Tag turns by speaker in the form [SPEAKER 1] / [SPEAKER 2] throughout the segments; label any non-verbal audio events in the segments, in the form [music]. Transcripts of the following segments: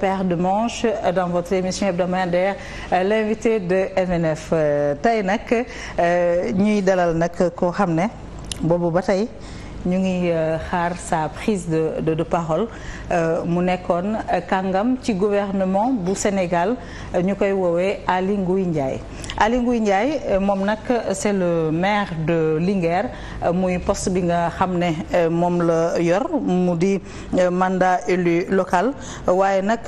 [SPEAKER 1] paire de manches dans votre émission hebdomadaire euh, l'invité de MNF euh, tey nag euh, ñuy dalal nag koo xam ne boobu ba tey ñu ngi euh, xaar sa prise de de, de parole euh, mu nekkoon euh, kàngam ci gouvernement bu Sénégal ñu koy woowee Aly Ngouille Ndiaye Aly Ngouille Ndiaye moom nag c'est le maire de Linguère muy poste bi nga xam ne moom la yor mu di mandat élu local waaye nag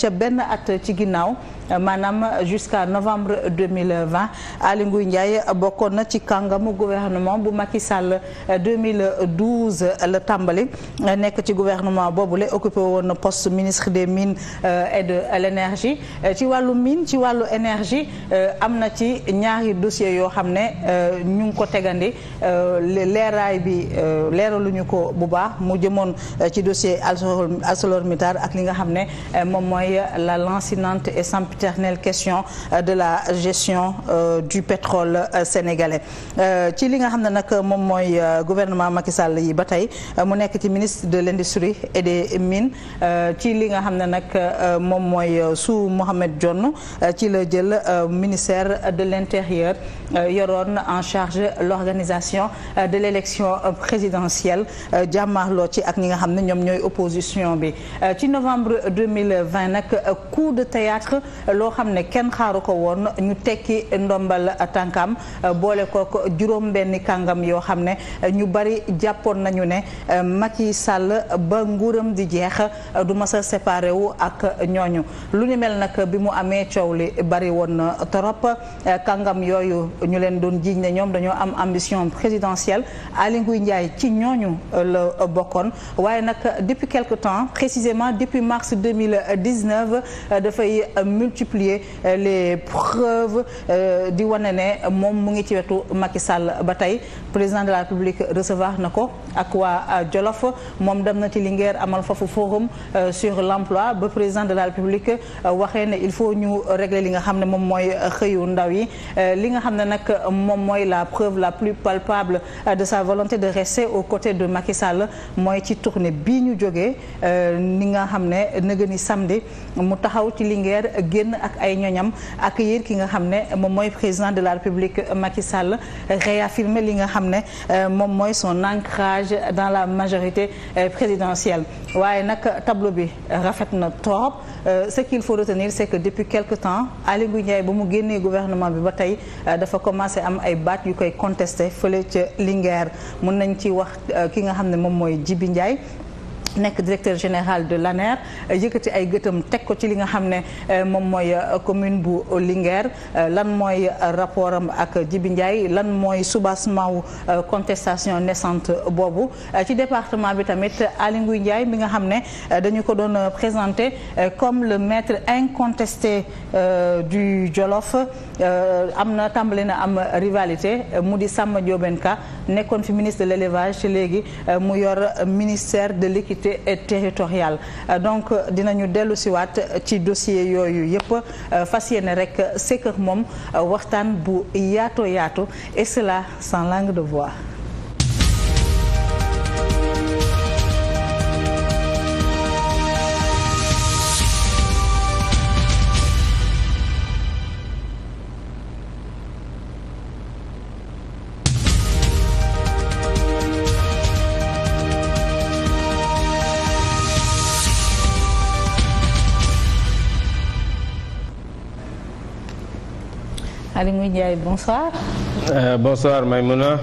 [SPEAKER 1] ca benn at ci ginnaaw Euh, maanaam jusqu'à novembre 2020 Aly Ngouille Ndiaye bokkoon na ci kàngamu gouvernement bu Macky Sall 2012 euh, la tàmbali euh, nekk ci boobu boobule occupé woon na poste ministre des mines et de l'énergie ci wàllu mine ci wàllu énergie am na ci ñaari dossier yoo xam ne ñu ngi ko tegandi leeraay bi leeraluñu ko bu baax mu jëmoon ci dossier ArcelorMittal ak li nga xam ne moom la lancinante et éternelle question euh, de la gestion euh, du pétrole euh, sénégalais ci li nga xam ne nag moom mooy gouvernement Macky Sall yi ba tey mu nekk ci ministre de l'industrie et des mines ci li nga xam ne nag moom mooy suu Mohamed Dionne ci la jël ministère de l'intérieur yoroon en charge l'organisation de l'élection présidentielle jàmmaarloo ci ak ñi nga xam ne ñoom ñooy opposition bi ci novembre 2020 coup de théâtre loo xam ne kenn xaaru ko woon ñu tekki ndombal tànkam boole kook juróom benni kàngam yoo xam ne ñu bari jàppoon nañu ne yi sàll ba nguuram di jeex du mas a wu ak ñooñu lu ni mel nag bi mu amee coow li bari woon na torop kàngam yooyu ñu leen doon jiiñ ne ñoom dañoo am ambition présidentielle Aly Ngouille Ndiaye ci ñooñu la bokkoon waaye nag depuis quelque temps précisément depuis mars dafay multiplier euh, les preuves euh, di wane ne moom mu ngi ci wetu Macky Sall ba tey président de la République recevoir na ko ak waa euh, Jolof moom dem na ci Linguère amal fafu forum sur l'emploi ba président de la République waxee ne il faut ñu régler li nga xam ne moom mooy xëyu ndaw yi li nga xam ne nag moom mooy la preuve la plus palpable de sa volonté de rester au côté de Macky Sall mooy ci tournée bii ñu jógee ni nga xam ne nëgëni samedi mu taxaw ci Linguère génn ak ay ñoñam ak yéen ki nga xam ne moom mooy président de la République Macky Sall réaffirmer li nga xam ne euh, moom mooy son ancrage dans la majorité euh, présidentielle waaye nag tableau bi rafet na trop euh, ce qu'il faut retenir c'est que depuis quelque temps Aly Ngouille Ndiaye ba mu génnee gouvernement bi ba tey dafa commencé am ay baat yu koy contesté fële ca Linguère mun nañ ci wax ki nga xam ne moom mooy jibi Ndiaye nekk directeur général de l'ANER euh, yëkkati ay gëtam teg ko ci li nga xam ne euh, moom mooy euh, commune bu Linguère lan mooy rapport am ak Djibi Ndiaye lan mooy soubassement wu contestation naissante boobu ci département bi tamit Aly Ngouille Ndiaye mi nga xam ne dañu ko doon présenté comme le maître incontesté du Jolof am na tàmbali na am rivalité mu di Samba Ndiobène nekkoon fi ministre de l'élevage ci léegi mu yor ministère de l'équité collectivité territoriale euh, donc dinañu dellu siwaat ci dossier yooyu yëpp euh, fas yéene rek sëkkër moom euh, waxtaan bu yaato yaatu et cela sans langue de bois Alimou Ndiaye bonsoir.
[SPEAKER 2] Euh, bonsoir Maïmouna.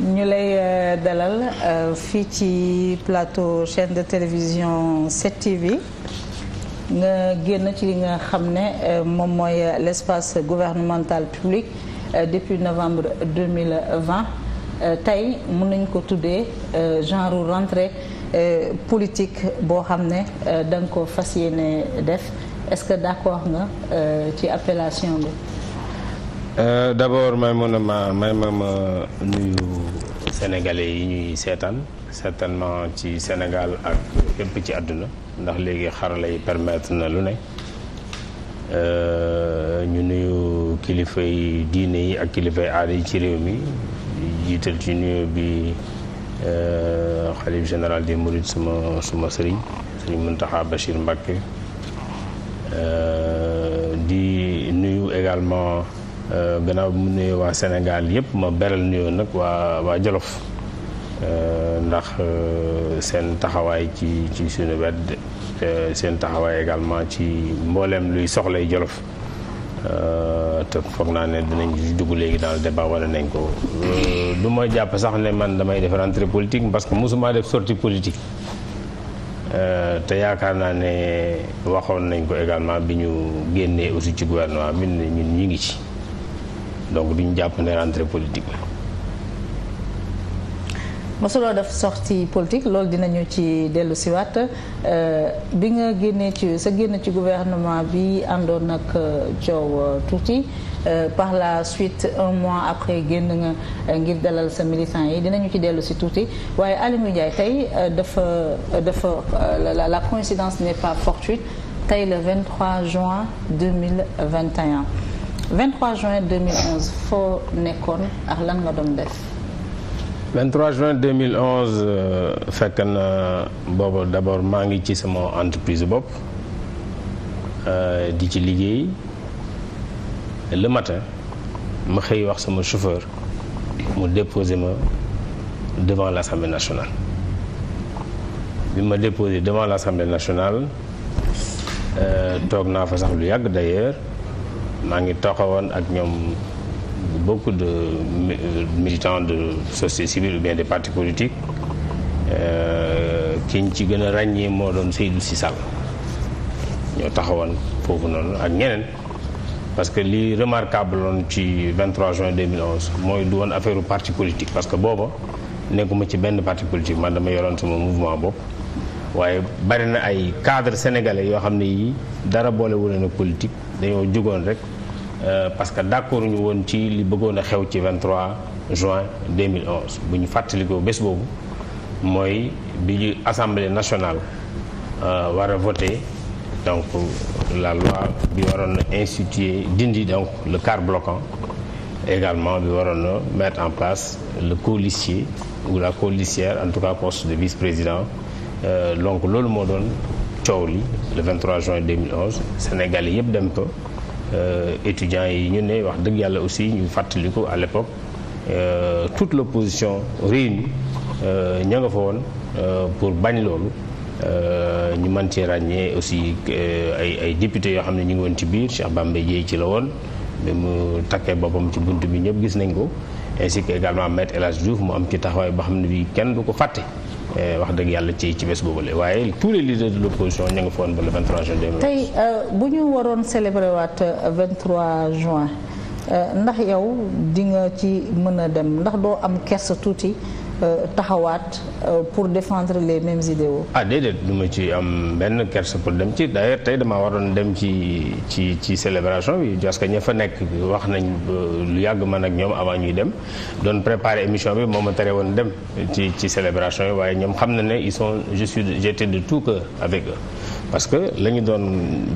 [SPEAKER 1] ñu lay euh, dalal euh, fii ci plateau chaîne de télévision 7TV nga génn ci li nga xam ne euh, moom mooy l' espace gouvernemental public depuis novembre 2020 tey mun nañ ko tuddee genre rentrée politique boo xam ne da nga ko fas yéene def. est-ce que d'accord nga euh, ci appellation bi.
[SPEAKER 2] Euh, d'abord may mën a ma may ma ma nuyu sénégalais yi ñuy seetaan certainement ci Sénégal ak yépp ci àdduna ndax léegi xarala yi permettre na lu ne euh, ñu nuyu kilifa yi diine yi ak kilifa yi aada yi ci réew mi jiital ci nuyu bi euh, xalif général des mourides suma suma sëriñ sëriñ Muntaxa Bachir Mbacké Euh, di nuyu également euh, gannaaw bi nuye waa Sénégal yëpp ma beral nuyoo nag waa waa Jolof euh, ndax seen taxawaay ci ci suñu wet seen taxawaay également ci mbooleem luy soxlay Jolof te foog naa ne dinañ dugg léegi dans le débat wala nañ ko du ma jàpp sax ne man damay def rentrée politique parce que mosuma def sortie politique Euh, te yaakaar naa ne waxoon nañ ko également bi ñu génnee aussi ci gouvernement bi ne ñun ñu ngi ci donc duñu jàpp ne rentrée politique la.
[SPEAKER 1] mosuloo def sortie politique loolu dinañu ci dellu siwaat euh, bi nga génnee ci sa génn ci gouvernement bi àndoon ak euh, coow tuuti. Euh, par la suite un mois après génn nga euh, ngir dalal sa militants yi dinañu ci dellusi tuuti waaye Alioune Ndiaye tey euh, dafa dafa la coïncidence ne pas fortuite tey le 23 juin 2021 23 juin 2011 foo nekkoon ak lan nga doon def
[SPEAKER 2] 23 juin 2011 fekk na boobu d'abord maa ngi ci sama entreprise bopp di ci liggéey te le matin ma xëy wax sama chauffeur mu déposé ma devant l'Assemblée nationale bi ma déposé devant l'Assemblée nationale euh, toog naa fa sax lu yàgg d'ailleurs maa ngi toxawoon ak ñoom bokk de euh, militants de société civile ou bien des partis politiques euh, kiñ ci gën a ràññee moo doon Seydou Sy Sall ñoo taxawoon foofu noonu ak ñeneen parce que li remarquable woon ci 23 juin 2011 mooy du woon affaire parti politique parce que booba nekkuma ci benn parti politique man dama yoroon sama mouvement bopp waaye bari na ay cadre sénégalais yoo xam ne yi dara boole wu leen ak politique dañoo jugoon rek euh, parce que d'accord ñu woon ci li bëggoon a xew ci 23 juin 2011 bu ñu fàttalikoo bés boobu mooy bi assemblée nationale euh, war voté donc la loi bi waroon na instituer dindi donc le quart bloquant également bi waroon na mettre en place le colistier ou la colistière en tout cas poste de vice-président euh, donc loolu moo doon coow li le 23 juin 2011 Sénégalais yëpp dem ko euh, étudiants yi ñu ne wax dëgg yàlla aussi ñu fàttaliku à l'époque euh, toute l'opposition réunie euh, ña nga fa woon euh, pour bañ loolu Euh, ñu mën cee ràññee aussi euh, ay ay député yoo xam ne ñu ngi woon ci biir Cheikh Bamba Dièye ci la woon bi mu takkee boppam ci bunt bi ñëpp gis nañ ko ainsi que également maître El Hadj Diouf mu am ci taxawaay boo xam ne bi kenn du ko fàtte euh, wax dëgg yàlla ci ci bés boobule waaye tous les leaders de l' opposition ña nga fa woon ba le 23 juin 2020. tey
[SPEAKER 1] bu ñu waroon célébrer waat juin ndax yow di nga ci mën a dem ndax doo am kersa tuuti. Euh, taxawaat euh, pour défendre les mêmes idéaux.
[SPEAKER 2] ah déedéet du ma ci am benn kersa pour dem ci d'ailleurs tey damaa waroon dem ci ci ci célébration bi parce que ña fa nekk wax nañ euh, lu yàgg ma ak ñoom avant ñuy dem doon préparer émission bi moom ma tere woon dem ci ci célébration yi waaye ñoom xam na ne ils sont je de tout que avec eux parce que la doon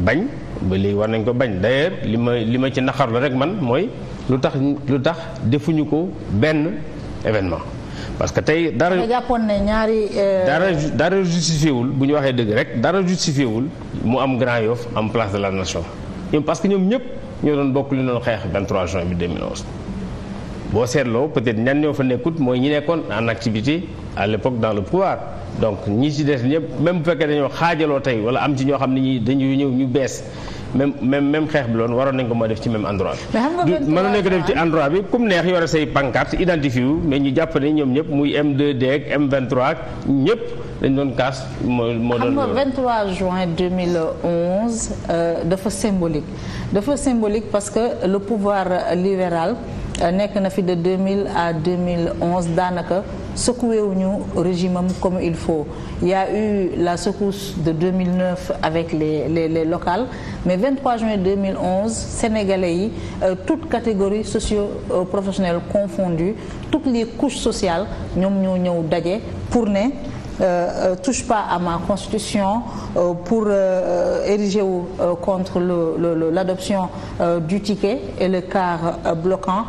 [SPEAKER 2] bañ ba li war nañ ko bañ d'ailleurs li ma li ma ci naxarlu rek man mooy lu tax lu tax defuñu ko benn événement. parce que tey dara. nga
[SPEAKER 1] jàppoon ne ñaari. Euh,
[SPEAKER 2] dara wul bu ñu waxee dëgg rek dara justifié wul mu am Grand Yoff am place de la nation ñoom parce que ñoom ñëpp ñoo doon bokk li doon xeex 23 juin bi 2011. boo seetloo peut-être ñan ñoo fa nekkut mooy ñi nekkoon en activité à l'époque dans le pouvoir donc ñi ci des ñëpp même bu fekkee dañoo xaajaloo tey wala am ci ñoo xam ne ñi dañuy ñëw ñu bees. même même même xeex bi loon waroon nañ ko moo def ci même endroit bi mënoon nañ ko def ci endroit bi comme neex yore say pancarte identifié mais ñu jàpp ñoom ñëpp muy M2D ak M23 ak ñëpp dañ doon kaas moo moo doon xam nga
[SPEAKER 1] 23 juin 2011 euh, dafa symbolique dafa symbolique parce que le pouvoir libéral Euh, nekk na fi de 2000 à 2011 daanaka secoué wuñu régime am comme il faut il y a eu la secousse de 2009 avec les les les locales mais 23 juin 2011 sénégalais yi toute euh, toutes catégories socio-professionnelles confondues toutes les couches sociales ñoom ñoo ñëw daje pour ne. Euh, euh, touche pas à ma constitution euh, pour ériger wu contre le, le l'adoption du ticket et le quart bloquant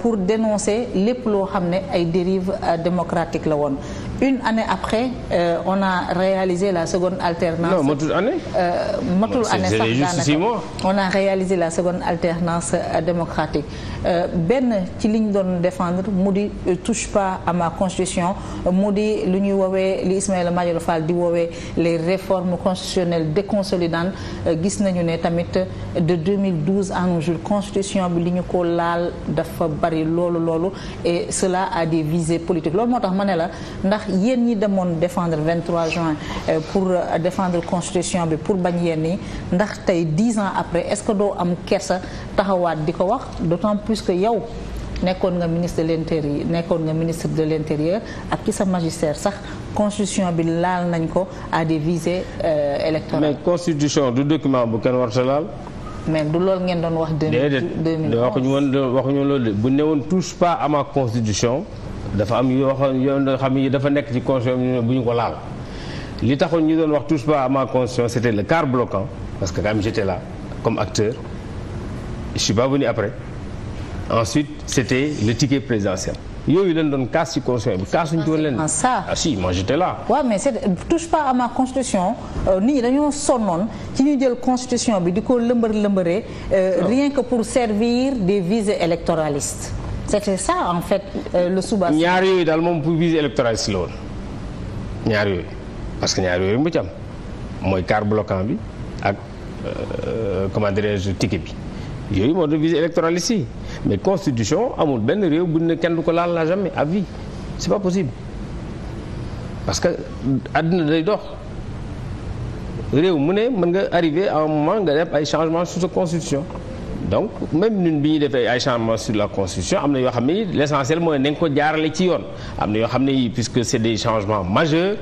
[SPEAKER 1] pour dénoncer lépp loo xam ne ay dérives démocratiques la woon une année après euh, on a réalisé la seconde alternance. non matul année. Euh, matul année sax daanaka on a réalisé la seconde alternance euh, démocratique euh, benn ci li ñu doon défendre mu di touche pas à ma constitution mu di lu ñuy woowee li Ismaïla Madior Fall di woowee les réformes constitutionnelles déconsolidantes gis nañu ne tamit de 2012 à nos jours constitution bi li ñu ko laal dafa bari loolu loolu et cela a des visées politiques loolu moo tax ma ne la ndax. yéen ñi demoon défendre 23 juin euh, pour euh, défendre constitution bi pour bañ yenn yi ndax tey dix ans après est-ce que doo am kersa taxawaat di ko wax d'autant plus que yow nekkoon nga ministre de l'intérieur nekkoon nga ministre de l'intérieur ak ci sa magistère sax constitution bi laal nañ ko à des visées euh, électorales. mais
[SPEAKER 2] constitution du document bu kenn warta laal.
[SPEAKER 1] mais du loolu ngeen doon wax.
[SPEAKER 2] deux mille waxuñu waxuñu woon loolu de bu newoon touche pas à ma dafa am yoo xam yoo xam ni dafa nekk ci constitution bu ñu ko laal li taxoon ñu doon wax touche pas à ma constitution le quart bloquant que quand même j'étais là comme acteur je suis pas venu après ensuite c'était le ticket présidentiel yooyu leen doon kaas ci constitution bi kaasuñu ci woon leen ah, ah si moi j'étais là
[SPEAKER 1] waaw mais c'est touche pas à ma constitution euh, nit ñi ci ñu jël constitution bi di ko lëmbër lëmbëree euh, rien que pour servir des visées électoralistes c'était sa en fait euh, le sous ñaar
[SPEAKER 2] yooyu daal moom pour vise électoraliste la woon ñaar yooyu parce que ñaar yooyu mu ci am mooy quart bi ak euh, comment dirais-je ticket bi yooyu moo doon vise électoraliste yi mais constitution amul benn réew bu ne kenn du ko laal la jamais à vie c'est pas possible parce que àddina day dox. réew mu ne mën nga arrivé à un moment nga def ay changements su sa constitution donc même ñun bi ñuy ay changement sur la constitution am na yoo xam ne l' essentiel mooy na nga ko jaarale ci yoon am na yoo xam ne puisque c' est des changements majeurs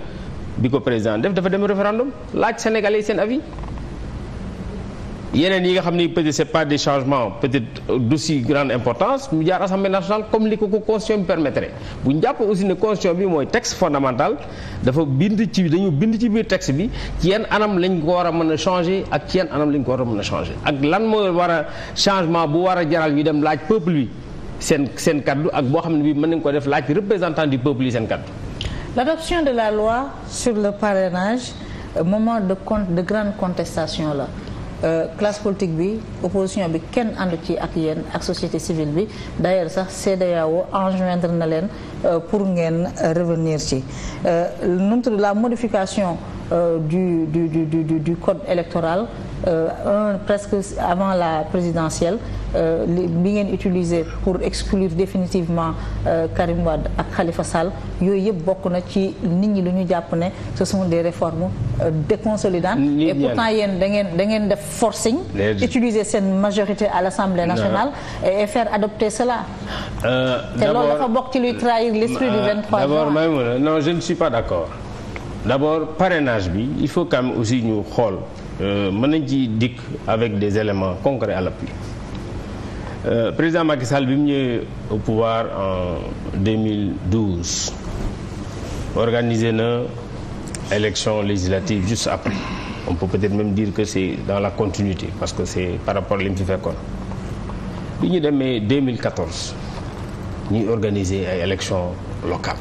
[SPEAKER 2] bi ko président def dafa dem référendum laaj sénégalais seen avis. yeneen yi nga xam ni peut c'est pas des changements peut-être d'aussi grande importance mu jaar assemblée nationale comme li ko ko constitution bi permettrait bu ñu aussi ne constitution bi mooy texte fondamental dafa bind ci dañu bind ci biir texte bi ci yan anam lañ ko war a mën a changer ak ci yan anam lañ ko war a mën a changer ak lan mooy war a changement bu war a jaral ñu dem laaj peuple bi seen seen kaddu ak boo xam ne bi mën nañ ko def laaj représentant du peuple yi seen kaddu.
[SPEAKER 1] l'adoption de la loi sur le Euh, classe politique bi opposition bi kenn àndu ci ak yéen ak société civile bi d'ailleurs sax CEDEAO enjoindre na leen Euh, pour ngeen euh, revenir ci euh, nu mu tudd la modification du du du du du code électoral un presque avant la présidentielle bi ngeen utiliser pour exclure définitivement Karim Wade ak Khalifa Sall yooyu yëpp bokk na ci nit ñi lu ñu jàpp ne ce sont des réformes déconsolidantes et pourtant yéen da ngeen da ngeen def forcing utiliser seen majorité à l'Assemblée nationale et faire adopter cela
[SPEAKER 2] te loolu dafa
[SPEAKER 1] bokk ci luy trahir avec l'esprit du 23 euh, juin d'abord
[SPEAKER 2] Maïmouna non je ne suis pas d'accord d'abord parrainage bi il faut quand même aussi ñu xool euh, mën nañ ci dikk avec des éléments concrets à l'appui euh, président Macky Sall bi mu ñëwee au pouvoir en 2012 organisé na élection législative juste après on peut peut-être même dire que c'est dans la continuité parce que c'est par rapport li mu fi fekkoon bi ñu demee 2014 ñuy organiser ay élections locales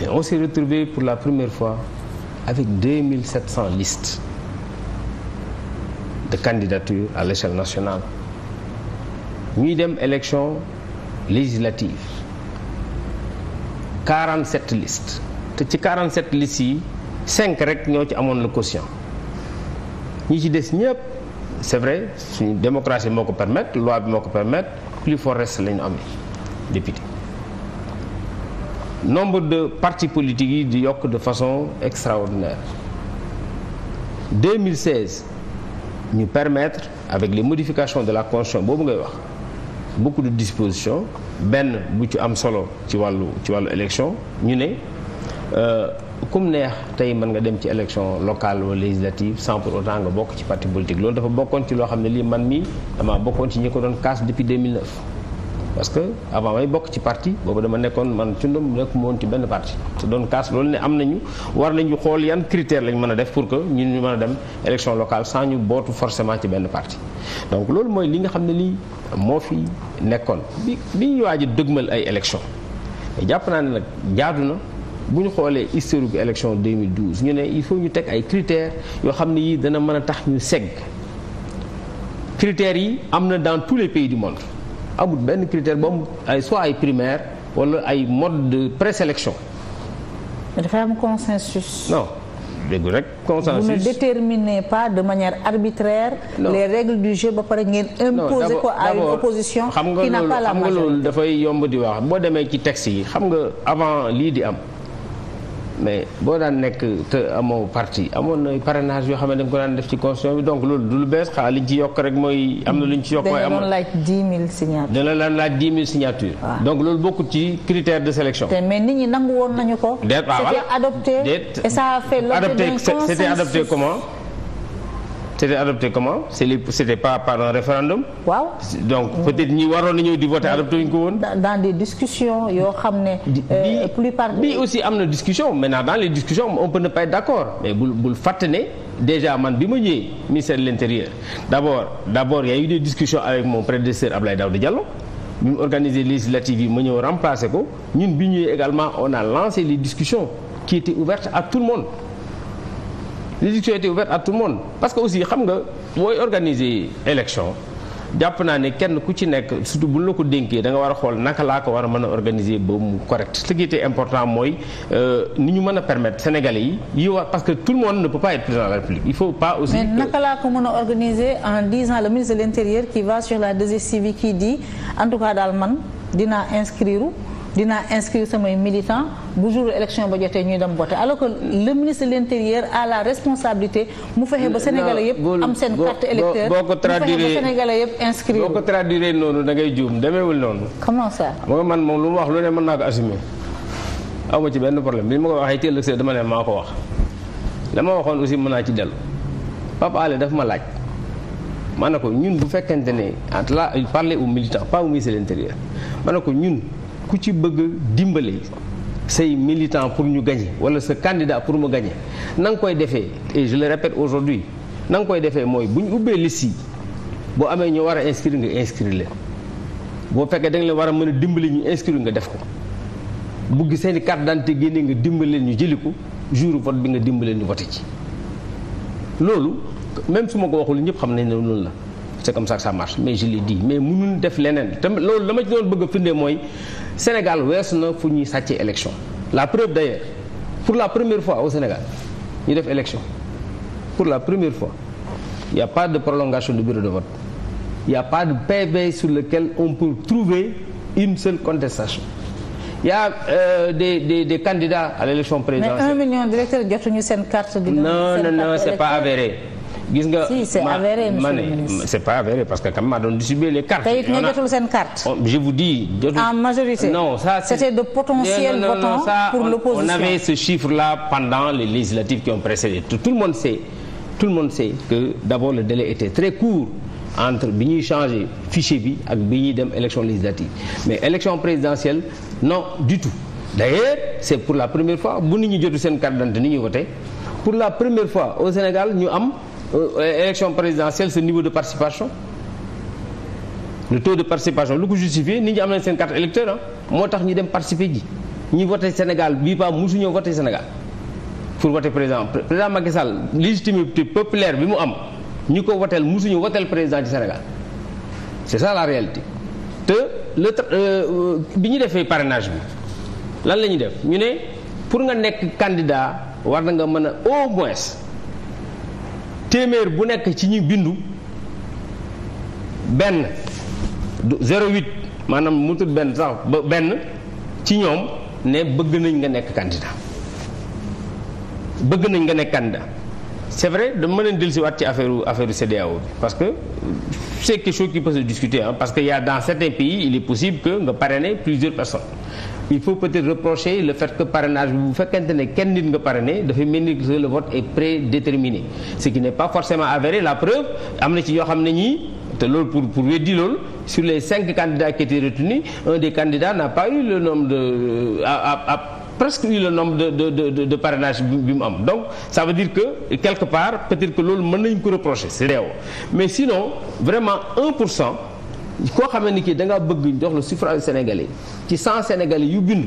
[SPEAKER 2] mais on s'est retrouvé pour la première fois avec 2700 listes de candidatures à l'échelle nationale ñuy dem élection législative 47 listes te ci 47 listes yi cinq rek ñoo ci amoon le quotient ñi ci des ñëpp c'est vrai suñu démocratie moo ko permettre loi bi moo ko permettre plus fort reste la ñu amee député nombre de partis politiques yi di yokk de façon extraordinaire 2016 ñu permettre avec les modifications de la constitution boobu ngay wax beaucoup de dispositions benn bu ci am solo ci wàllu ci wàllu élection ñu ne. Euh, kum neex tey mën nga dem ci élection locale wala législative sans pour autant nga bokk ci parti politique loolu dafa bokkoon ci loo xam ne lii man mii damaa bokkoon ci ñi ko doon kaas depuis 2009. parce que avant may bokk ci parti boobu dama nekkoon man cundum nekk moon ci benn parti te doon kaas loolu ne am na nañu war nañu xool yan critère lañ mën a def pour que ñun ñu mën a dem élection locale sans ñu bootu forcément ci benn parti donc loolu mooy li nga xam ne lii moo fi nekkoon bi bi ñu waaj a dëgmal ay élection jàpp naa ne nag jaadu na bu ñu xoolee historique élection 2012 ñu ne il faut ñu teg ay critères yoo xam ne yii dana mën a tax ñu segg critères yi am na dans tous les pays du monde amul benn critère bu am ay soit ay primaire wala ay mode de présélection.
[SPEAKER 1] mais dafay am consensus.
[SPEAKER 2] non dégg rek consensus. vous ne
[SPEAKER 1] déterminez pas de manière arbitraire. Non. les règles du jeu ba pare ngeen. imposer ko à une opposition. n'a nga loolu
[SPEAKER 2] dafay yomb di waax boo demee ci texte yi xam nga avant lii di am. mais boo daan nekk te amoo parti amoon na parrainage yoo xam ne dañ ko daan def ci constitution bi donc loolu du lu bees xaa ci yokk rek mooy am na lu ñu ci yokk mooy am dana
[SPEAKER 1] laaj 10
[SPEAKER 2] la laaj 10 000 signatures donc loolu bokkut ci critère de sélection
[SPEAKER 1] mais nit ñi nangu woon nañu ko déet waaw c'était adopté a fait l'objet d'un consensus c'était adopté comment
[SPEAKER 2] c'était adopté comment c'était pas par un référendum. waaw donc peut-être ñi waroon nañu di voter adopté wuñ ko woon.
[SPEAKER 1] dans des discussions yoo xam ne. bii
[SPEAKER 2] euh, aussi am na discussion maintenant dans les discussions on peut ne pas être d'accord mais bul bul fàtte ne déjà man bi ma ñëwee ministère de l'intérieur d'abord d'abord y a eu des discussions avec mon prédécesseur Abdoulaye Daouda Diallo. bi mu organisé législative yi ma ñëw remplacer ko ñun bi ñëwee également on a lancé les discussions qui étaient ouvertes à tout le monde. l'élection était ouverte à tout le monde parce que aussi xam nga booy organiser élection jàpp naa ne kenn ku ci nekk surtout bu la ko dénkee da war a xool naka laa ko war a mën a organiser ba mu correct ce qui important mooy euh, ni ñu mën a permettre sénégal yi yi war parce que tout le monde ne peut pas être président de la République il faut pas aussi. naka
[SPEAKER 1] laa ko mën a organiser en disant le ministre de l'intérieur qui va sur la 2STV qui dit en tout cas daal man dinaa inscrire. dinaa inscrire samay militants bu jour élection ba jotee ñuy dem voter alors que le ministre de l'intérieur a la responsabilité mu fexe ba sénégalais yëpp am seen carte électeur boo ko traduire sénégalais yëpp inscrire boo ko
[SPEAKER 2] traduire noonu da ngay juum demeewul noonu comment ça ma nga man moom lu mu wax lu ne mën naa ko assumer aw ma ci benn problème bi ma ko waxee teel a dama leen maa ko wax dama waxoon aussi mën naa ci dellu Pape Alé daf ma laaj ma ne ko ñun bu fekkente ne entre là il parlait aux militants pas au ministre ko ñun ku ci bëgg dimbale say militant pour ñu gagner wala sa candidat pour mu gagner na nga koy defee et je le répète aujourd'hui na koy defee mooy bu ñu ubbee liste yi boo amee ñu war a inscrire nga inscrire leen boo fekkee da nga leen war a mën a dimbali ñu inscrire nga def ko bugg seen i carte d'identité génnee nga dimbali leen ñu jëli ko jour vote bi nga dimbali leen ñu ci loolu même su ma ko waxul ñëpp xam nañ ne loolu la. c'est comme ça que ça marche mais je l'ai dit mais mënuñ def leneen te loolu la ma ci doon bëgg a mooy Sénégal weesu na fu ñuy sàccee élection la preuve d'ailleurs pour la première fois au Sénégal ñu def élection pour la première fois il y pas de prolongation du bureau de vote il y a pas de PV sur lequel on peut trouver une seule contestation il a euh, des des des candidats à l'élection présidentielle.
[SPEAKER 1] mais un million d'électeurs jotuñu seen carte. non non non c'est pas avéré. gis nga si
[SPEAKER 2] c'est pas avéré parce que quand même maa distribuer les cartes. Oh, je vous dis. jotul
[SPEAKER 1] en majorité non ça c'était de potentiels votants pour l'opposition
[SPEAKER 2] on avait pendant les législatives qui ont précédé tout, le monde sait le monde sait que d'abord le délai était très court. entre bi ñuy changer fichier bi ak bi ñuy dem élection législative mais élection présidentielle non du tout d'ailleurs c'est pour la première fois bu nit ñi jotu seen carte d'identité ni ñuy pour la première fois au Sénégal ñu am Euh, élection présidentielle ce niveau de participation le taux de participation lu ko justifié nit ñi am nañ seen carte électeur ah. moo tax ñu dem participer ji ñi voté Sénégal bii pas musu ñoo voté Sénégal pour voter président président Macky Sall légitimité populaire bi mu am ñi ko woteel musu ñu woteel président du Sénégal c'est ça la réalité te le euh, euh, bi ñu defee parrainage bi lan la ñuy def ñu ne pour nga nekk candidat war na nga mën a au moins téeméer bu nekk ci ñu bindu benn du 08 maanaam mu tudd benn sax ba benn ci ñoom ne bëgg nañ nga nekk candidat bëgg nañ nga nekk candidat c'est vrai dama leen dellusiwaat ci affaire affaire CEDEAO bi parce que c'est quelque chose qui peut se discuter hein, parce que y a dans certains pays il est possible que nga parrainer plusieurs personnes il faut peut-être reprocher le fait que parrainage bi bu fekkente ne kenn nit nga parrainé dafay mel ni que le vote est prédéterminé ce qui n'est pas forcément avéré la preuve am na ci yoo xam ne ñii te loolu pour pour weddi loolu sur les cinq candidats qui étaient retenus un des candidats n'a pas eu le nombre de presque eu le nombre de de de de, de parrainage bi mu am donc ça veut dire que quelque part peut-être que loolu mën nañ ko reprocher c'est réew mais sinon vraiment koo xamee ni kii da nga bëgg jox la suffrage sénégalais ci 100 sénégalais yu bind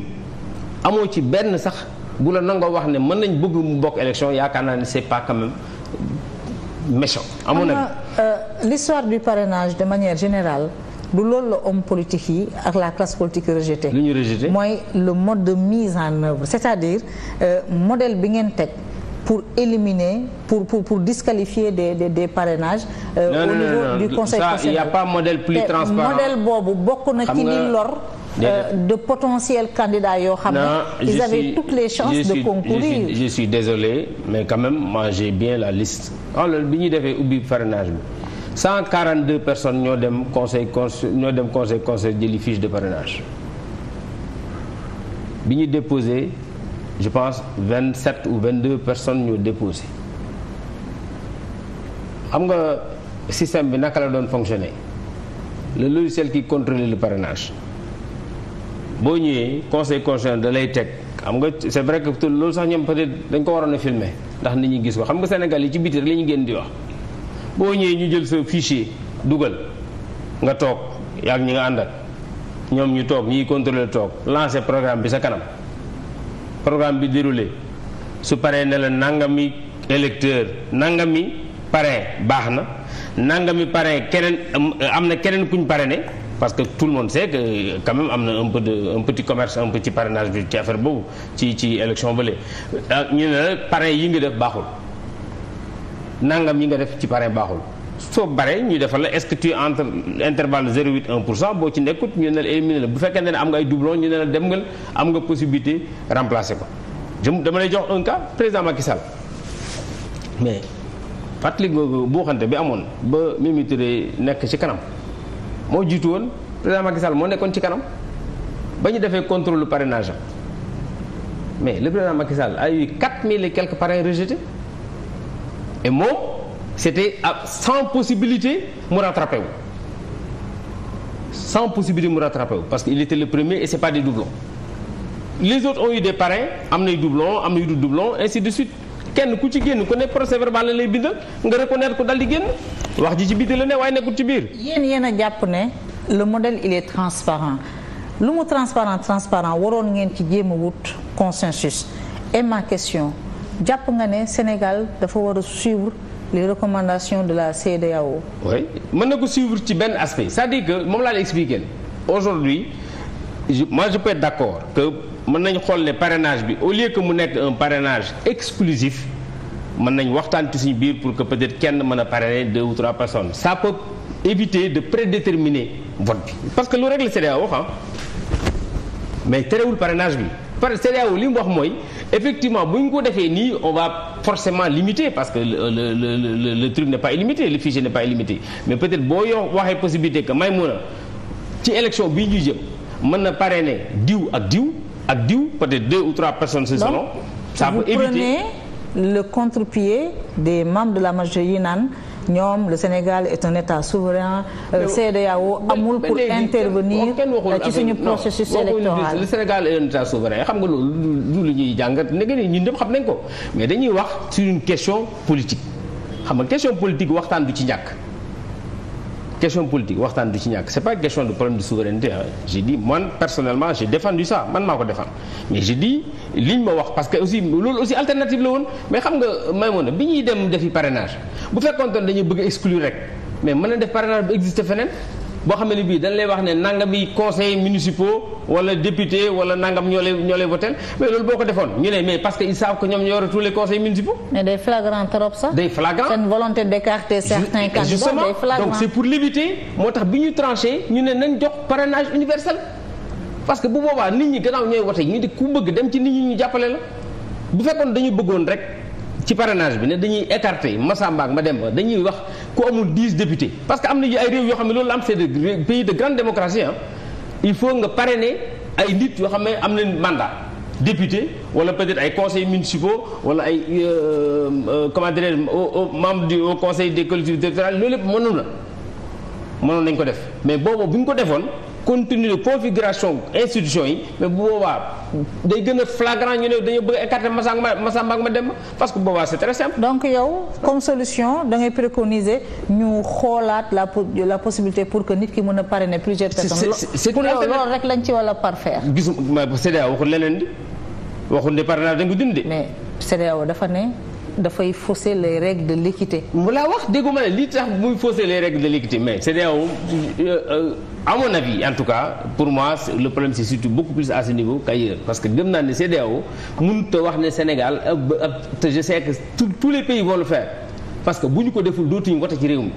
[SPEAKER 2] amoo ci benn sax bu la nanga wax ne mën nañ bëgg mu bokk élection yaakaar naa ne c'est pas quand même méchant. amoon na
[SPEAKER 1] euh, l'histoire du parrainage de manière générale. du loolu la homme politique yi ak la classe politique rejetée. li ñu rejeté mooy le mode de mise en œuvre c'est-à-dire euh, modèle bi ngeen teg. pour éliminer, pour, pour, pour disqualifier des, des, des parrainages euh, non, au non, niveau du Conseil ça, il n'y a pas modèle plus te transparent. modèle boobu bokk na ci li lor euh, de potentiels candidats yoo xam ne ils toutes les chances suis, de concourir
[SPEAKER 2] je suis, désolé mais quand même moi j'ai bien la liste alors oh, bi ñuy defee ubbi parrainage bi 142 personnes ñoo dem conseil ñoo dem conseil conseil jëli de parrainage bi ñu je pense vingt sept ou vingt deux personnes ñoo déposé xam nga système bi naka la doon fonctionner le logiciel qui contrôle le parrainage boo ñëwee conseil constitutionnel da lay teg xam nga c'est vrai que loolu sax ñoom peut-être dañ ko waroon a filmer ndax nit ñi gis ko xam nga Sénégal yi ci biti rek la ñu génn di wax boo ñëwee ñu jël sa fichier dugal nga toog yaag ñi nga àndal ñoom ñu toog ñiy contrôler toog lancer programme bi sa kanam. programme bi déroulé su paree ne la nangami électeur nangami parrain baax na nangami parrain keneen am na keneen ku pare ne parce que tout le monde sait que am na un peu de un petit commerce un petit parrainage bi ci affaire boobu ci ci élection bële ah, ñu ne la parrain yi nga def baaxul nangam yi nga def ci parrain baaxul soo baree ñu defal la est-ce que tu es entre intervalle 0,8 1 pour cent boo ci nekkut ñu ne la éliminer la bu fekkente ne am nga ay doublon ñu ne la dem nga am nga possibilité remplacer ko. je dama lay jox un cas président Macky mais fàttali nga buuxante bi amoon ba mimitre nekk ci kanam moo jiitu woon président Macky moo nekkoon ci kanam ba ñu defee contrôle du parrainage mais le président Macky Sall a eu 4000 et quelques et mo c'était sans possibilité mu rattrapé wu sans possibilité mu rattrapé parce que il était le premier et c'est pas des doublons les autres ont eu des parrains am nay doublons am na yu du doublons ainsi de suite kenn ku ci génn ku ne procès verbal la lay bindal nga reconnaître ko dal di génn wax ji ci biir la ne waaye nekkul ci biir.
[SPEAKER 1] yéen yéen a jàpp ne le modèle il est transparent lu mu transparent transparent waroon ngeen ci jéem a wut consensus et ma question jàpp nga ne Sénégal dafa war les recommandations de la CEDEAO.
[SPEAKER 2] oui mën na ko suivre ci benn aspect cest dire que moom laa la expliqué aujourd'hui moi je peux être d'accord que mën nañu xool ne parrainage bi au lieu que mu nekk un parrainage exclusif mën nañ waxtaan ci suñu biir pour que peut-être kenn mën a parrainer deux ou trois personnes ça peut éviter de prédéterminer vote bi parce que loolu rek la CEDEAO wax mais terewul parrainage bi par CEDEAO li mu wax mooy effectivement bu ñu ko defee nii on va forcément limiter parce que le le le le, le truc n'est pas illimité le fichier n'est pas illimité mais peut-être boo yoo waxee possibilité que may mun ci élection bii ñu jëm mën na parrainer diw ak diw ak diw peut-être deux ou trois personnes selon ça peut éviter
[SPEAKER 1] le contre-pied des membres de la majorité yi naan ñoom le Sénégal est un état souverain. Euh, CEDEAO amul pour intervenir euh, ci suñu processus électoral. le
[SPEAKER 2] Sénégal est un état souverain xam nga loolu lu ñuy jàngat ne ni ñun ñëpp xam nañ ko mais dañuy wax sur une question politique xam nga question politique waxtaan du ci ñàkk. question politique waxtaan du ci ñàkk c'est pas question de problème de souveraineté hein. j'ai dit moi personnellement j'ai défendu ça man maa ko défendre mais j'ai dit liñ ma wax parce que aussi loolu aussi alternative la woon mais xam nga Maïmouna bi ñuy dem defi parrainage bu fekkoon dañu bëgg exclure rek mais mën na def parrainage bu exister feneen boo xam ne bii dañ lay wax ne nangam bi conseils municipaux wala député wala nangam ñoo lay ñoo lay voté mais loolu boo ko defoon ñu ne mais parce que ils savent que ñoom ñoo yore tous les conseils municipaux.
[SPEAKER 1] mais day flagrant trop sax. day flagrant donc c'est
[SPEAKER 2] pour limiter moo tax bi ñu tranché ñu ne nañ jox parrainage universel. parce que bu boobaa nit ñi gannaaw ñooy wote ñu di ku bëgg dem ci nit ñi ñu jàppale la bu fekkoon dañu bëggoon rek ci parrainage bi ne dañuy écarter ma ak Mademba dañuy wax ku amul 10 députés parce que am na ay réew yoo xam ne loolu la am c'est des pays de grande démocratie ah il faut nga parrainer ay nit yoo xam ne am na mandat député wala peut-être ay conseils municipaux wala ay euh, euh, comment dirais-je membre du conseil des collectivités territoriales loolu lépp mënoon na mënoon nañ ko def mais boobu bu ñu ko defoon. compte tenu de configuration institution yi mais bu boobaa day gën a flagrant ñu ne dañoo bëgg a ma Massamba Massamba ak Mademba parce que boobaa c'est très simple.
[SPEAKER 1] donc yow comme solution da ngay préconiser ñu xoolaat la la possibilité pour que nit ki mën a parrainer plusieurs personnes. c'est loolu rek lañ ci wala parfaire.
[SPEAKER 2] gisuma CEDEAO waxul leneen di waxul ne parrainage dañ ko dindi.
[SPEAKER 1] mais CEDEAO dafa ne. dafay fausser les règles de l'équité. mu la
[SPEAKER 2] wax dégguma ne à na avis en tout cas pour moi le problème c'est surtout beaucoup plus à ce niveau qu'ailleurs parce que gëm naa ne CEDEAO mënut a wax ne Sénégal te je sais que tous les pays vont le faire parce que bu ñu ko deful dootuñu wote ci réew mi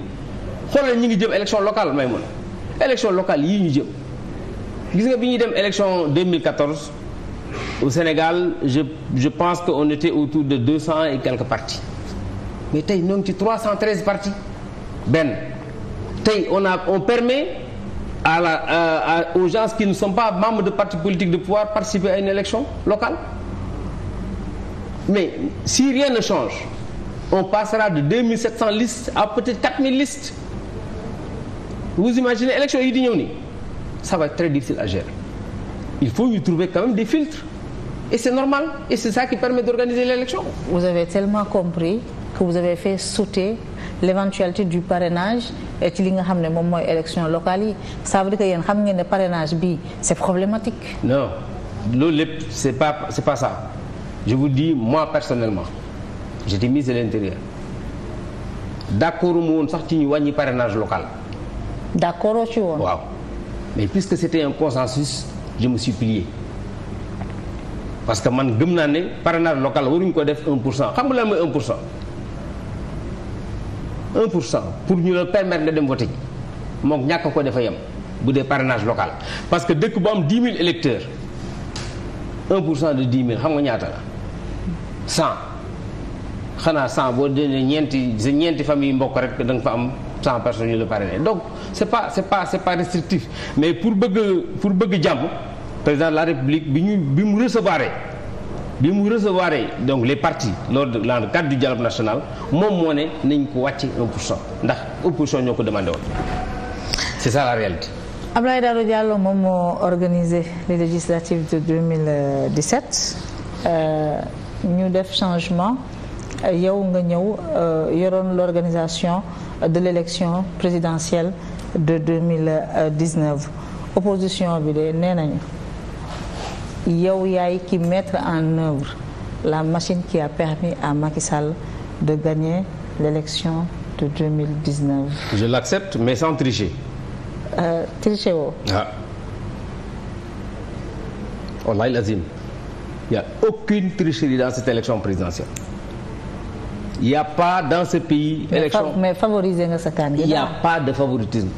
[SPEAKER 2] xoolal ñi ngi jëm élection locale may mën élection locale yii ñu jëm gis nga bi ñuy dem élection 2014 au Sénégal je je pense que on était autour de 200 et quelques partis mais tey ñoo ngi ci 313 partis benn tey on a on permet à la euh, à, aux gens qui ne sont pas membres de partis politiques de pouvoir participer à une élection locale mais si rien ne change on passera de 2700 listes à peut-être 4000 listes vous imaginez élection yi di ñëw nii ça va être très difficile à gérer il faut ñu trouver quand même des filtres
[SPEAKER 1] et c'est normal et c'est ça qui permet d'organiser l'élection vous avez tellement compris que vous avez fait sauter l'éventualité du parrainage ci li nga xam ne moom mooy élection local yi ça veut dire que xam ngeen ne parrainage bi c'est problématique.
[SPEAKER 2] non loolu lépp c'est pas c'est pas ça je vous dis moi personnellement j'étais ministre de l'intérieur d'accord mu woon sax ci ñu wàññi parrainage local.
[SPEAKER 1] d'accord ci woon.
[SPEAKER 2] waaw mais puisque c'était un consensus je me suis plié. parce que man gëm naa ne parrainage local waruñu ko def pour cent xam nga lan mooy 1 pour cent. 1 pour cent pour ñu la permettre nga dem voté ji moom ñàkk ko dafa yem bu dee parenage local parce que dëkk bu am 10 000 électeurs 1 pour cent de 10 000 xam nga ñaata la 100 xanaa 100 boo dee ñeenti sa ñeenti famille mbokk rek da nga fa am 100 personnes yu la parrainé donc c' est pas c' est pas c' est pas restrictif mais pour bëgg pour bëgg jàmm président la république bi ñu bi mu recevoir bi mu recevoir donc les partis lors de dans le cadre du dialogue national moom moo ne nañ ko wàcc 1 pour ndax opposition ko demandé woon c' est ça la réalité.
[SPEAKER 1] Abdoulaye Daouda Diallo moom moo organisé les de euh, ñu def changement yow nga ñëw euh, yoroon l' organisation de l' élection présidentielle de 2019 opposition bi de nee nañu. yow yaay ki mettre en œuvre la machine qui a permis à Macky Sall de gagner l'élection de 2019.
[SPEAKER 2] Je l'accepte mais sans tricher.
[SPEAKER 1] Euh, tricher woo.
[SPEAKER 2] ah. wallahi lazim. Il n'y a aucune tricherie dans cette élection présidentielle. Il n'y a pas dans ce pays. Mais élection
[SPEAKER 1] mais favoriser nga sa candidat. n'y a
[SPEAKER 2] pas de favoritisme.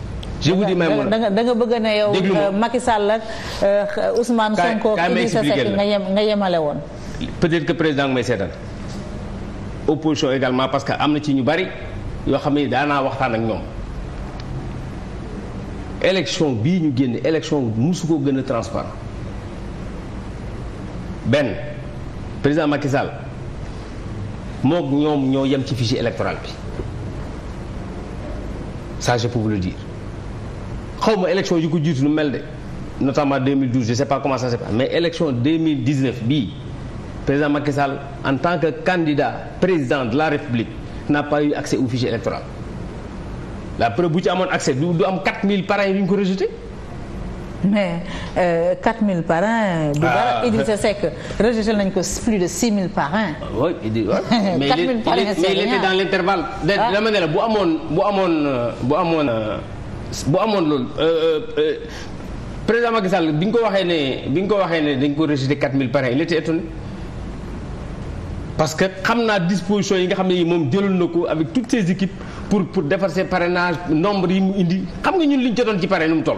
[SPEAKER 2] je vous dis Maimouna da
[SPEAKER 1] nga bëgg ne yow. déglu ma euh, Macky Sall ak euh, Ousmane Sonko. kaay kaay expliqué la nga yemale woon.
[SPEAKER 2] peut-être que président ngi may seetal opposition également parce que am na ci ñu bari yoo xam ne daanaa waxtaan ak ñoom. élection bii ñu génn élection su ko gën a transparent benn président Macky Sall mook ñoom ñoo yem ci fichier électoral bi ça je peux vous le xaw ma élection yi ko jiitu nu mel de notamment 2012 je sais pas comment ça se passe mais élection 2019 président Macky en tant que candidat président de la République n'a pas eu accès au électoral la preuve bu ci amoon accès du du am 4000 parrains yu ñu ko rejeté.
[SPEAKER 1] mais euh, 4000 parrains. du dara ah. Idrissa Seck rejeté nañ ko plus de 6000 parrains.
[SPEAKER 2] oui Idr waaw mais il était dans l'intervalle. Ah. dama la bu amoon bu amoon euh, bu amoon. Euh, bu amoon loolu euh, euh, euh, président Macky Sall bi nga ko waxee ne bi nga ko waxee ne dañ ko rejeté 4000 parrains il était étonné parce que xam naa disposition yi nga xam ne yi moom jëlul na ko avec toutes ses équipes pour pour defar ses parrainages nombre yi mu indi xam nga ñun li ñu jotoon ci parrain nu mu toll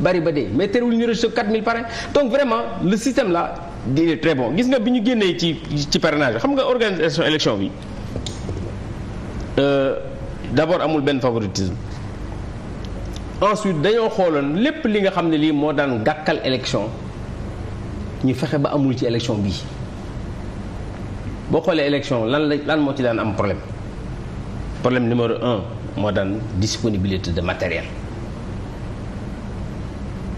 [SPEAKER 2] bari ba de mais terewul ñu rejeté 4000 parrains donc vraiment le système là il est bon gis nga bi ñu génnee ci ci parrainage xam nga organisation élection bi d'abord amul benn favoritisme ensuite dañoo xooloon lépp li nga xam ne lii moo daan gàkkal élection ñu fexe ba amul ci élection bii boo xoolee élection lan la lan moo ci daan am problème problème numéro un moo daan disponibilité de matériel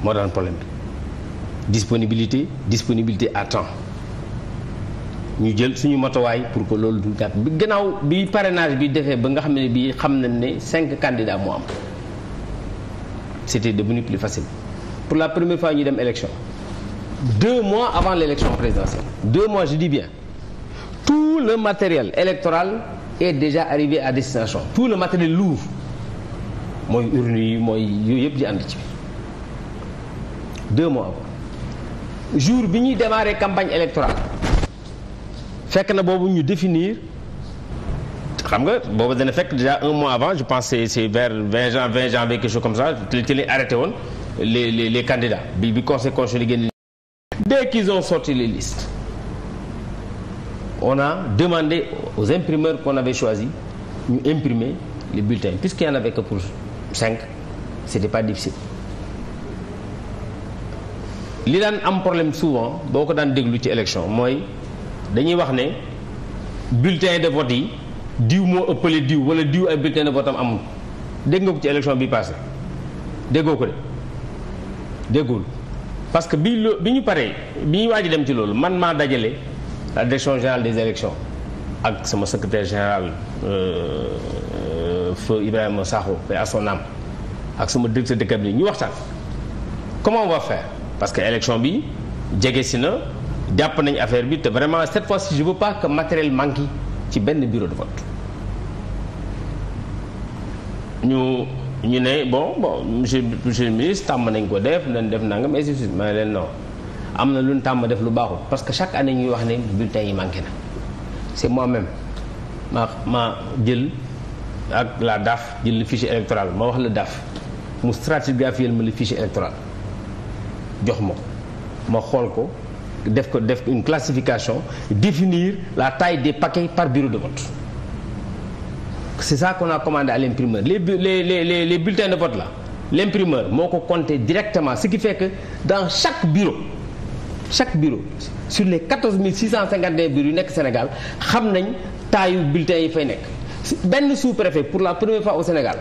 [SPEAKER 2] moo daan problème bi disponibilité disponibilité à temps ñu jël suñu matuwaay pour que loolu du gàtt bi gannaaw bi parrainage bi defee ba nga xam ne bii xam nañ ne cinq candidats moo am c'était devenu plus facile pour la première fois ñu dem élection deux mois avant l'élection présidentielle deux mois je dis tout le matériel électoral est déjà arrivé à destination le matériel lourd mooy urne mooy yooyu yëpp di ànd ci bi deux bi ñuy démarrer campagne électorale fekk na boobu ñu définir xam nga booba dana fekk déjà un mois avant je pense c'est c'est vers 20 jan 20 janvier quelque chose comme ça ci lañ arrêté woon les les les candidats bi bi conseil constitutionnel génne dès qu'ils ont sorti les listes on a demandé aux imprimeurs qu'on avait choisi ñu imprimer les bulletins puisqu'il y en avait que pour cinq c'était pas difficile li daan am problème souvent boo ko daan déglu ci élection mooy dañuy wax ne bulletin de vote yi diw moo ëppale diw wala diw ay bulletin de vote am amul dégg nga ko ci élection bi passé déggoo ko de déggul parce que bi lo bi ñu paree bi ñu waaj dem ci loolu man maa dajale la direction générale des élections ak sama secrétaire général euh, feu Ibrahima Sakho paix à ak sama directeur de cabinet ñu waxtaan comment on va faire parce que élection bi jege si na jàpp nañ affaire bi te vraiment cette fois-ci je veux pas matériel manque ci benn bureau de vote ñu ñu ne bon bon monsieur monsieur le ministre tàmm nañ ko def nañ def nangam ainsi de suite ma ne leen non am na lu ñu tàmm def lu baaxul parce que chaque année ñuy wax ne bulletin yi manqué na c'est moi-même ma ma jël ak la DAF jël le fichier électoral ma wax la DAF mu stratigraphier ma le fichier électoral jox ma ma xool ko. def ko def une classification définir la taille des paquets par bureau de vote c'est ça qu'on a commandé à l'imprimeur les les les les bulletins de vote là l'imprimeur moo ko compté directement si qui fait dans chaque bureau chaque bureau sur les 14 651 bureaux yu nekk Sénégal xam nañ taayu bulletin yi fay nekk benn sous-préfet pour la première fois au Sénégal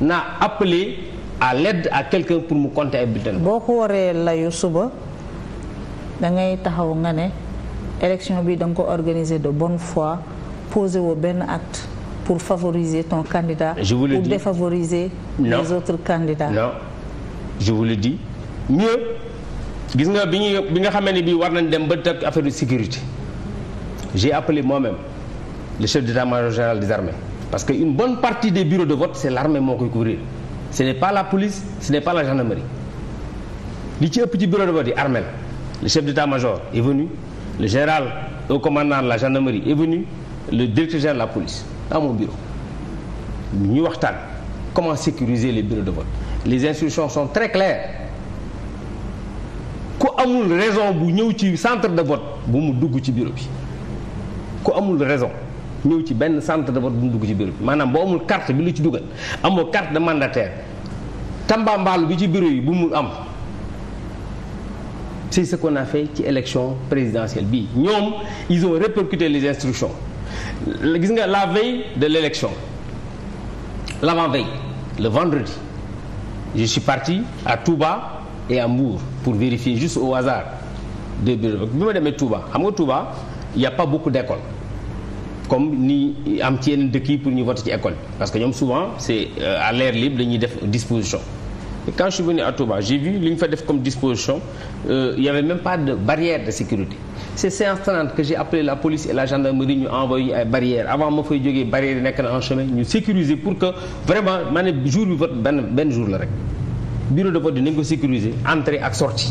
[SPEAKER 2] naa appelé à l'aide à quelqu'un pour mu compter ay bulletins.
[SPEAKER 1] boo ko waree layu suba. da ngay taxaw nga ne élection bi da nga ko organiser de bonne foi poser woo benn acte pour favoriser ton candidat. je pour défavoriser. Non. les autres candidats. non
[SPEAKER 2] je vous le dis. mieux gis nga bi ñuy bi nga xamee ne bii war nañ dem ba takk affaire de sécurité j'ai appelé moi-même le chef d'état-major général des armées parce que une bonne partie des bureaux de vote c'est l'armée moo koy couvrir ce n'est pas la police ce n'est pas la gendarmerie li ci ëpp ci bureau de vote yi armée le chef d'état-major est venu le général au commandant la gendarmerie est venu le directeur général la police à mon bureau ñu waxtaan comment sécuriser les bureaux de vote les instructions sont très claires ku amul raison bu ñëw ci centre de vote bu mu dugg ci bureau bi ku amul raison ñëw ci benn centre de vote bu mu dugg ci bureau bi maanaam boo amul carte bi lu ci dugal amoo carte de mandataire tambambaalu bi ci bureau yi bu mu am c'est ce qu'on a fait ci élection présidentielle bi ñoom ils ont répercuté les instructions gis nga la veille de l'élection l'avant-veille le vendredi je suis parti à Touba et à Mbour pour vérifier juste au hasard de bureau bi ma demee Touba xam nga Touba il y a pas beaucoup d'écoles comme ni am ci yeneen dëkk yi pour ñu voter ci école parce que ñoom souvent c'est euh, à l'air libre dañuy def disposition quand je suis venu à Touba vu li ñu fa def comme disposition euh, il y avait même pas de barrière de sécurité c'est séance 30 que j'ai appelé la police et la gendarmerie ñu envoyé ay barrières avant ma fay jógee barrière yi nekk na en chemin ñu sécuriser pour que vraiment maa ne jour bi vote benn benn jour la rek bureau de vote dinañ ko sécuriser entrée ak sortie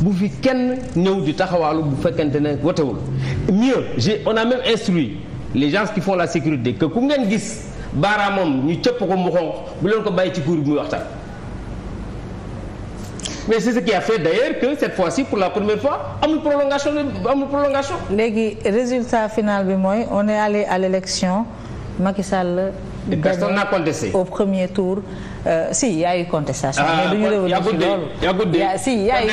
[SPEAKER 2] bu fi kenn ñëw di taxawaalu bu fekkente ne wotewul mieux j'ai on a même instruit les gens qui font la sécurité que ngeen gis baaraamam ñu cëpp ko mu xonq bu leen ko bàyyi ci cour bi muy waxtaan mais c'est ce qui a fait d'ailleurs que cette fois-ci pour la première fois
[SPEAKER 1] amul prolongation amul prolongation. léegi résultat final bi mooy on est allé à l'élection Macky Sall. personne n'a contesté. au premier tour euh, si y a eu contestation. y a eu contestation y
[SPEAKER 2] a eu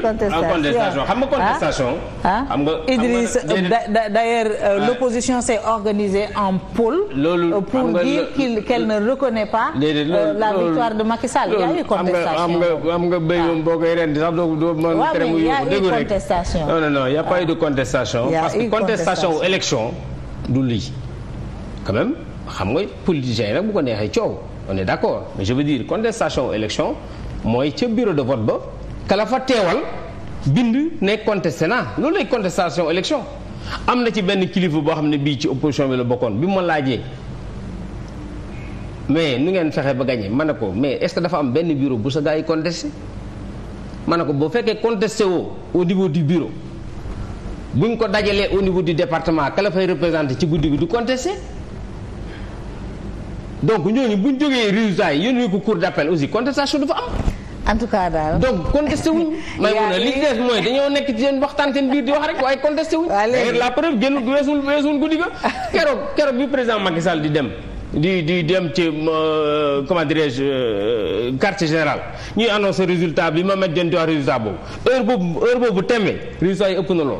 [SPEAKER 2] contestation xam nga contestation. xam nga Idriss
[SPEAKER 1] d'ailleurs l'opposition s'est organisée en pôle.
[SPEAKER 2] loolu pour dire
[SPEAKER 1] qu'elle ne reconnaît pas. la victoire de Macky y a eu contestation. nga
[SPEAKER 2] am boo koy non non non y a pas eu de contestation. parce que contestation ou élection du lii. quand même xam nga politiciens yi nag bu ko neexee coow on est d'accord mais je veux dire contestation élection mooy ca bureau de vote ba kala fa teewal bind ne contesté naa loolu lay contestation élection am na ci benn kilifa boo xam ne bii ci opposition bi la bokkoon bi mu ma laajee mais nu ngeen fexe ba gagné ma ne ko mais est-ce que dafa am benn bureau bu sa gars yi contesté ma ne ko boo fekkee contesté woo au niveau du bureau buñ ko dajalee au niveau du département ka la ci guddi du contesté donc ñooñu bu ñu jógee résultats yi yónni ko cour d' aussi contestation dafa am. en tout cas daal donc contesté wuñu. [laughs] may mun a li mooy dañoo nekk ci seen waxtaan seen biir di wax rek waaye contesté wuñu. la preuve génn weesul weesul guddi ga. [laughs] keroog di dem. di di dem ci euh, comment dirais-je euh, quartier général ñuy annoncé résultat bi ma met jën di wax résultat boobu heure boobu heure boobu tembe résultat yi ëpp na lool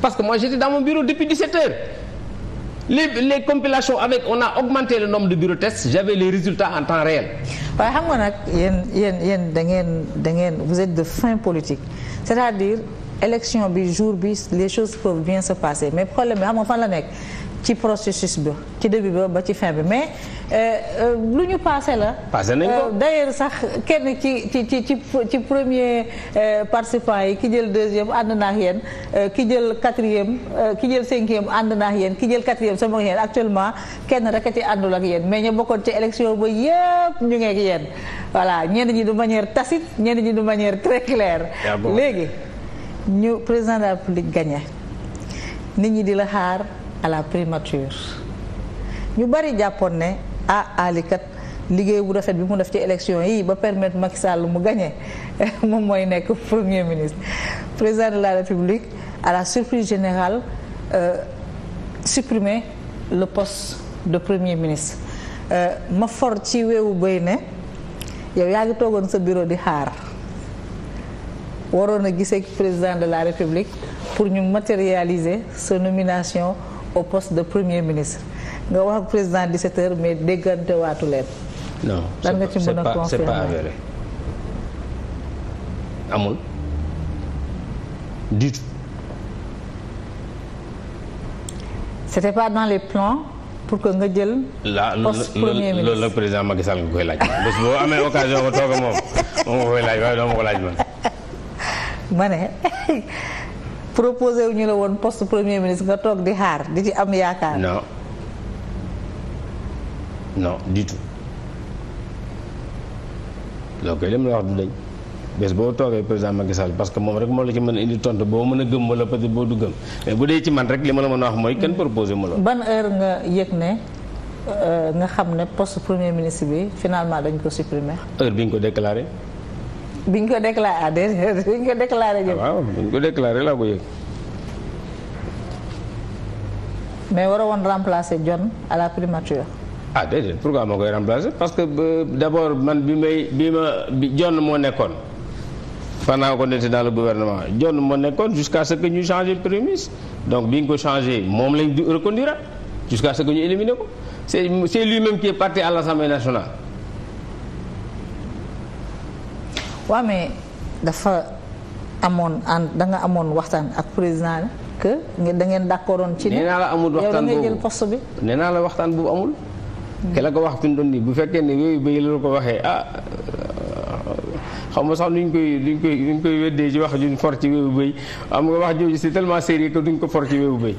[SPEAKER 2] parce que moi j'étais dans mon bureau depuis 17 heures. les les compilations avec on a augmenté le nombre de bureaux tests j'avais les résultats en temps réel.
[SPEAKER 1] waaye xam nga nag yéen yéen yéen da ngeen da ngeen vous êtes de fin politique c'est-à-dire élection bi jour bi les choses peuvent bien se passer mais problème bi xam nga fan la nekk. ci processus bi ci début ba ba ci fin bi mais euh, euh, lu ñu passé la. passé nañ ko euh, d'ailleurs sax kenn ci ci ci ci premier participant yi ki jël deuxième ànd naa ak yéen ki jël quatrième ki jël cinquième ànd naa ak ki jël quatrième sama yéen actuellement kenn rek a ci àndul ak yéen mais ñu bokkoon ci élection ba yëpp ñu ngi ak yéen voilà ñenn ñi du manière tacite ñenn ñi de manière très claire. Ah léegi ñu président de la République nit ñi di la xaar. à la primature ñu bari jàppoon ne ah alikat liggéey bu rafet bi mu def ci élection yi ba permettre Macky Sall mu gagné [laughs] moom mooy nekk premier ministre président de la république à la surprise générale euh, supprimer le poste de premier ministre euh, ma for ci weewu béy ne yow yaa ngi toogoon sa bureau di xaar waroon a gisee président de la république pour ñu matérialiser sa nomination au poste de premier ministre nga wax ak président 17h mais déggante waatu leen.
[SPEAKER 2] non lan nga ci mën a confirmer c'est pas avéré amul du tout.
[SPEAKER 1] dans les plans pour que nga jël.
[SPEAKER 2] poste premier ministre loolu la président Macky Sall nga koy laaj. bés boo amee occasion ba toog moom moom nga koy laaj waaye doo ma ko laaj man.
[SPEAKER 1] [laughs] ma proposé wu ñu la woon poste premier ministre nga toog di xaar di ci am yaakaar. non
[SPEAKER 2] non du tout loolu koy dem la wax du dañ bés boo toogee président Macky Sall parce que moom rek moo la ci mën a indi tontu boo mën a gëm wala peut-être boo du gëm mais bu dee ci man rek li ma la mën a wax mooy kenn proposé ma la.
[SPEAKER 1] ban heure nga yëg ne. Euh, nga xam ne poste premier ministre bi finalement dañ ko supprimer
[SPEAKER 2] heure bi ñu ko déclaré.
[SPEAKER 1] bi ñu ko déclaré ah déedéet bi ñu ko déclaré. Ah,
[SPEAKER 2] waaw bi ñu ko déclaré laa ko yëg.
[SPEAKER 1] mais waroon remplacer John à la primature.
[SPEAKER 2] ah déedéet pourquoi moo koy remplacer parce que euh, d' abord man bi may bi ma bi John moo nekkoon. pendant qu'on était dans le gouvernement John moo nekkoon jusqu'à ce que ñu changé premier ministre donc bi ñu ko changer moom lañ reconduira jusqu'à ce que ñu éliminé ko c' lui-même qui est parti à l' national
[SPEAKER 1] waaw mais dafa amoon ànd da nga amoon waxtaan ak président que da ngeen d'accordoon ci ne naa la amul waxtaan boobu jël poste bi
[SPEAKER 2] nee la waxtaan boobu amul ke la ko wax fi doon nii bu fekkee ne yooyu bay la ko waxee ah xam nga sax duñ koy duñ koy duñ koy weddee ci wax juñ for ci wéewu béy am nga wax jooju c'est tellement sérieux que duñ ko for ci wéewu béy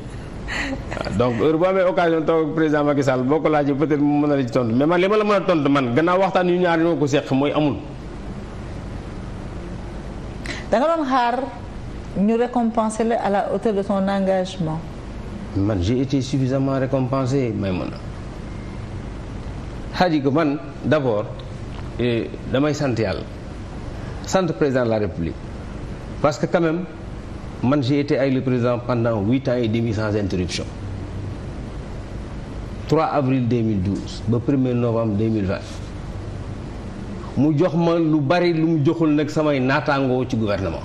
[SPEAKER 2] ah, donc heure boo amee occasion toog président Macky Sall boo ko laajee peut-être mu mën a la ci tontu mais man li ma la mën a tontu man gannaaw waxtaan yu ñaar ñoo ko seq mooy amul
[SPEAKER 1] da nga doon xaar ñu récompenser la à la hauteur de son engagement.
[SPEAKER 2] man j'ai été suffisamment récompensé Maïmouna xaaj ko man d'abord damay sant yàlla sant président de la République parce que quand même man j'ai été avec le président pendant huit ans et demi sans interruption 3 avril 2012 ba 1er novembre 2020 mu jox ma lu bari lu mu joxul nag samay naataangoo ci gouvernement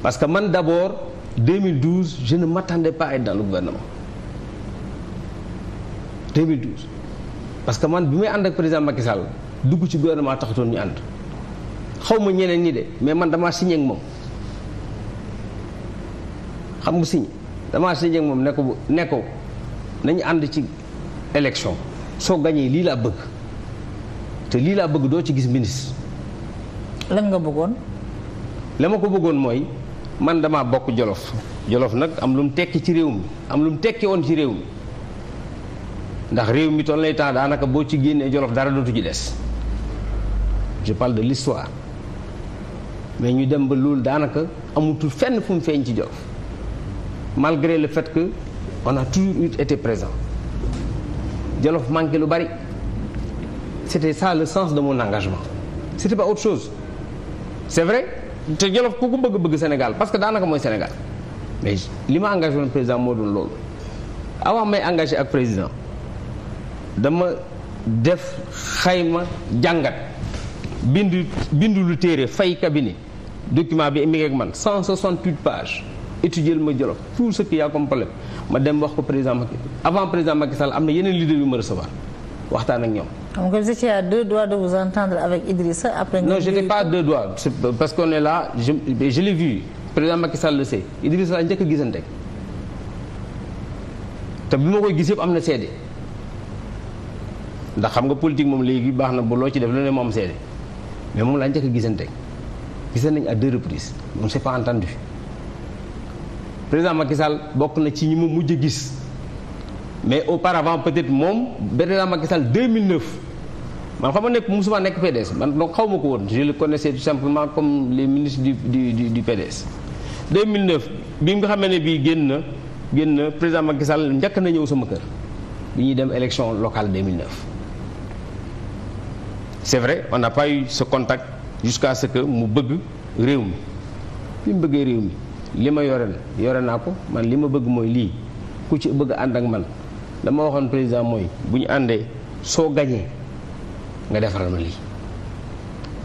[SPEAKER 2] parce que man d'abord 2012 je ne m'attendais pas à être dans le gouvernement 2012 parce que man bi may ànd ak président Macky Sall dugg ci gouvernement taxutoon ñu ànd xaw ma ñeneen ñi de mais man damaa signé moom xam nga signé damaa signé ak moom ne ko ne ko nañu ànd ci élection soo gañee lii laa bëgg. te lii laa bëgg doo ci gis ministre.
[SPEAKER 1] lan nga bëggoon.
[SPEAKER 2] la ma ko bëggoon mooy man dama bokk jolof jolof nag am lu mu tekki ci réew mi am lu mu tekki woon ci réew mi ndax réew mi toll lay temps daanaka boo ci génnee jolof dara dootu ci des je parle de l'histoire mais ñu dem ba loolu daanaka amutul fenn fu mu feeñ ci jolof malgré le fait que on a toujours été présent jolof manqué lu bari. c'était ça le sens de mon engagement c'était pas autre chose c'est vrai te Jolof ku ko bëgg bëgg Sénégal parce que daanaka mooy Sénégal mais li ma engagé woon président moo doon loolu avant may engagé ak président dama def xayma jàngat bindu bindu lu téere fay cabinet document bi mi ngi ak man 168 pages étudier ma Jolof tout ce qu'il y a ma dem wax ko président Macky avant président Macky Sall am na yeneen leader yu ma recevoir waxtaan ak ñoom.
[SPEAKER 1] Donc vous étiez à deux de vous entendre avec Idrissa après... Non, je
[SPEAKER 2] n'étais pas à deux doigts, parce qu'on est là, je, ma koy gis yëpp am na seede ndax xam nga politique moom léegi baax na bu loo ci def lu ne moo am seede mais moom laa njëkk a gisante gisante nañ à deux reprises on ne s'est pas entendu bokk na ci ñi ma mujj a gis mais auparavant peut-être moom président Macky Sall 2009 man xam nga nekk musuma nekk PDS man donc xaw ma ko woon je le connaissais tout simplement comme les ministres du du du, du PDS. 2009 bi nga xamee ne bii génn na génn na président Macky Sall njëkk na ñëw sama kër bi ñuy dem élection locale 2009. c'est vrai on n'a pas eu ce contact jusqu'à ce que mu bëgg réew mi bi mu bëggee réew mi li ma yore la yore naa ko man li ma bëgg mooy lii ku ci bëgg ànd ak man dama waxoon président mooy bu ñu àndee soo gañee nga defaral ma lii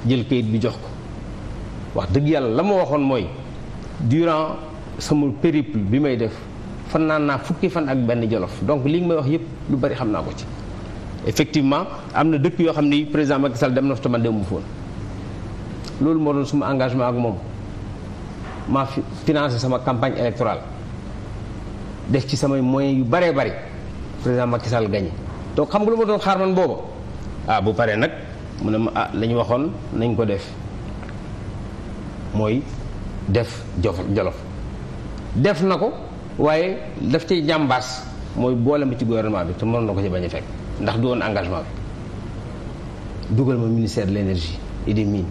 [SPEAKER 2] jël kayit bi jox ko wax dëgg yàlla la ma waxoon mooy durant sama périple bi may def fan naan naa fukki fan ak benn jolof donc li nga may wax yëpp lu bari xam naa ko ci effectivement am na dëkk yoo xam ni président Macky Sall dem na fa te man demu foon loolu moo doon suma engagement ak moom maa financé sama campagne électorale def ci samay moyens yu baree bari président Macky Sall donc xam nga lu ma doon xaar man booba ah bu paree nag mu ne ma ah la ñu waxoon nañ ko def mooy def jof jolof def na ko waaye daf ci jàmbaas mooy boole ma ci gouvernement bi te mënoon na ko ci bañ a fekk ndax du woon engagement bi dugal ma ministère de l'énergie et des mines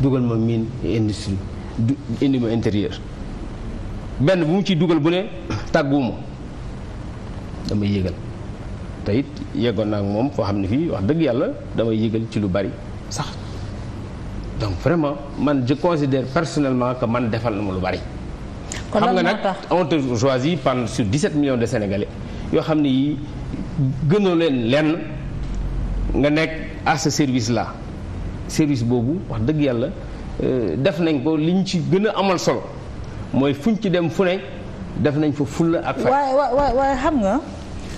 [SPEAKER 2] dugal ma mine et industrie du indi ma intérieur benn bu mu ciy dugal bu ne tàgguwuma dama yégal tey it yeggoon naa moom foo xam ne fii wax dëgg yàlla damay yëgal ci lu bari sax donc vraiment man je considère personnellement que man defal na ma lu bari. kon xam nga nag on te choisit par sur 17 de sénégalais yoo xam ne yii gënoo leen lenn nga nekk à ce service là service boobu wax dëgg yàlla euh, def nañ ko liñ ci gën a amal solo mooy fuñ ci dem fu ne def nañ fa fulla ak. fa waaye
[SPEAKER 1] waaye waaye xam nga.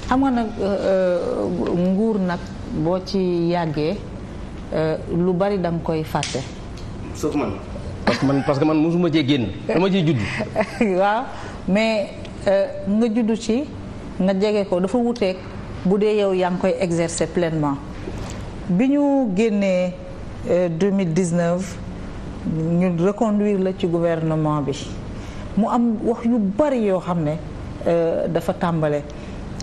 [SPEAKER 1] xam nga nag euh, euh, nguur nag boo ci yàggee euh, lu bari dam koy fàtte.
[SPEAKER 2] sauf man parce que man parce que man mosuma cee génn dama ciy judd.
[SPEAKER 1] [laughs] waaw mais nga juddu ci nga jege ko dafa wuteeg bu dee yow yaa ngi koy exercer pleinement bi ñu génnee 2019 ñu reconduire la ci gouvernement bi mu am wax yu bari yoo xam ne dafa tàmbale.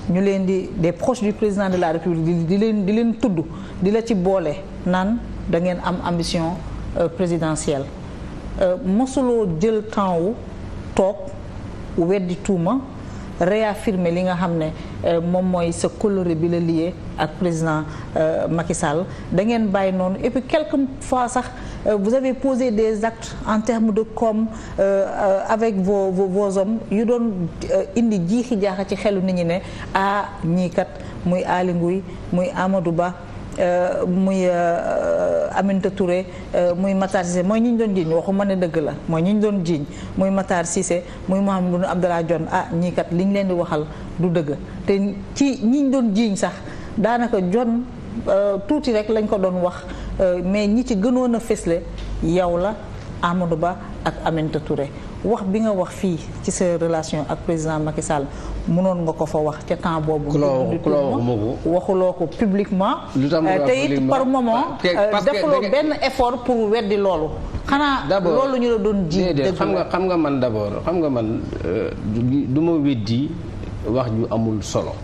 [SPEAKER 1] ñu leen di des proches du président de la république di leen di leen tudd di la ci boole naan da ngeen am ambition euh, présidentielle euh, mosuloo jël temps wu toog weddi tuuma réaffirmer li nga xam ne euh, moom mooy sa coloré bi la lié ak président euh, Macky Sall da ngeen bàyyi noonu et puis quelques fois sax euh, vous avez posé des actes en termes de com avec vos vos hommes yu doon indi jiixi jaaxa ci xelu ni ñi ne ah ñii kat muy Aly muy Amadou Ba. Euh, muy euh, Aminata Touré euh, muy Matar Cissé mooy ñi ñu doon jiiñ waxuma ne dëgg la mooy ñi doon jiiñ muy Matar Cissé muy Mouhamadou Abdallah Dionne ah ñii kat li ñu leen di waxal du dëgg te ci ñi doon jiiñ sax daanaka Dionne tuuti rek lañ ko doon wax mais ñi ci gënoon a fésle yow la Amadou Ba ak Aminata Touré. wax bi nga wax fii ci sa relation ak président Macky Sall mënoon nga ko fa wax ca temps boobu. waxuloo ko publiquement euh, te it par moment. Euh, defuloo benn effort pour weddi loolu. xanaa loolu
[SPEAKER 2] ñu la doon ji. dëgg xam nga xam nga man d' abord xam nga man euh, du ma weddi wax ju amul solo.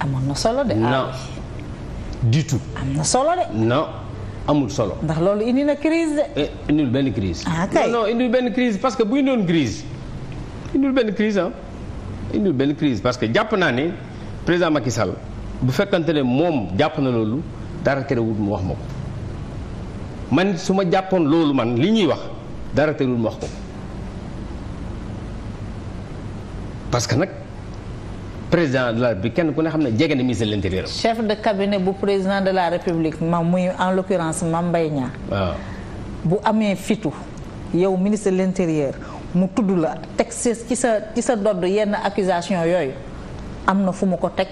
[SPEAKER 2] amoon na solo de. Ah non du am na solo de. non. amul solo.
[SPEAKER 1] ndax loolu indi na crise
[SPEAKER 2] de. Eh, indil benn crise ah kay non indil benn crise parce que bu ñu doon crise indil benn crise ah indil benn crise parce que jàpp naa ne président Macky Sall bu fekkante ne moom jàpp na loolu dara terewul mu wax ma ko man su ma jàppoon loolu man li ñuy wax dara terewul mu wax ko parce que nag. président de la République kenn ku ne xam ne jege na ministre de l'intérieur
[SPEAKER 1] chef de cabinet bu président de la République ma muy en l'occurrence Mame Mbaye Niang waaw ah. bu amee fitu yow ministre de l'intérieur mu tudd la teg ci sa ci sa dodd yenn accusation yooyu am na fu mu ko teg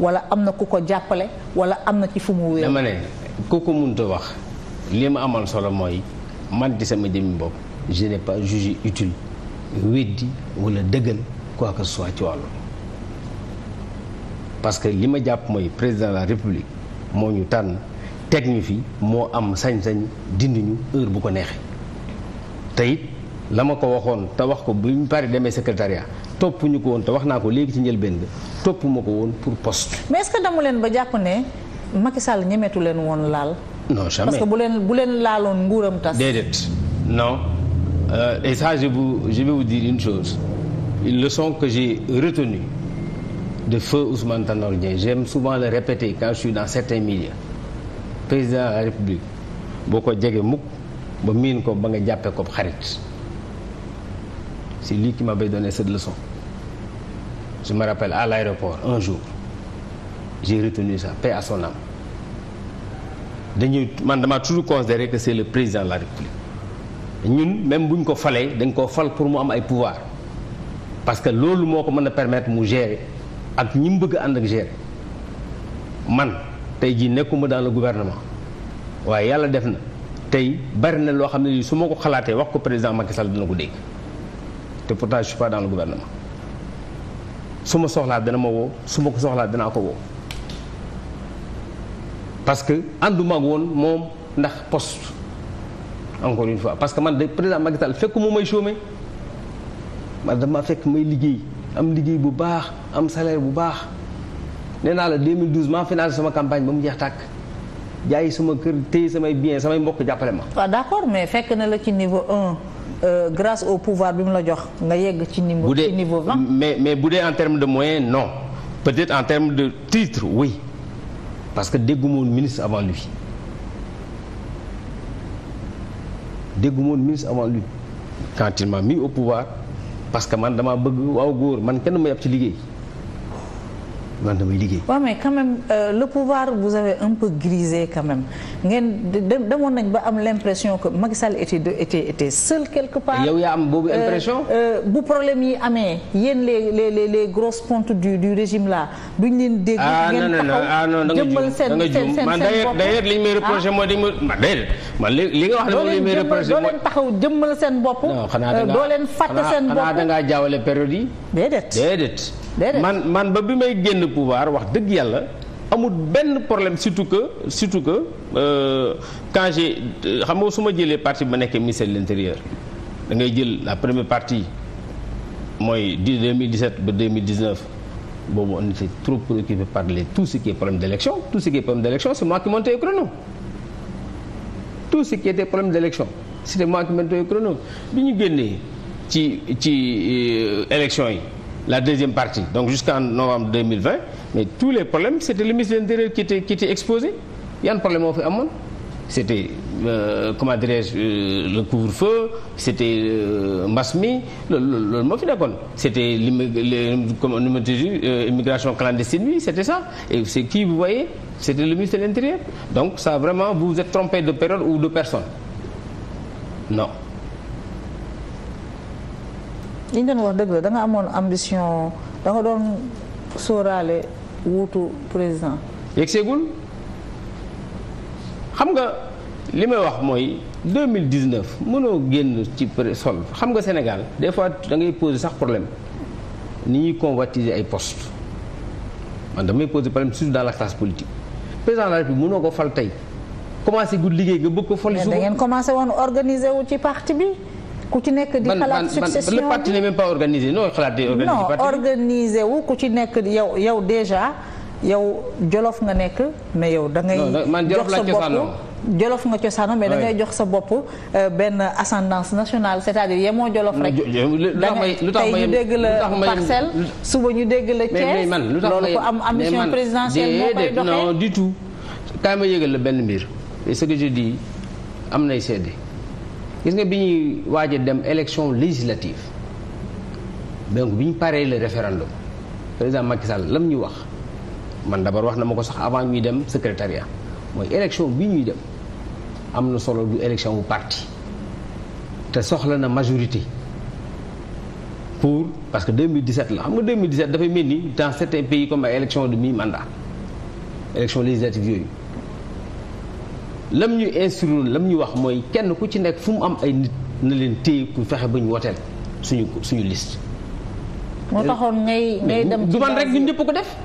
[SPEAKER 1] wala am na ku ko jàppale wala am na ci fu mu wéer dama ne
[SPEAKER 2] ku ko mënta wax li ma amal solo mooy man di sama jëmmi bopp je n'ai pas jugé utile weddi wala dëggal quoi que ce soit ci wàllu parce que li ma jàpp mooy président de la république moo ñu tànn teg ñu fi moo am sañ-sañ dindi ñu heure bu ko neexee te it la ma ko waxoon te wax ko bu ñu paree demee secretariat topp ñu ko woon te wax naa ko léegi ci njëlbeen ga toppu ma ko woon pour post
[SPEAKER 1] mais ce que damu leen ba jàpp ne Macky Sall ñemetu leen woon laal.
[SPEAKER 2] non parce que bu
[SPEAKER 1] leen bu leen laaloon nguuram tas.
[SPEAKER 2] déedéet non euh, et ça je vous je vais vous dire une chose une leçon que j'ai retenue de feu Ousmane Tanor Dieng j'aime souvent le répéter quand je suis dans certains milieux président de la république boo ko jege mukk ba miin ko ba nga jàppee ko xarit c'est lui bay m'avait donné cette leçon su ma rappelle à l'aéroport un jour j'ai retoni ça paix à son âme dañuy man dama toujours considéré que c'est le président de la république ñun même buñ ko falee dañ koo fal pour mu am ay pouvoir parce que loolu moo ko mën a permettre mu gérer ak ñi mu bëgg ànd ak gérer man tey jii nekkuma dans le gouvernement waaye yàlla def na tey bari na loo xam ne su ma ko xalaatee wax ko président Macky Sall dina ko dégg te pourtant je suis pas dans su ma soxlaa dana ma woo su ko soxlaa danaa ko woo parce que ànduma ak woon moom ndax post encore une fois parce que man de président Macky Sall fekk mu may chômer man dama fekk may liggéey. am liggéey bu baax am salaire bu baax nee naa la 2012 maa financé sama campagne ba mu jeex tàkk jaayi suma kër téye samay bien samay mbokk jàppale ma.
[SPEAKER 1] waaw d'accord mais fekk na la ci niveau 1 euh, grâce au pouvoir bi mu la jox nga yegg ci niveau. ci niveau 20
[SPEAKER 2] mais mais bu dee en terme de moyen non peut-être en terme de titre way parce que déggu woon ministre avant lui dégguma woon ministre avant lui quand il au pouvoir. parce que man damaa bëgg waaw góor man kenn ma yab ci liggéey man damay liggéey.
[SPEAKER 1] waaw mais quand même euh, le pouvoir vous avez un peu grisé quand même ngeen demoon nañ ba am l' impression que Macky Sall était était était seul quelque part. yow yaa am boobu euh, impression. Euh, bu problème yi amee yéen les les les les grosses pontes du du régime là duñ leen dégg. Ah, ngeen taxaw ah, jëmmal seen seen seen man d' ailleurs li ñu may reproché ah. mooy
[SPEAKER 2] dañ ma d' man li nga wax ne moom li ñu may reproché mooy doo leen taxaw jëmmal seen bopp. non xanaa da euh, ngaa doo leen fàtte seen bopp xanaa da ngaa jaawale période yi. déedéet déedéet. man man ba bi may génn pouvoir wax dëgg yàlla amut benn problème surtout que surtout que euh, quand euh, xam nga su ma jëlee parti bi ma nekkee ministère de l'intérieur da ngay jël la première partie mooy di 2017 ba 2019 boobu on était trop préoccupé par les tout ce qui est problème d'élection tout ce qui est problème d'élection c'est moi qui montais au chrono tout ce qui était problème d'élection c'était moi qui montais au chrono bi ñu génnee ci ci euh, élection yi la deuxième partie donc jusqu'en novembre 2020 mais tous les problèmes c'était le ministre de l'Intérieur qui était qui était exposé yan problème moo fi amoon c'était euh, comment dirais-je euh, le couvre-feu c'était euh, mbas mi loolu loolu moo fi nekkoon c'était l'immigration euh, clandestine bi c'était ça et c'est qui vous voyez c'était le ministre de l'Intérieur donc ça vraiment vous vous êtes trompé de période ou de personne non
[SPEAKER 1] li ñu doon wax dëgg la da amoon ambition da nga doon sóoraale wuutu président.
[SPEAKER 2] yegg seegul xam nga li may wax mooy 2019 mënoo génn ci sol xam nga Sénégal des fois da ngay poser sax problème ni ñuy convoitiser ay postes man damay poser problème surtout dans la classe politique président de la République mënoo ko fal tey commencé gudd liggéey nga bëgg ko. fal suba da ngeen
[SPEAKER 1] commencé woon organiser wu ci parti bi. ku ci nekk di xalaat succession le parti
[SPEAKER 2] n'est même pas organisé non xalaat day organisé non
[SPEAKER 1] organisé wu ku ci nekk yow yow déjà yow jolof nga nekk mais yow da ngay jox sa bopp jolof nga cosaano mais da jox sa bopp benn assendance nationale c'est-à-dire yemoo jolof rek da ngay tey ñu dégg la parcelle suba ñu dégg la Thiès loolu ko am ambition présidentielle moo koy doxee non
[SPEAKER 2] du tout kaay ma yëgal la benn mbir et ce que je dis am nay seede gis nga bi ñuy waaj dem élection législative donc bi ñu paree le référendum président Macky Sall lam ñu wax man d'abord wax na ma ko sax avant ñuy dem secrétariat mooy élection bi ñuy dem am na solo du élection bu parti te soxla na majorité pour parce que 2017 la xam nga 2017 dafay mel ni dans certains pays comme ay élection de mi-mandat élection législative yooyu lam ñu instruire lam ñu wax mooy kenn ku ci nekk fu mu am ay nit na leen téye ku fexe ba ñu woteel suñu suñu liste.
[SPEAKER 1] moo taxoon ngay ngay dem du man rek ñun
[SPEAKER 2] ñëpp ko def.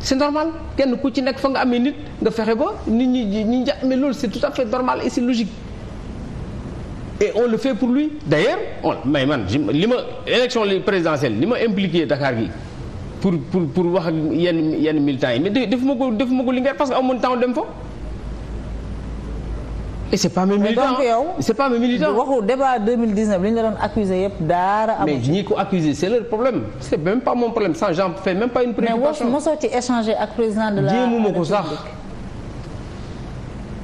[SPEAKER 2] c'est normal kenn ku ci nekk fa nga amee nit nga fexe ba nit ñi ñi ñu jàpp mais loolu c'est tout à fait normal et c'est logique. et on le fait pour lui d'ailleurs on may man li ma élection présidentielle li ma impliqué Dakar gi pour pour pour wax ak yenn yenn militants yi mais defuma ko defuma ko li parce que amoon temps dem fa.
[SPEAKER 1] et c'est pas mes militants c'est pas mes militants waxu débat 2019 li ñu la doon accusé yëpp daara amul mais ñi
[SPEAKER 2] ko accusé c'est leur problème c'est même pas mon problème ça j'en fais même pas une préoccupation mais mosoo
[SPEAKER 1] ci échanger ak président de la jéemuma ko sax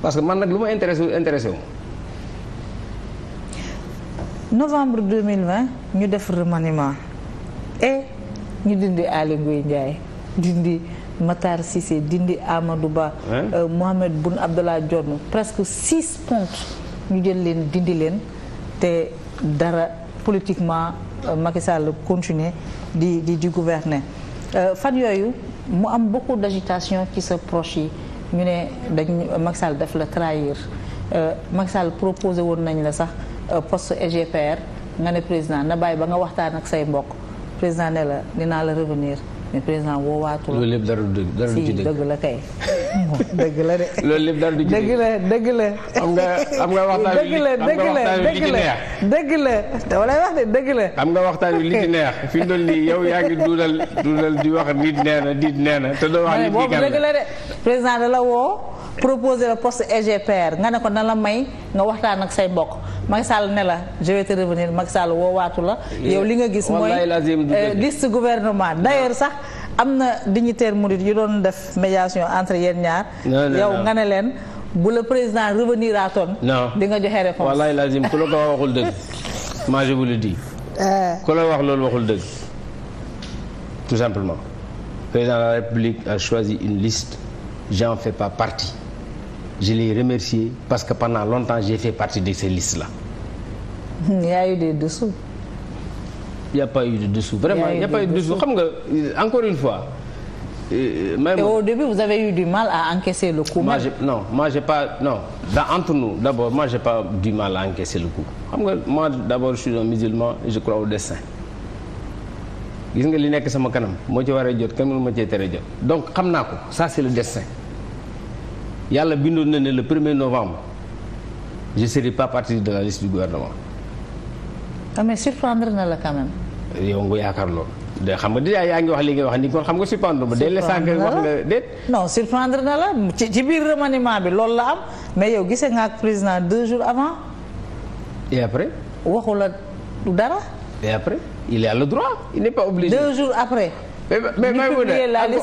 [SPEAKER 2] parce que man nag lu ma intéressé wu intéressé wu
[SPEAKER 1] novembre 2020 ñu def remaniement et ñu dindi Aly Ngouille Ndiaye dindi Matar Cissé dindi Amadou Ba. Euh, Mohamed Boun Abdallah Dionne presque six pontes ñu jël leen dindi leen te dara politiquement euh, Macky continuer di di di gouverner euh, fan yooyu mu am beaucoup d'agitation ci sa proche yi ñu ne dañ Macky Sall daf la trahir euh, Macky Sall proposé woon nañ la sax poste EGPR nga ne président na bàyyi ba nga waxtaan ak say mbokk président ne la dinaa la revenir mais président woowaatul. loolu
[SPEAKER 2] lépp dara du dara du ci dëgg la kay. [laughs] dëgg la de. loolu lépp dara du ci dëgg la dëgg xam nga xam nga waxtaan wi. dëgg la dëgg la lay wax de dëgg la. xam nga waxtaan wi li ci neex fi mu toll nii yow yaa ngi duudal duudal di wax nit nee na nit nee na te doo wax nit ki la dëgg la
[SPEAKER 1] de président da la proposer le poste EGPR nga ne ko na la may nga waxtaan ak say mbokk. Macky Sall ne la je vais te revenir Macky woowaatu la. yow li nga gis mooy eh, liste gouvernement d'ailleurs sax. am na dignitaire murid yu doon def médiation entre yéen ñaar. yow nga ne leen bu la président revenir no ton. di nga joxe réponse. wallaay lazim
[SPEAKER 2] ku la ko waxul dëgg. [laughs] maa je vous le dis. Eh. ku la wax loolu waxul dëgg. tout simplement. président la république a choisi une liste j'en fais pas partie. je les remercie parce que pendant longtemps j'ai fait partie de ces listes-là.
[SPEAKER 1] Il eu des dessous.
[SPEAKER 2] Il pas eu de dessous. Vraiment, il pas eu de dessous. Xam nga encore une fois. Euh, même Et au
[SPEAKER 1] début, vous avez eu du mal à encaisser le coup. Moi,
[SPEAKER 2] non, moi j'ai pas non, dans, entre d'abord, moi pas du mal à encaisser le coup. Xam nga moi d'abord je suis un musulman je crois au destin. Gis nga li nekk sama kanam moo ci war jot kenn mënu ma cee jot. Donc xam naa ko, ça c'est le destin. yàlla bindoon na ne le premier novembre je serai pas parti de la liste du gouvernement.
[SPEAKER 1] ah mais na la quand
[SPEAKER 2] yow nga yaakaar loolu. de xam nga déjà yaa ngi wax li nga wax ni kon xam nga surprendre ma. surprendre la wax nga
[SPEAKER 1] déet. non surprendre na la ci ci biir remaniement bi lool la am mais yow gisee nga président deux jours avant. et après. waxu dara.
[SPEAKER 2] et après il a le droit il n'est pas obligé. deux jours après. mais mais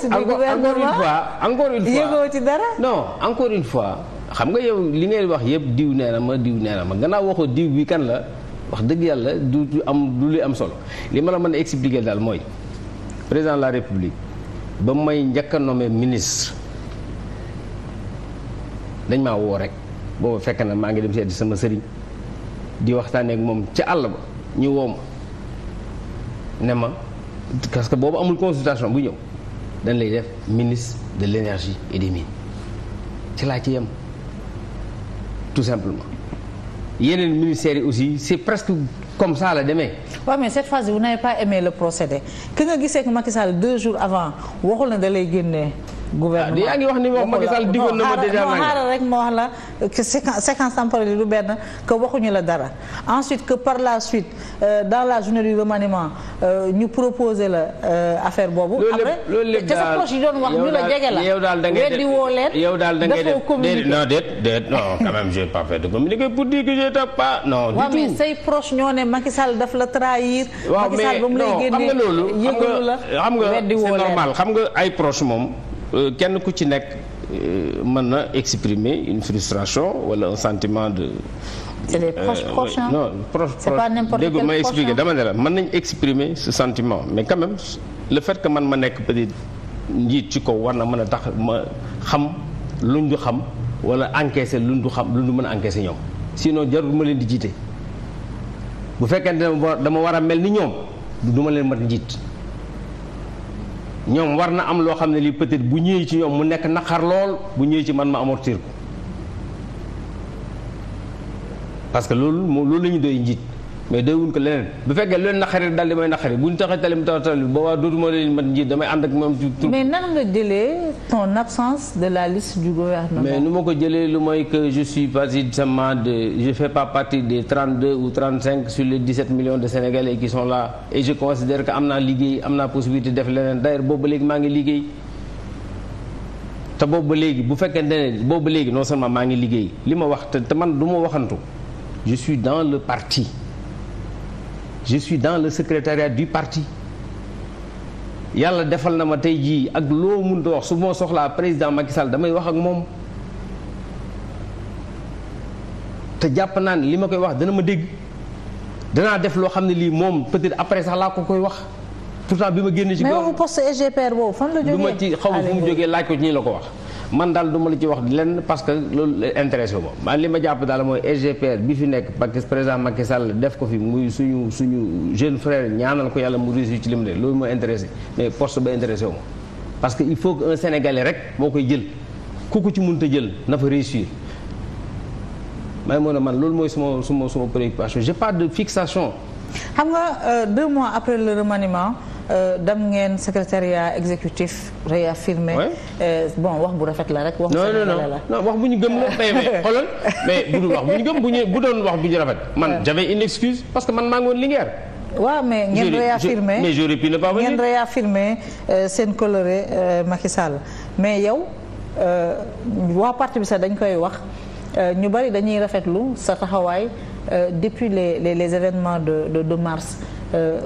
[SPEAKER 2] encore une fois encore une fois yëgoo ci dara. non encore une fois xam nga yow li ngay wax yëpp diw nee na ma diw nee na ma gannaaw waxoo diw bi kan la wax dëgg yàlla du am du li am solo li ma la mën a expliquer daal mooy président la république ba may njëkk a nommé ministre dañ ma woo rek booba fekk na maa ngi dem seeti sama sëriñ di waxtaanee ak moom ca àll ba ñu woo ne ma. parce que boobu amul consultation bu ñëw dañ lay def ministre de l' énergie et des mines ci laa ci yem tout simplement yeneen ministères yi aussi c' est presque comme
[SPEAKER 1] ça la demee. waaw mais cette phase vous n'avez pas aimé le procédé ki nga gisee que Macky Sall deux jours avant waxul na da lay génnee.
[SPEAKER 2] gouvernement ah, yaa ngi wax ni moom Macky Sall digoon na ma déjà xaaral
[SPEAKER 1] rek ma wax la que séquence temporelle que waxuñu la dara ensuite que par la suite euh, dans la journée du remaniement euh, ñu proposer la euh, affaire boobu. après ca sa proche yi doon wax ñu la jege la. yow daal da ngay def weddi woo leen. yow daal da ngay def déedéet non
[SPEAKER 2] déet non quand même j'ai pas fait de communiqué pour dire que j'étais pas non. du tout waaw
[SPEAKER 1] say proche ñoo ne Macky daf la trahir. waaw mais non xam nga loolu. Macky ba mu lay génnee xam nga c'est
[SPEAKER 2] xam nga ay proche moom. Euh, kenn ku ci nekk euh, mën na exprimer une frustration wala un sentiment de. c'est des proches euh, proches hein? ma expliquer dama ne la mën nañ exprimer ce sentiment mais quand même le fait que man ma nekk peut-être njiit ci kaw war na mën a tax ma xam luñ du xam wala encaisser luñ du xam luñ du mën a encaisser ñoom sinon jarul ma leen di jiite bu fekkee dama war a mel ni ñoom duma leen mën a ñoom war na am loo xam ne lii peut-être bu ñëwee ci ñoom mu nekk naqar lool bu ñëwee ci man ma amortir ko parce que loolu moom loolu la ñu doy njiit mais day wuñ ko leneen bu fekkee leen naqari dal di may naqari buñ tax a tali mu tax a tali boobaa dootuma leen mat njiit damay ànd ak moom ci tur.
[SPEAKER 1] mais nan nga jëlee ton absence de la liste du gouvernement. mais
[SPEAKER 2] nu ma ko jëlee lu mooy que je suis partie seulement de je fais pas partie des 32 ou 35 sur les 17 millions de Sénégalais qui sont là et je considère que am naa liggéey am naa possibilité def leneen d'ailleurs boobu ba léegi maa ngi liggéey. boobu ba léegi bu fekkente boobu ba léegi non seulement maa ngi liggéey li ma wax te man du ma waxantu je suis dans le parti. je suis dans le secrétariat du parti yàlla defal na ma tey jii ak loo mun di wax su ma soxlaa président Macky Sall damay wax ak moom te jàpp naa ne li ma koy wax dana ma dégg danaa def loo xam ne lii moom peut-être après sax laa ko koy wax pourtant bi ma génn ci. mais
[SPEAKER 1] poste EGPR boobu fan la jógee. lu ma ci xaw fu mu jógee
[SPEAKER 2] laaj ko ci ñu la ko wax. man daal du ma la ci wax lenn parce que loolu intéressé wu ma man li ma jàpp daal mooy SGPR bi fi nekk parce que président Macky def ko fi muy suñu suñu jeune frère ñaanal ko yàlla mu réussir ci lim de loolu moo intéressé mais poste ba intéressé parce que il faut que un sénégalais rek moo koy jël ku ko ci mënut a jël na fa réussir may moo ne man loolu mooy suma suma suma préoccupation j'ai pas de fixation.
[SPEAKER 1] xam nga euh, deux mois après le remaniement. Euh, dem ngeen secrétariat exécutif réaffirmé. Euh, bon wax bu rafet la rek. wax
[SPEAKER 2] non bu ñu gëm la [laughs] bu dul wax bu ñu gëm bu ñu bu doon wax bu ñu rafet. man j'avais une excuse parce que man maa ngi woon Linguère. waaw mais ngeen réaffirmé mais j'aurais pu ne pas venir ngeen
[SPEAKER 1] réaffirmé euh, seen coloré Macky Sall mais yow waa parti bi sax dañ koy wax ñu bari dañuy rafetlu sa taxawaay depuis les les événements de de de mars. Euh,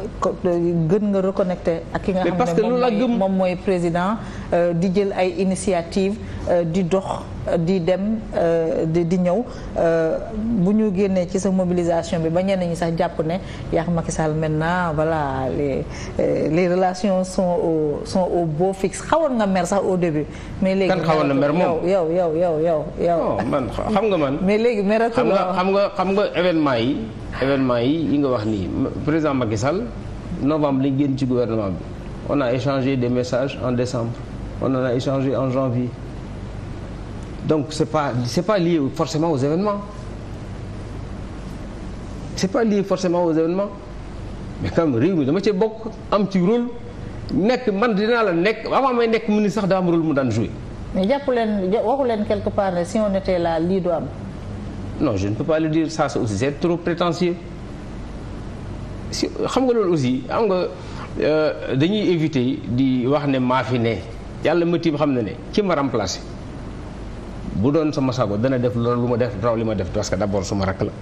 [SPEAKER 1] gën nga reconnecté ak ki nga xam ne moom mooy président euh, di jël ay initiative euh, di dox di dem euh, di di ñëw euh, bu ñu génnee ci sa mobilisation bi ba ñenn ñi sax jàpp ne yaax Macky Sall maintenant voilà les euh, les relations sont au sont au beau fixe xawoon nga mer sax au début. mais léegi kan xawoon na mer moom yow yow yow yow yow. Oh, man xam nga man. mais léegi meratu la
[SPEAKER 2] xam nga xam nga événement yi. événement yi yi nga wax nii président Macky Sall novembre li génn ci gouvernement bi on a échangé des message en décembre on en a échangé en janvier. donc c'est pas c'est pas lié forcément aux événements c'est pas lié forcément aux événements mais quand même réew mi dama cee bokk am ci rôle nekk man dinaa la nekk avant may nekk ministre sax daa am rôle mu daan joué.
[SPEAKER 1] mais jàpp leen waxu leen quelque part ne si on était là lii du am.
[SPEAKER 2] non je ne peux pas le dire ça c'est aussi c'est trop prétentieux si xam nga loolu aussi xam nga euh, dañuy éviter di wax ne maa fi ne yàlla ma tiim xam ne ne ki ma remplacer. bu doon sama sago dana def loolu lu ma def raw li ma def parce que d'abord suma rakk la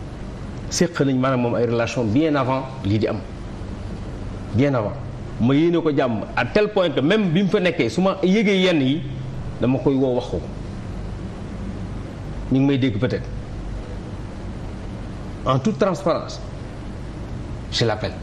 [SPEAKER 2] séq nañ maanaam moom ay relation bien avant lii di am bien avant ma yéene ko jàmm à tele point que même bi mu fa nekkee su ma yëgee yenn yi dama koy woo wax ko ñu ngi may dégg peut-être en toute transparence je l'appelle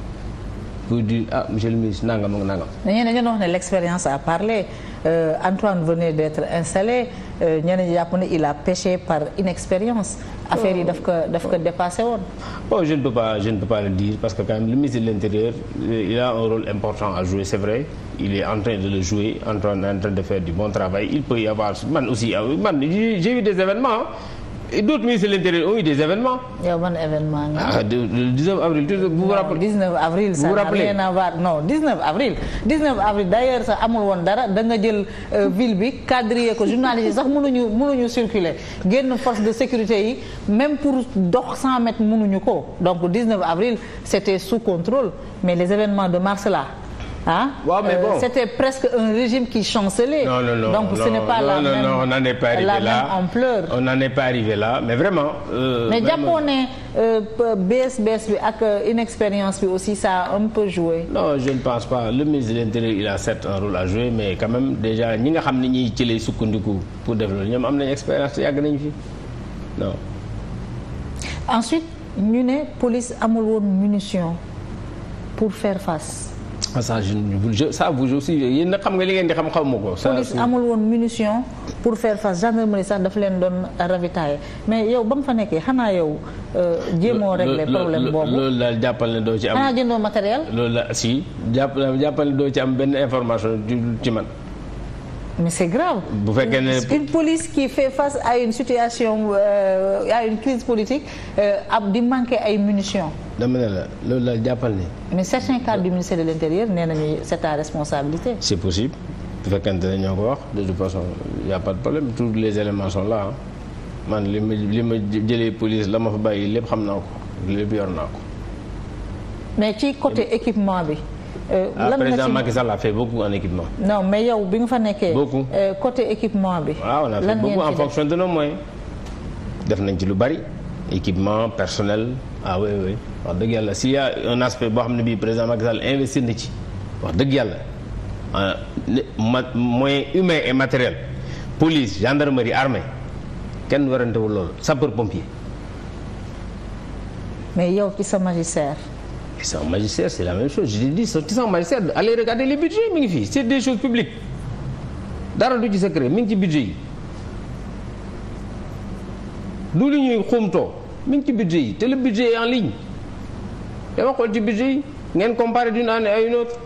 [SPEAKER 2] pour dire ah monsieur le ministre nangam ak nangam.
[SPEAKER 1] dañu ne wax ne l'expérience a parlé euh, Antoine venait d'être installé. Euh, ñeneen ñi jàpp ne il a péché par inexpérience affaire yi daf ko daf ko dépassé woon
[SPEAKER 2] bon je ne peux pas je ne peux pas le dire parce que quand même le ministre de l'intérieur euh, il a un rôle important à jouer c'est vrai il est en train de le jouer en train en train de faire du bon travail il peut y avoir man aussi ah man j'ai vu des événements d'autres ministres de l'intérieur ont eu des événements.
[SPEAKER 1] yow ban événement nga. ah
[SPEAKER 2] de le 19 avril. tout vous vous rappelez 19 avril. ça n'a rien
[SPEAKER 1] à voir non 19 avril. sax amul woon dara da nga jël euh, ville bi quadriller ko journaliste sax mënuñu mënuñu circuler génn force de sécurité yi même pour dox 100 mètres mënuñu ko donc 19 avril c'était sous contrôle mais les événements de mars là. ah. waaw mais euh, bon c'était presque un régime qui chancelait. donc ce n'est pas là la
[SPEAKER 2] on est pas arrivé là mais vraiment. Euh, mais jàppoo
[SPEAKER 1] ne euh, bees bees bi ak inexpérience bi aussi ça on un peu joué. non
[SPEAKER 2] je ne pense pas le ministre de l'intérieur il a certes un rôle à jouer mais quand même déjà ñi nga xam ne ñiy ci lay pour def loolu ñoom am nañ expérience yàgg nañ fi non.
[SPEAKER 1] ensuite ñu police amul woon munition pour faire face.
[SPEAKER 2] massage ah, je ça vous aussi yéen nag xam nga li ngeen di xam xaw ma ko. police amul
[SPEAKER 1] woon munition pour faire face gendarmerie sax dafa leen doon ravitailler mais yow ba mu fa nekkee xanaa yow. Euh, jéemoo régler problème boobu
[SPEAKER 2] loolu daal jàppal ne doo ci am. xanaa
[SPEAKER 1] jëndoo matériel.
[SPEAKER 2] loolu la si jàpp jàppal ne doo ci am benn information ci man. mais c'est grave. bu fekkee ne une
[SPEAKER 1] police qui fait face à une situation euh, à une crise politique euh, ab di manquer ay munitions.
[SPEAKER 2] dama ne la loolu la jàppal ni.
[SPEAKER 1] mais certains cadres du ministère de l'intérieur nee nañu c'est ta responsabilité.
[SPEAKER 2] c'est possible bu fekkente ne ñoo ko wax de toute façon y a pas de problème tous les éléments sont là man li ma li ma jëlee police la ma fa bàyyi lépp xam naa ko lépp yor naa ko.
[SPEAKER 1] mais ci côté équipement bi. Euh, ah, lan nga ci président Macky
[SPEAKER 2] Sall a fait beaucoup en équipement.
[SPEAKER 1] non mais yow bi nga fa nekkee. beaucoup euh, côté équipement bi. waaw ah, on a fait beaucoup en fonction
[SPEAKER 2] de nos moyens. def nañ ci lu bari équipement personnel ah oui wax dëgg yàlla si y a un aspect boo xam ne bii président Macky Sall investir na ci wax dëgg yàlla euh, moyens humains et matériels police gendarmerie armée kenn warantewul loolu sapeur pompier.
[SPEAKER 1] mais yow ci sa magistère.
[SPEAKER 2] sans magistère c'est la même chose je dis sans magistère allez regarder les budgets mi ngi fii c'est des choses publiques dara du ci secret mi ngi ci budget yi du lu ñuy xumtoo mi ngi ci budget yi te le budget est en ligne dama xool ci budget yi ngeen comparer d'une année à une autre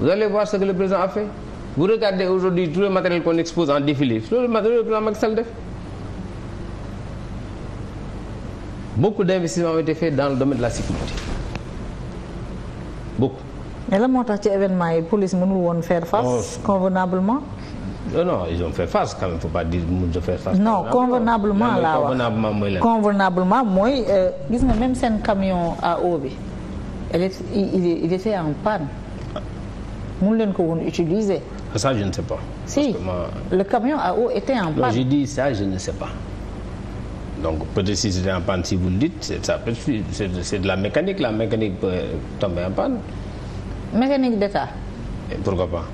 [SPEAKER 2] vous allez voir ce que le président a fait vous regardez aujourd'hui tout le matériel qu'on expose en défilé loolu le président Macky Sall beaucoup d'investissements ont été faits dans le domaine
[SPEAKER 1] bok mais la moo tax ci événement yi police mënul woon faire face. Oh, convenablement.
[SPEAKER 2] non non ils ont fait face quand même faut pas dire mun nga faire face. non convenablement laa wax
[SPEAKER 1] convenablement mooy euh, gis nga même seen camion à bi en panne. leen ko woon utiliser.
[SPEAKER 2] ça je ne sais pas.
[SPEAKER 1] si le camion à eau était en panne.
[SPEAKER 2] Donc, peut-être si c'était en panne, si vous le dites, ça peut C'est de la mécanique. La mécanique peut tomber en panne.
[SPEAKER 1] Mécanique d'État
[SPEAKER 2] Pourquoi pas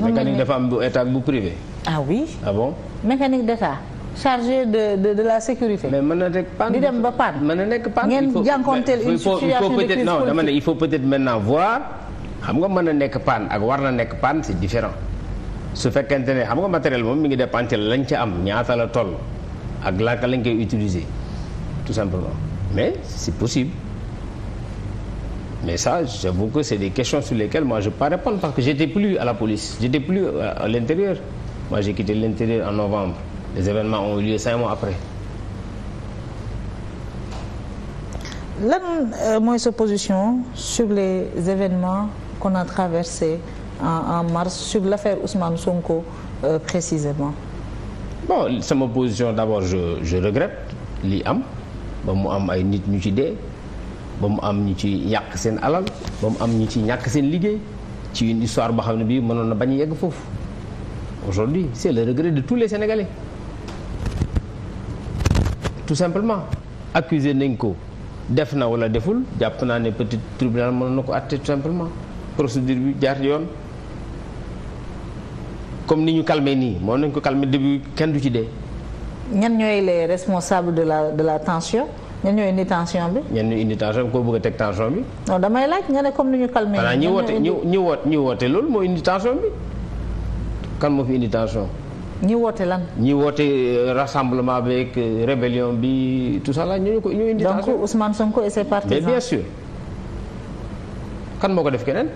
[SPEAKER 2] Mécanique d'État état ou privé Ah oui Ah bon
[SPEAKER 1] Mécanique d'État chargé de, de, de, la sécurité. Mais maintenant, panne. Il faut, il faut, il faut peut-être non, non, il
[SPEAKER 2] faut peut-être maintenant voir. xam nga mën a nekk panne ak war na nekk panne c'est différent su fekkente ne xam nga matériel moom mi ngi dépendre lañ ca am ñaata la toll. ak laaka lañ koy utiliser tout simplement mais c'est possible mais ça j'avoue que c'est des questions sur lesquelles moi je peux pas répondre parce que j'étais plus à la police j'étais plus à l'intérieur moi j'ai quitté l'intérieur en novembre les événements ont eu lieu cinq mois après
[SPEAKER 1] lan euh, mooy sa position sur les événements qu'on a traversés en en mars sur l'affaire Ousmane Sonko euh, précisément
[SPEAKER 2] bon sama position d'abord je je regrette lii am ba mu am ay nit ñu ci dee ba mu am ñu ci yàq seen alal ba mu am ñu ci ñàkk seen liggéey ci une histoire boo xam ne bii mënoon na bañ yegg foofu aujourd'hui c'est le regret de tous les Sénégalais tout simplement accusé nañ ko def na wala deful jàpp naa ne petit tribunal mënoon na ko àtte tout simplement procédure bi jaar yoon comme ni ñu calmé nii moo nañ ko calmé début kenn du ci dee.
[SPEAKER 1] ñan ñooy les responsables de la de la tension ñan ñooy indi tension bi.
[SPEAKER 2] ñan ñooy indi tension bi koo bëgg a teg tension bi.
[SPEAKER 1] non damay laaj nga ne comme ñu calmé. woote ñi
[SPEAKER 2] ñi woote ñi woote loolu moo indi tension bi kan moo fi indi tension.
[SPEAKER 1] ñi woote lan.
[SPEAKER 2] ñi woote euh, rassemblement avec euh, rébellion bi tout ça
[SPEAKER 1] là ñooñu ko ñoo indi. tension donc Ousmane Sonko et ses partisans. mais bien sûr
[SPEAKER 2] kan moo ko def keneen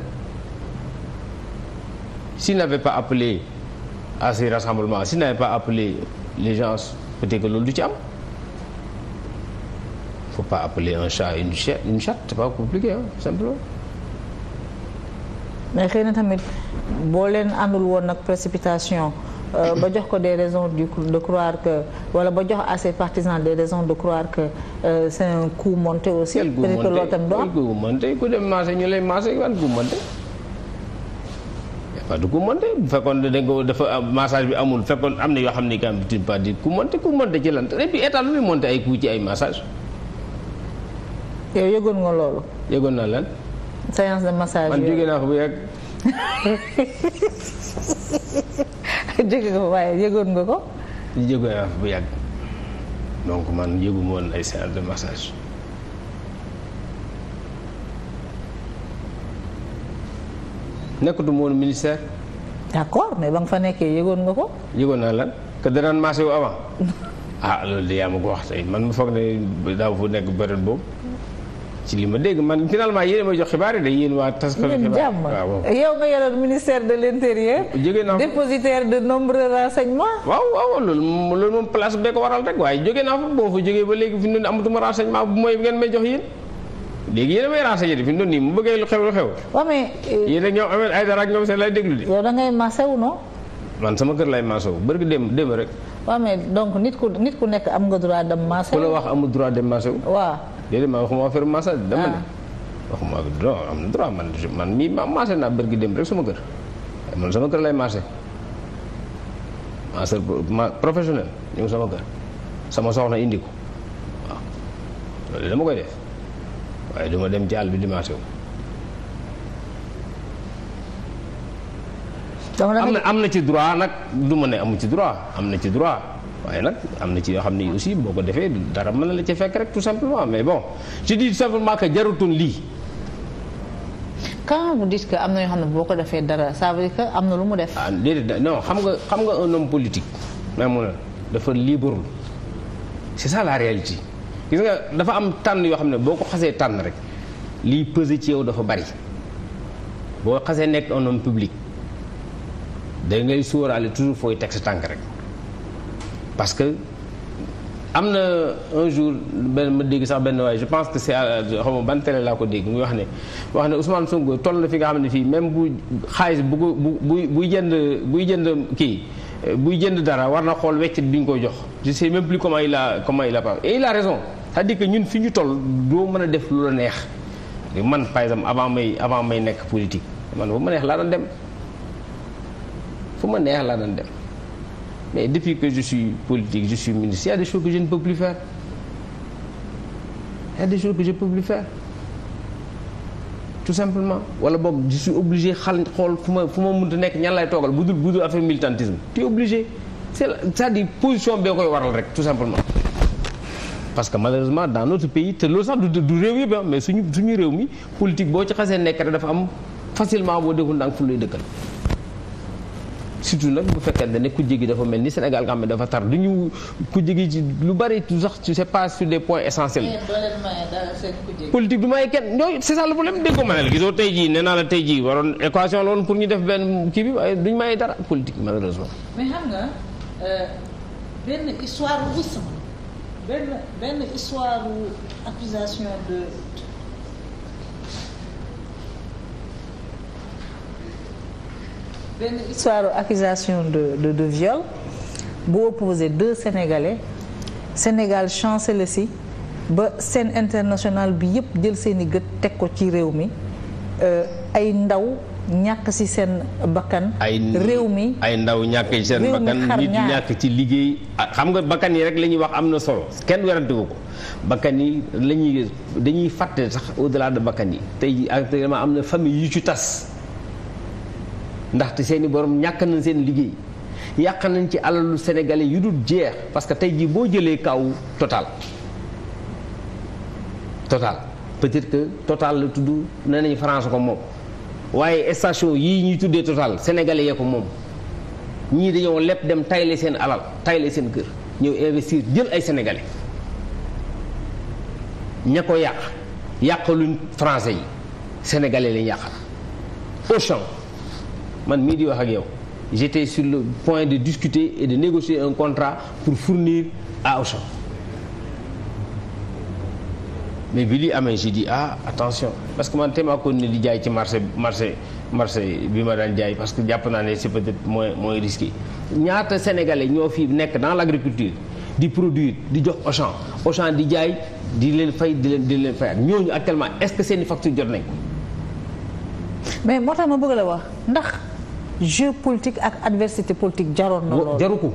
[SPEAKER 2] s'il n'avait pas appelé. à ces rassemblements s'il n'avait pas appelé les gens peut-être loolu du ci am faut pas appeler un chat une chatte une pas compliqué hein, simplement.
[SPEAKER 1] mais xëy na tamit boo leen àndul woon nag précipitation euh, ba jox ko de raisons de croire que wala ba jox à ses de des raisons de croire que euh, c'est un coup monté aussi. peut-être que loolu tamit
[SPEAKER 2] du am ku dem marché ñu lay marché wan coup monté. waaw du ku monte bu fekkoon ne dañ dafa massage bi amul fekkoon am na yoo xam ne quand même pas di ku monte ku monte ci lan et puis état lu muy monte ay coût ci ay massage
[SPEAKER 1] yow yëgoon nga loolu. yëgoon naa lan. séance de massage man jóge naa ko bu yàgg. [laughs] jóge waaye yëgoon nga ko.
[SPEAKER 2] jóge naa ko bu yàgg donc man yëgu ma woon ay séance de massage. nekkatu ma ministère.
[SPEAKER 1] d'accord mais ba nga fa nekkee yëgoon nga ko.
[SPEAKER 2] yëgoon naa lan que danaan marché avant [laughs] ah loolu de yaa ma ko wax tey man mu foog ne daaw fu nekk période boobu. ci ma dégg man finalement yéen may jox xibaar yi de yéen waa taskatu xibaar ah,
[SPEAKER 1] yow nga yoroon ministère de l'intérieur. jóge naa dépositaire de nombreux
[SPEAKER 2] renseignements. waaw waaw loolu moom loolu moom place bee ko waral rek waaye jóge naa fa boo fa jógee ba léegi fi mu ne amatuma renseignement bu mooy ngeen may jox yéen. léegi yéen a may renseigné fi mu doon nii mu bëggee lu xew lu xew. waaw mais. Euh, yéen a ñoom Ahmed Aïdara ak ñoom seen lay déglu de. yow da ngay masawu non. man sama kër lay maasawu bari dem dem rek.
[SPEAKER 1] waaw mais donc nit ku nit ku nekk am nga droit dem maasawu. ku la wax
[SPEAKER 2] amul droit dem maasawu. waaw déedéet ma waxuma affaire maasal dama ne. Ah. waxuma droit am na droit man man mii ma maase naa bërgi dem rek sama kër man sama kër lay maase maase professionnel ñëw sama kër sama soxna indi ko waaw loolu koy def. waaye duma dem ci àll bi dimaase wu am na am na ci droit nag du ma ne amu ci droit am na ci droit waaye nag am na ci yoo xam ne aussi boo ko defee dara mën na la ci fekk rek tout simplement mais bon je dis tout simplement que jarutoon lii
[SPEAKER 1] quand vous am na yoo xam ne boo ko defee dara ça am na lu mu def. ah
[SPEAKER 2] xam nga xam nga un homme politique. même dafa libre c'est ça la gis nga dafa am tànn yoo xam ne boo ko xasee tànn rek liy pesé ci yow dafa bari boo xasee nekk un homme public da ngay sóoraale toujours fooy teg sa tànk rek parce que am na un jour benn ma dégg sax benn waaye je pense que c'est xaw ma ban télé laa ko dégg muy wax ne wax ne Ousmane Sonko toll na fi nga xam ne fii même bu xaalis bu bu buy jënd buy jënd kii Euh, buy jënd dara war na xool weccet bi ñu koy jox je sais même plus comment il la comment il a parlé et il a raison cest à que ñun fi ñu toll doo mën a def lu la neex man par exemple avant may avant may nekk politique man fu ma neex laa daan dem fu ma neex laa daan dem mais depuis que je suis politique je suis ministre il y a des choses que je ne peux plus faire il y a des choses que je ne plus faire tout simplement wala boog je suis obligé xal xool fu ma fu ma mënta nekk ñan lay toogal bu dul bu dul affaire militantisme tu es obligé c'est c'est-à-dire position bee koy waral rek tout simplement parce que malheureusement dans notre pays te loolu sax du réew yëpp ah, mais suñu suñu réew mi politique boo ci xasee nekk dafa am facilement boo deful ndànk fu lay dëkkal surtout nag bu fekkente ne ku jigi dafa mel ni Sénégal nga xam ne dafa tar du ñu ku jigi ci lu bari sax tu sais pas sur des points essentiels.
[SPEAKER 1] Eh,
[SPEAKER 2] politique du may kenn ñooy c'est ça le problème dégg ma ne la tey jii nee naa tey jii waroon équation la pour ñu def benn kii bi waaye duñ may dara politique malheureusement.
[SPEAKER 1] mais xam nga euh, benn histoire benn benn histoire accusation de. benn histoire accusation de de de viol bu opposé deux sénégalais Sénégal chancelé si ba scène internationale bi yëpp jël seen i gët teg ko ci euh, réew mi ay ndaw ñàkk ci seen bakkan.
[SPEAKER 2] ay réew mi ay ndaw ñàkk ci seen bakkan nit ñàkk ci liggéey. Ah, xam nga bakkan yi rek la ñuy wax am na solo kenn werantewu ko bakkan yi lañuy ñuy dañuy fàtte sax au delà de bakkan yi tey actuellement am na famille yu ci tas. ndaxte seen i borom ñàkk nañ seen liggéey yàq nañ ci alalu sénégalais yu dul jeex parce que tey jii boo jëlee kaw total total peut-être que total la tudd nee nañ France ko moom waaye station yii ñuy tuddee total sénégalais yee ko moom ñii dañoo lépp dem tayle seen alal tayle seen kër ñëw investir jël ay sénégalais ña ko yàq yàqaluñ français yi sénégalais lañ yàqal Auchan man mii di wax ak yow j'étais sur le point de discuter et de négocier un contrat pour fournir à Auchan mais bi li amee j'ai dit ah attention parce que man tey maa di jaay ci marché marché marché bi ma daan jaay parce que jàpp naa ne c'est peut-être mooy moins risqué ñaata sénégalais ñoo fi nekk dans l'agriculture di produit di jox Auchan Auchan di jaay di leen fay di leen di leen fay ak ñooñu actuellement est-ce que seeni facture jot nañ
[SPEAKER 1] mais moo tax ma bëgg la wax jeu politique ak adversité politique jaroon na loolu jaru ko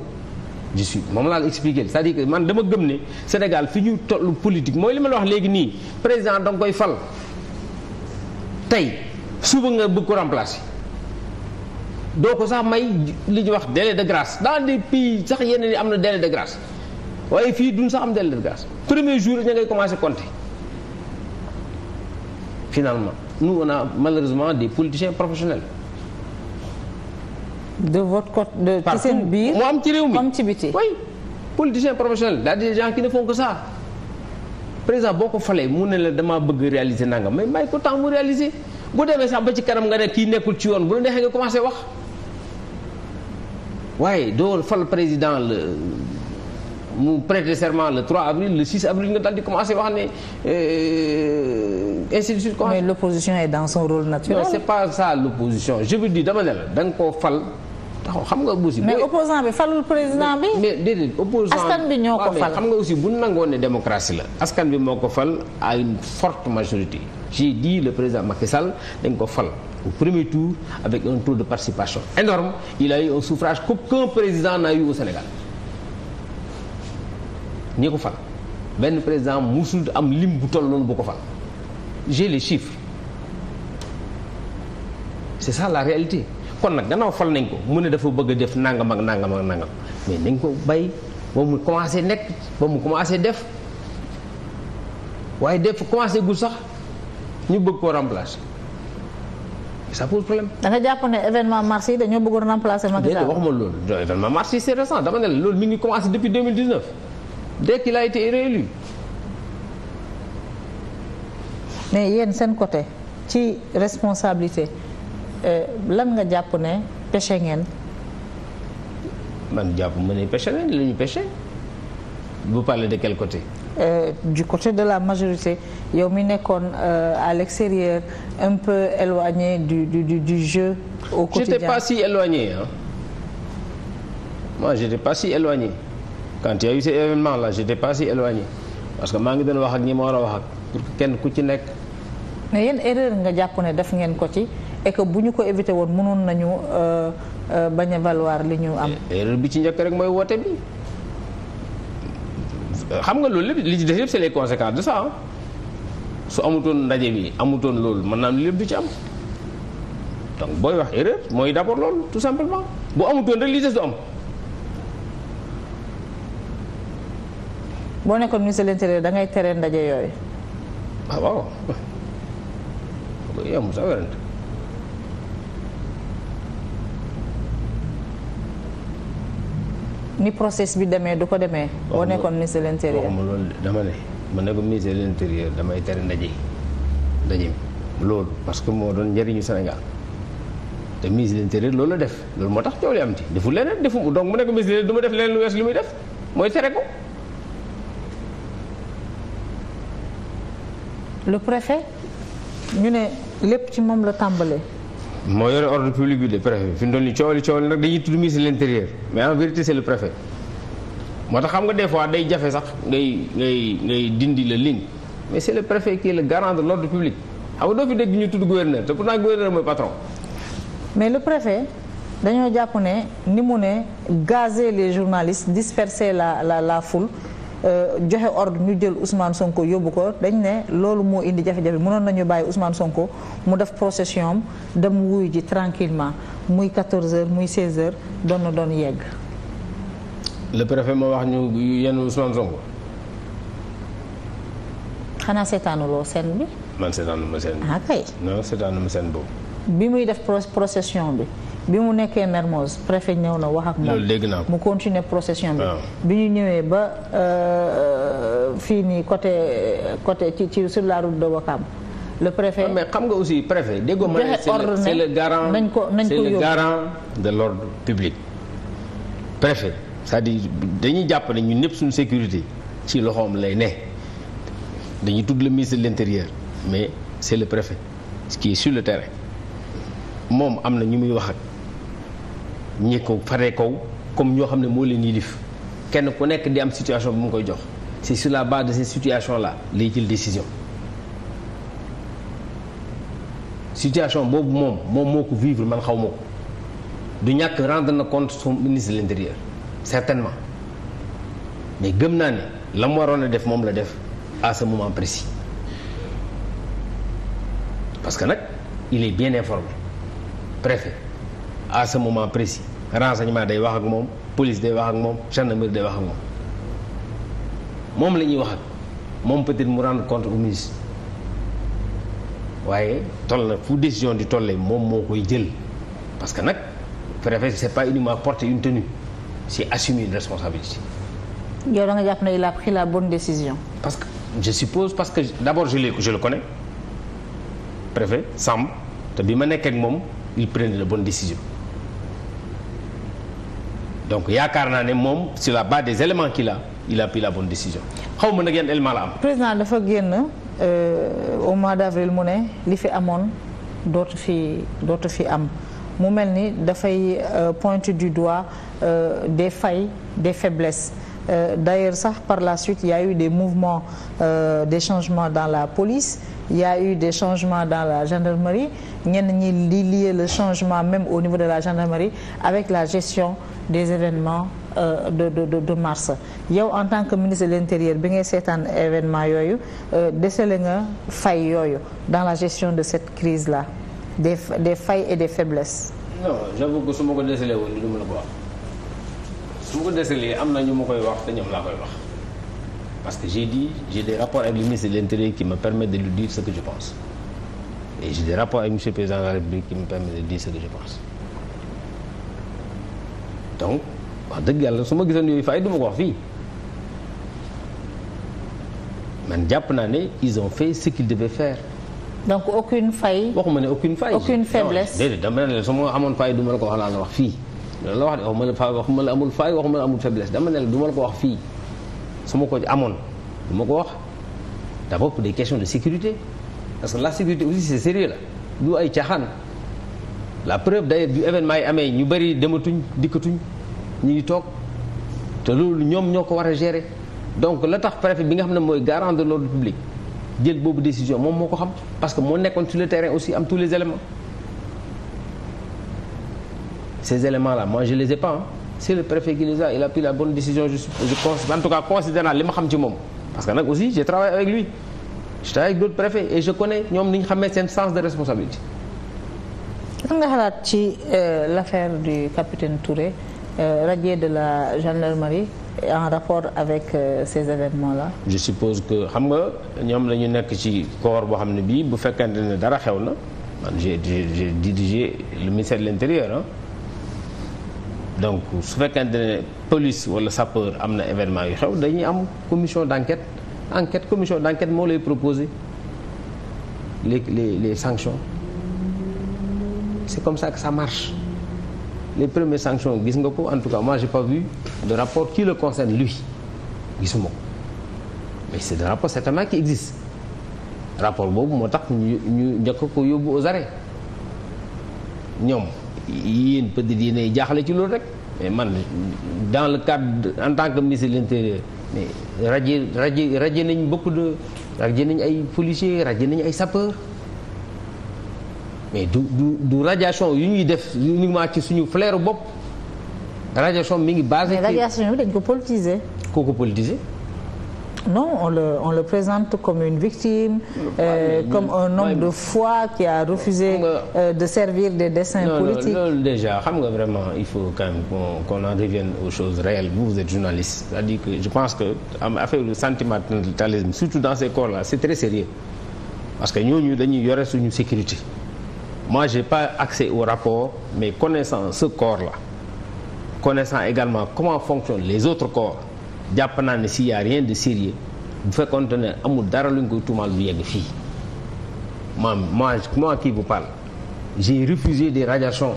[SPEAKER 2] je moom laa la expliqué cest à que man dama gëm ne Sénégal fi ñu toll politique mooy li ma la wax léegi nii président da nga koy fal tey suba nga bëgg ko remplacer doo ko sax may li ñuy wax délai de grâce dans des pays sax yenn am na délai de grâce waaye fii duñ sax am délai de grâce premier jour ña ngay commencé compter finalement nous on a malheureusement des politiciens professionnels
[SPEAKER 1] de votre côté de ci seen biir
[SPEAKER 2] mu am ci réew mi comme ci biti oui politicien professionnel daal des gens qui ne font que président boo ko falee mu ne la damaa bëgg réaliser nangam mais may ko tam mu réaliser bu demee sax ba ci kanam nga ne kii nekkul ci yoon bu la neexee nga commencé wax waaye doo fal président la mu prêter serment le trois avril le 6 avril nga daal di commencé wax ne ainsi de suite mais l'opposition est dans son rôle naturel. non c'est pas ça l'opposition dama ne la koo fal. taxaw xam nga aussi. mais
[SPEAKER 1] opposant bi falul président bi. mais
[SPEAKER 2] déedéet opposant askan bi ñoo ko fal. xam nga aussi bu nangoon ne démocratie la. askan bi moo ko fal à une forte majorité. j'ai dit le président Macky Sall dañ ko fal au premier tour avec un taux de participation énorme il a eu un suffrage qu'aucun président n'a eu au Sénégal ñi ko fal benn président musul am lim bu toll noonu bu ko fal j'ai les chiffres c'est ça la réalité kon nag gannaaw fal nañ ko mu ne dafa bëgg a def nangam ak nangam ak nangam mais nañ ko bay ba mu commencé nekk ba mu commencé def waaye def commencé gu sax ñu bëgg koo remplacer ça pose problème.
[SPEAKER 1] da nga jàpp ne événement mars yi dañoo bëggoon remplacer Macky Sall. déedéet
[SPEAKER 2] waxuma loolu événement mars yi c'est récent dama ne la loolu mi ngi commencé depuis 2019 dès qu'il a
[SPEAKER 1] mais yéen seen côté ci responsabilité. Eh, lan nga jàpp ne péché ngeen.
[SPEAKER 2] man jàpp ma ne péché ngeen li ñu péché. de quel côté.
[SPEAKER 1] Euh, du côté de la majorité yow mi nekkoon euh, à l'extérieur un peu éloigné du du du du jeu. au quotidien j'étais pas si
[SPEAKER 2] éloigné hein. moi j'étais pas si éloigné. a eu ces événements parce que maa ngi doon wax ak ñi ma war a wax ak kenn ku ci nekk.
[SPEAKER 1] mais yéen erreur nga jàpp ne def ngeen ko ci. et bu ñu ko éviter woon mënoon nañu euh, euh, bañ a valoir li ñu am.
[SPEAKER 2] erreur bi ci njëkk rek mooy woote bi xam nga loolu lépp li ci des yëpp les conséquences de ça su amutoon ndaje bi amutoon loolu mën naa lépp du ci am donc booy wax erreur mooy d'abord loolu tout simplement bu amutoon rek li des du am.
[SPEAKER 1] boo nekkoon ministre de l'intérieur da ngay tere ndaje yooyu. ah waaw yow mu sa werante ni process bi demee du ko demee. boo nekkoon
[SPEAKER 2] ministre de l'intérieur waxuma loolu dama ne ma ne ko ministre de l'intérieur damay tere ndaje ndaje mi loolu parce que moo doon njëriñu Sénégal te mise de l'intérieur loolu la def loolu moo tax coow li am ci defu leneen defu donc mu ne ko ministre du ma def leneen lu wees li muy def mooy tere ko.
[SPEAKER 1] le préfet ñu ne lépp ci moom la tàmbalee.
[SPEAKER 2] moo yore ordre public bi de préfet fi mu toll nii coow li dañuy tudd ministre l'intérieur mais en vérité c'est le préfet moo tax xam nga des fois day jafe sax ngay ngay ngay dindi la ligne mais c'est le préfet kii est le garant de l'ordre public xam nga doo fi dégg ñu tudd gouverneur te pourtant gouverneur mooy patron.
[SPEAKER 1] mais le préfet dañoo jàpp ne ni mu ne gazer les journalistes disperser la la la foule. Euh, joxe ordre ñu jël Ousmane Sonko yóbbu ko dañ ne loolu moo indi jafe-jafe mënoon nañu bàyyi Ousmane Sonko mu def procession am dem wuyu ji tranquillement muy 14h muy 16h doon na doon yegg.
[SPEAKER 2] le préfet moo wax ñu yenn Ousmane Sonko.
[SPEAKER 1] xanaa seetaanuloo seen bi.
[SPEAKER 2] man seetaanuma seen
[SPEAKER 1] bi. ah kay. non seetaanuma seen boobu. bi muy def procession bi. bi mu nekkee Mermoz préfet ñëw na wax ak moom mu continuer procession bi ah. ñu ñëwee ba euh, fii nii côté côté ci ci sur la route de Wakam le préfet ah, mais xam nga aussi préfet déggoo ma ne c'est le garant nañ ko nañ ko c'est le garant
[SPEAKER 2] de l'ordre public préfet c'est-à-dire dañuy jàpp ñu ñun ñëpp suñu sécurité ci loxoom lay ne dañuy tudd le ministre l'intérieur mais c'est le préfet qui est sur le terrain moom am na ñu muy wax ak ñi ko faree kaw comme ñoo xam ne moo leen yilif kenn ku nekk di am situation bi mu koy jox c'est sur la base de ces situations là lay jël décision situation boobu moom moom moo ko vivre man xaw ma ko du ñàkk rendre na compte son ministre de l'intérieur certainement mais gëm naa ne la mu waroon a def moom la def à ce moment précis parce que nag il est bien informé préfet à ce moment précis renseignement day wax ak moom police day wax ak moom gendarmerie day wax ak moom moom la ñuy wax ak moom peut-être mu rendre compte au ministre waaye toll na fu décision di tollee moom moo koy jël parce que nag préfet c'est pas uniquement porter une tenue c'est assumer une responsabilité.
[SPEAKER 1] yow da nga jàpp ne il a pris parce que
[SPEAKER 2] je suppose parce que d'abord je le je le connais préfet Samb te bi ma nekkee ak moom il prenait de bonnes décisions. donc yaakaar naa ne moom sur la base des éléments qu'il a il a pris la bonne décision xaw ma nag yan élément la am.
[SPEAKER 1] président dafa génn euh, au mois d'avril mu ne li fi amoon dootu fi dootu fi am mu mel ni dafay euh, pointer du doigt euh, des fay des faiblesses. Euh, d'ailleurs sax par la suite il eu des mouvements euh, des changements dans la police ya y a eu des changements dans la gendarmerie ñenn ñi li lier le changement même au niveau de la gendarmerie avec la gestion des événements euh, de mars yow en tant que ministre de l'intérieur bi ngay seetaan événement yooyu euh, décelé nga fay yooyu dans la gestion de cette crise la des des failles et des faiblesses.
[SPEAKER 2] non j'avoue que su ma ko décelé woon lu ma la ko wax su ma ko décelé am na ñu ma koy wax te ñoom laa koy wax parce que j'ai dit j'ai des rapports avec le de l'intérieur qui me permettent de lui dire ce que je pense et j'ai des rapports avec monsieur président la République qui me donc wax dëgg yàlla su ma gisoon yooyu faay du ko wax fii man jàpp naa ne ils ont fait ce qu'ils devaient faire. donc
[SPEAKER 1] aucune faille. waxuma ne aucune faille.
[SPEAKER 2] dama ne la su ma amoon faille du ma la ko wax laa la wax fii. loolu la wax de waxuma la faille waxuma la amul faille waxuma la amul faiblesse dama ne la du la ko wax fii su ma ko amoon du ma ko wax d'abord pour des questions de sécurité parce que la sécurité aussi c'est sérieux la du ay caaxaan. la preuve d'ailleurs bi événement yi amee ñu bëri dematuñ dikkatuñ ñu ngi toog te loolu ñoom ñoo ko war a gérer donc la tax préfet bi nga xam ne mooy garant de l'ordre public jël boobu décision moom moo ko xam parce que moo nekkoon sur le terrain aussi am tous les éléments ces éléments là moi je les pas hein. c'est le préfet qui les a il a pris la bonne décision je je li ma xam ci moom parce que nag aussi j'ai travaillé avec lui j'étais avec d'autres préfets et je ñoom ni ñu xamee seen sens de
[SPEAKER 1] lan nga xalaat ci euh, l'affaire du capitaine Touré euh, radié de la gendarmerie en rapport avec euh, ces événements là.
[SPEAKER 2] je suppose que xam nga ñoom la ñu nekk ci corps boo xam ne bii bu fekkente ne dara xew na man j'ai j'ai dirigé le ministère de l'intérieur donc su fekkente ne police wala sapeur am na événement yu xew dañuy am commission d'enquête enquête commission d'enquête moo la proposer les les les sanctions. c'est comme ça que ça marche les premières sanctions gis nga ko en tout cas moi j'ai pas vu de rapport qui le concerne lui gisuma ko mais c'est des rapports certainement qui existent rapport boobu moo tax ñu ñu njëkk ko yóbbu aux ñoom yéen peut-être yéenay jaaxle ci loolu rek mais man dans le cadre en tant que ministre de l'intérieur mais raje raje raje nañ beaucoup de raje nañ ay policiers raje nañ ay sapeurs mais du du du radiation yu ñuy def uniquement ci suñu flairu bopp radiation mi ngi baas mais radiation
[SPEAKER 1] bi dañ ko politiser.
[SPEAKER 2] koo ko politiser.
[SPEAKER 1] non on le on le présente comme une victime. Euh, comme un homme de foi qui a refusé. Euh, de servir des desseins non, politiques
[SPEAKER 2] déjà xam nga vraiment il faut quand même qu'on qu'on en revienne aux choses réelles vous vous êtes journaliste c'est-à-dire que je pense que am affaire du sentimentalisme surtout dans ces corps-là c'est très sérieux parce que ñooñu dañuy yore suñu sécurité. moi j'ai pas accès au rapport mais connaissant ce corps-là connaissant également comment fonctionnent les autres corps jàpp naa ne s'il y a rien de sérieux bu fekkoonte ne amul dara lu ñu koy tuumaal fii ma moi moi qui vous parle j'ai refusé des radiations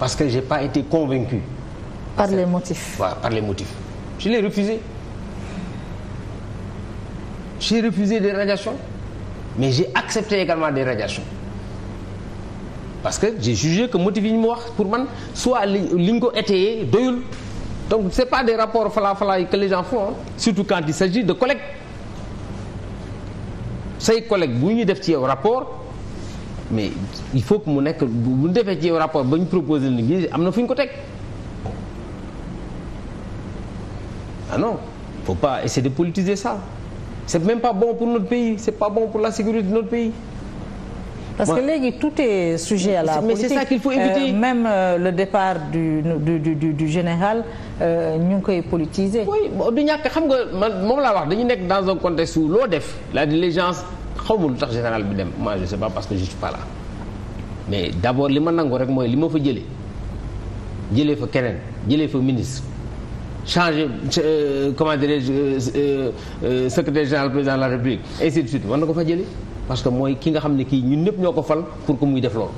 [SPEAKER 2] parce que j'ai pas été convaincu par les motifs waaw par les je l'ai refusé j'ai refusé des radiations mais j'ai accepté également des radiations parce que j'ai jugé que motif yi ñu mu wax pour man soit li li ñu ko étayé doyul donc c'est pas des rapports falafala yi que les gens surtout quand il s'agit de collègues say collègues bu ñu def ci yew rapport mais il faut que mu nekk bu mu defee ci yow rapport ba ñu proposé liggéey am na fu ñu ko teg ah non faut pas essayer de politiser ça c'est même pas bon pour notre pays c'est pas bon pour la sécurité de notre pays
[SPEAKER 1] parce que léegi tout est sujet à la politique mais c'est ça euh, même euh, le départ du du du du général euh, ñu ngi koy politiser. oui du ñàkk xam nga man moom laa wax dañu nekk dans un
[SPEAKER 2] contexte où loo def la diligence xaw ma lu tax général bi dem ma je sais pas parce que je suis pas là mais d'abord li ma nangu rek mooy li ma fa jëlee jëlee fa keneen jëlee fa ministre. changer comment dirais-je secrétaire général président de la République ainsi de suite war na ko fa jëlee parce que mooy ki nga xam ne kii ñun ñëpp ñoo ko fal pour que muy def loolu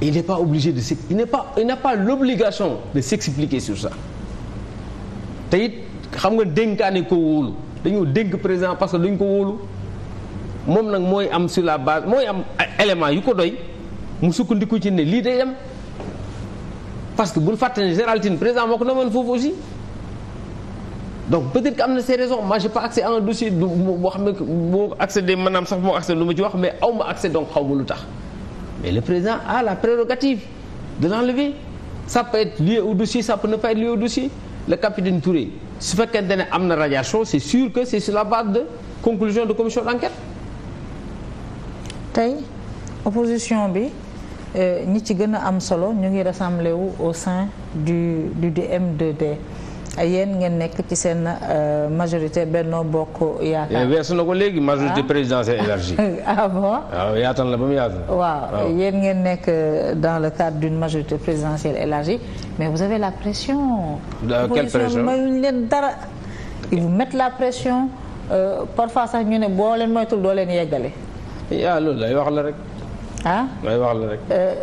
[SPEAKER 2] il n'est pas obligé de se il n'est pas il n'a pas l'obligation de s'expliquer sur ça te it xam nga dénkaane ko wóolu dañoo dénk président parce que dañ ko wóolu moom nag mooy am sur la base mooy am élément yu ko doy mu sukkandiku ci ne lii day dem parce que buñ fàtte ne Géraldine président moo ko nommé foofu aussi donc peut-être am na ces raisons moi j'ai pas accès à un dossier boo xam ne boo accédé maanaam sax moo accès lu ma ci wax mais aw ma accès donc xaw ma lu tax mais le président a la prérogative de l'enlever ça peut être lié au dossier ça peut ne pas être lié au dossier le capitaine Touré su fekkente ne am na radiation c'est sûr que c'est sur la base de conclusion de commission d'enquête
[SPEAKER 1] tey opposition bi euh, ñi ci gën a am solo ñu ngi rassemblé wu au sein du du d yéen ngeen nekk ci seen euh, majorité Benno Bokk Yaakaar. Eh, weesu
[SPEAKER 2] na ko léegi majorité ah. présidentielle élargie. [laughs] ah bon waaw yaatan la ba mu yaatu. waaw yéen
[SPEAKER 1] ngeen nekk euh, dans le cadre d'une majorité présidentielle élargie mais vous avez la pression.
[SPEAKER 2] la quelle pression mayuñ
[SPEAKER 1] leen dara. ils vous mettent la pression euh, parfois sax ñu ne boo leen moytul doo leen yeggale.
[SPEAKER 2] yaa loolu lay wax la rek. ah lay wax la rek.
[SPEAKER 1] Euh,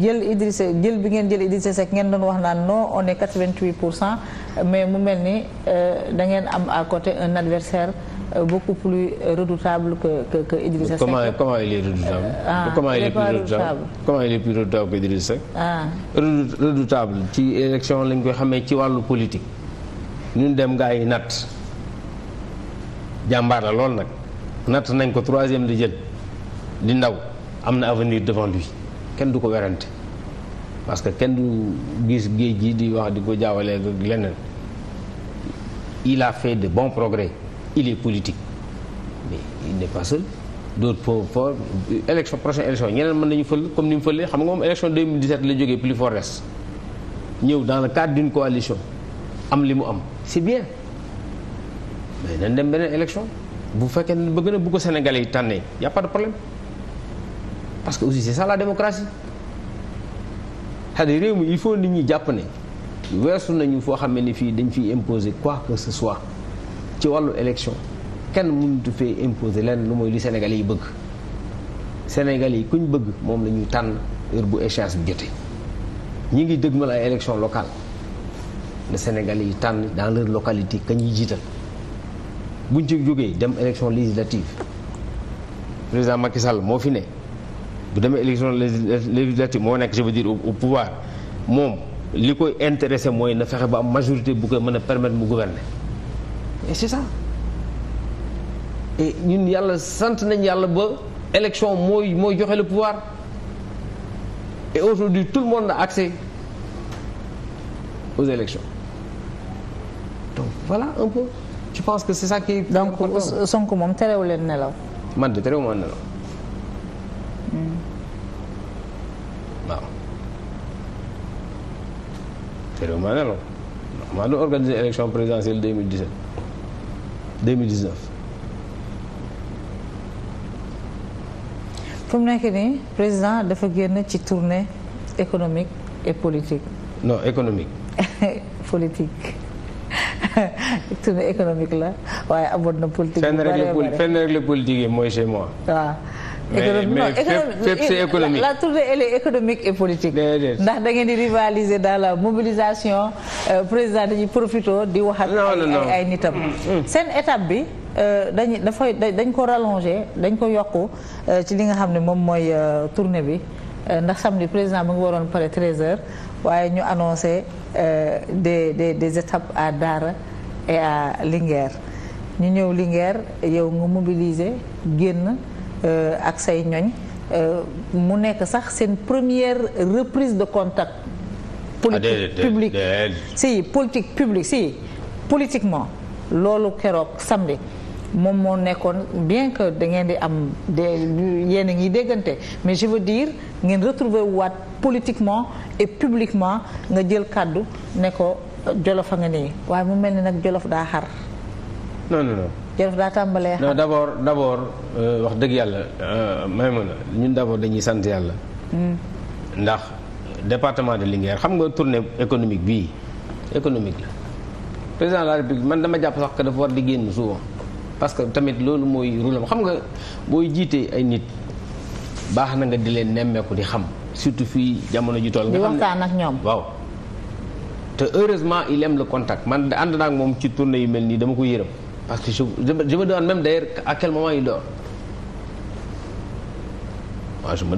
[SPEAKER 1] jël Idrissa jël bi ngeen jël Idrissa Seck ngeen doon wax naan non on est pour cent mais mu mel ni euh, da ngeen am à côté un adversaire euh, beaucoup plus redoutable que que que Idrissa Seck. comment
[SPEAKER 2] comment il est redoutable. ah comment il est plus ah. ci élection lañ koy xamee ci wàllu politique ñun dem gaa yi natt jàmbaar lool nag natt nañ ko troisième di jël di ndaw. am na avenir devant lui kenn du ko werante parce que kenn du gis géej gi di wax di ko jaawalee leneen il a fait de bon progrès il est politique mais il n'est pas seul d'autres pauvres forts élection prochaine élection ñeneen mën nañu fël comme ni mu fëlee xam nga moom élection 2017 la jógee plus fort res ñëw dans le cadre d'une coalition am li mu am c'est bien mais nañ dem beneen élection bu fekkee bëgg na bu ko Sénégalais yi tànnee y pas de problème parce que aussi c'est ça la démocratie cest réew mi il faut nit ñi jàpp ne weesu nañu foo xam ne fii dañ fiy imposer quoi que ce soit ci wàllu élection kenn mënutu fee imposer lenn lu mooy li Sénégalais yi bëgg sénégal yi kuñ bëgg moom la ñuy tànn heure bu échéance bi jotee ñi ngi dëgmal ay élection locale le Sénégalais yi tànn dans leur localité ka ñuy jiital buñ ci jógee dem élection législative président Macky Sall moo fi ne bu demee élection législative moo nekk je veux dire au pouvoir moom li koy intéressé mooy na fexe ba am majorité bu koy mën a permettre mu gouverner et c'est ça et ñun yàlla sant nañ yàlla ba élection mooy mooy joxe le pouvoir et aujourd'hui tout le monde a accès aux élections donc voilà je pense que c'est ça qui est donc
[SPEAKER 1] Sonko moom terewu leen nelaw
[SPEAKER 2] man de terewu ma nelaw Mm. waaw te réew maa nelaw ndax maa doon organiser élection présidentielle 2017 2019
[SPEAKER 1] fu mu nekk nii président dafa génn ci tournée économique et politique
[SPEAKER 2] non économique
[SPEAKER 1] [laughs] politique [laughs] tournée économique la waaye amoon na politique fenn
[SPEAKER 2] rek la politique yi mooy chez moi waaw économique non la
[SPEAKER 1] tournée elle est économique et politique. ndax da ngeen di rivaliser dans la mobilisation euh, président dañuy profito di waxat. ay ay nitam. Mm, mm, mm. seen étape bi euh, dañ dafay dañ ko rallonger dañ ko yokku euh, ci li nga xam ne moom mooy tournée bi ndax samedi président mu ngi waroon pare 13h waaye ñu annoncé des des des étapes à Daara et à Linguère ñu ñëw Linguère yow nga mobiliser génn. ak say ñoñ euh, mu nekk sax seen première reprise de contact
[SPEAKER 2] politique ah, publique
[SPEAKER 1] si politique publique si politiquement loolu keroog samedi moom moo nekkoon bien que da ngeen di am de yéen a ngi déggante mais je veux dire ngeen retrouver waat politiquement et publiquement nga jël kàddu ne ko jolof a nga nii waaye mu mel ni nag jolof daa xar Jolof daa tàmbalee non
[SPEAKER 2] d' abord d' abord euh, wax dëgg yàlla euh, may mën a ñun d' abord dañuy sant yàlla. Hmm. ndax département de Linguère xam nga tournée économique bii économique la président de la République man dama jàpp sax que dafa war di génn souvent parce que tamit loolu mooy rôle am xam nga booy jiitee ay nit baax na nga di leen nemmeeku di xam surtout fii jamono ji tool nga xam ne di waxtaan ak ñoom waaw. te heureusement il aime le contact man ànd naa ak moom ci tournée yu mel nii dama ko yërëm. Parce que je, je, je me demande même d'ailleurs à quel moment il dort. Moi, je me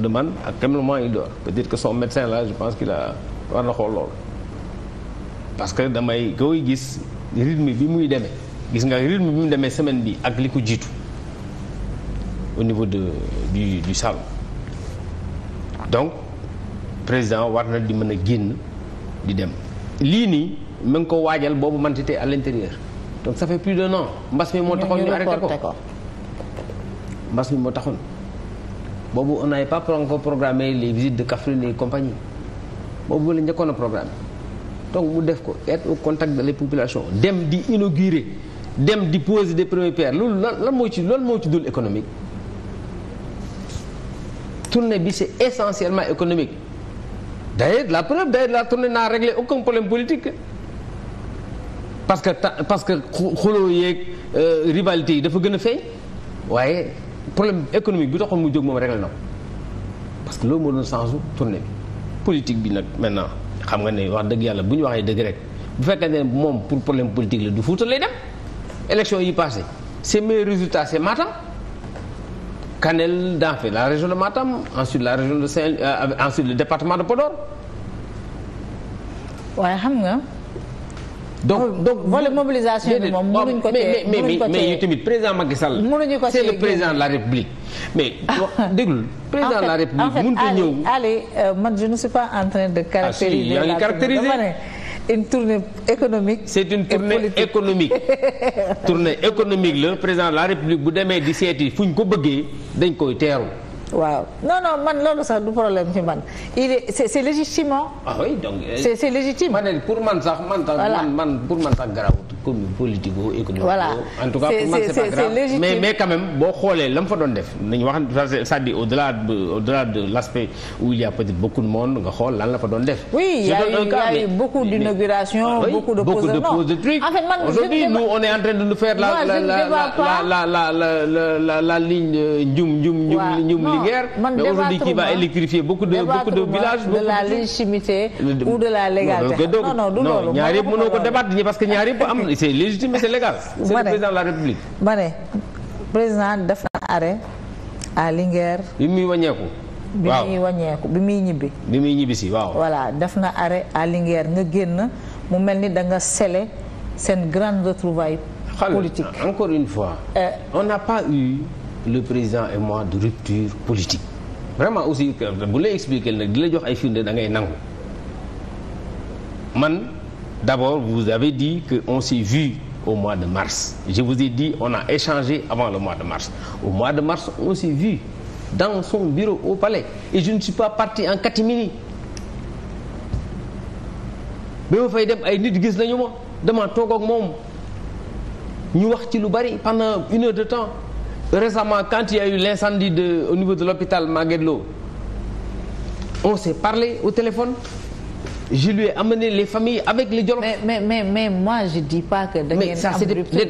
[SPEAKER 2] quel moment il dort. Peut-être que son médecin là, je pense qu'il a war na xool loolu. Parce que damay koy gis rythme bi muy demee gis nga rythme bi mu demee semaine bi ak li ko jiitu au niveau de du du salon donc président war na di mën a génn di dem lii nii mu ngi ko waajal boobu mantite à l'intérieur donc ça fait plus d'un an mbas mi moo taxoon ñu arrêté ko moo taxoon boobu on n'avait pas programmé les visites de Kaffrine et compagnie boobu la njëkkoon a programme donc mu def ko être au contact de les population dem di inaugurer dem di poser de premiers pierres loolu lan lan moo ci loolu moo ci dul économique tournée bi c'est essentiellement économique d'ailleurs la preuve d'ailleurs la tournée n'a réglé aucun problème politique parce que parce que xuloo yeeg euh, rivalité yi dafa gën a feeñ waaye problème économique bi taxoon mu jóg moom réglé na parce que loolu moo doon sensu tournée bi politique bi nag maintenant xam nga ne wax dëgg yàlla bu ñu waxee dëgg rek bu fekkee ne moom pour problème politique la du Fuuta lay dem élection yi passé ses meilleurs résultats c'est Matam Kanel daan la région de Matam ensuite la région de Saint euh, ensuite le département de Podor
[SPEAKER 1] waaye xam donc oh, donc volet mobilisation moom mënuñ ko téye ko téye mais mais mais
[SPEAKER 2] tamit président Macky Sall. mënuñu ko téye le président de la République. mais wax [laughs] déglu
[SPEAKER 1] président de la République mënut a ñëw. allez euh, man je ne suis pas en train de. Ah, caractériser la caractériser une tournée économique.
[SPEAKER 2] c'est une [laughs] tournée économique tournée économique la président de la République bu demee di seeti fu ñu ko bëggee dañ koy teeru.
[SPEAKER 1] waaw non non man loolu sax du problème ci man il est c' est, c' est légitime
[SPEAKER 2] ah oui donc euh, c' est, ma ne pour man sax man sax man man pour man sax tout cas pour man c' est pas mais mais boo xoolee la mu fa doon def nañu wax c'est-à-dire au delà de au delà de l' aspect où il y a peut de monde nga xool lan la fa doon def.
[SPEAKER 1] oui y' a eu y' a de
[SPEAKER 2] poses de non beaucoup
[SPEAKER 1] man aujourd'hui on est en de
[SPEAKER 2] nous faire. la la la la la la la la ligne euh, njum njum njum. hier. man mais aujourd'hui qui de la
[SPEAKER 1] légitimité ou de la légalité. non non du loolu ñaar ko
[SPEAKER 2] débattre ñi parce que ñaar yëpp am c'est légitime c'est légal. c'est le président la république.
[SPEAKER 1] ma ne président def na arrêt à Linguère.
[SPEAKER 2] bi muy wàññeeku.
[SPEAKER 1] waaw bi muy wàññeeku
[SPEAKER 2] bi muy ñibbi. bi muy ñibbi si waaw.
[SPEAKER 1] voilà def na arrêt à Linguère nga génn mu mel ni da nga sele seen grande retrouvaille politique
[SPEAKER 2] encore une fois. Euh, on n'a pas eu. le président et mois de rupture politique vraiment aussi bu lay expliquer nag di la jox ay firnde da ngay nangu man d'abord vous avez di que on s'est vu au mois de mars je vous ai dit on a échangé avant le mois de mars au mois de mars on s'est vu dans son bureau au palais et je ne suis pas parti en catimini bi ma fay dem ay nit gis nañu ma dama toog ak moom ñu wax ci lu bari pendant une heure de temps récemment quand il y a eu l'incendie de au niveau de l'hôpital Magatte Lô on s'est au téléphone je lui ai les familles
[SPEAKER 1] avec les Jolof. mais mais mais mais moi je dis pas que. da ngeen am rupture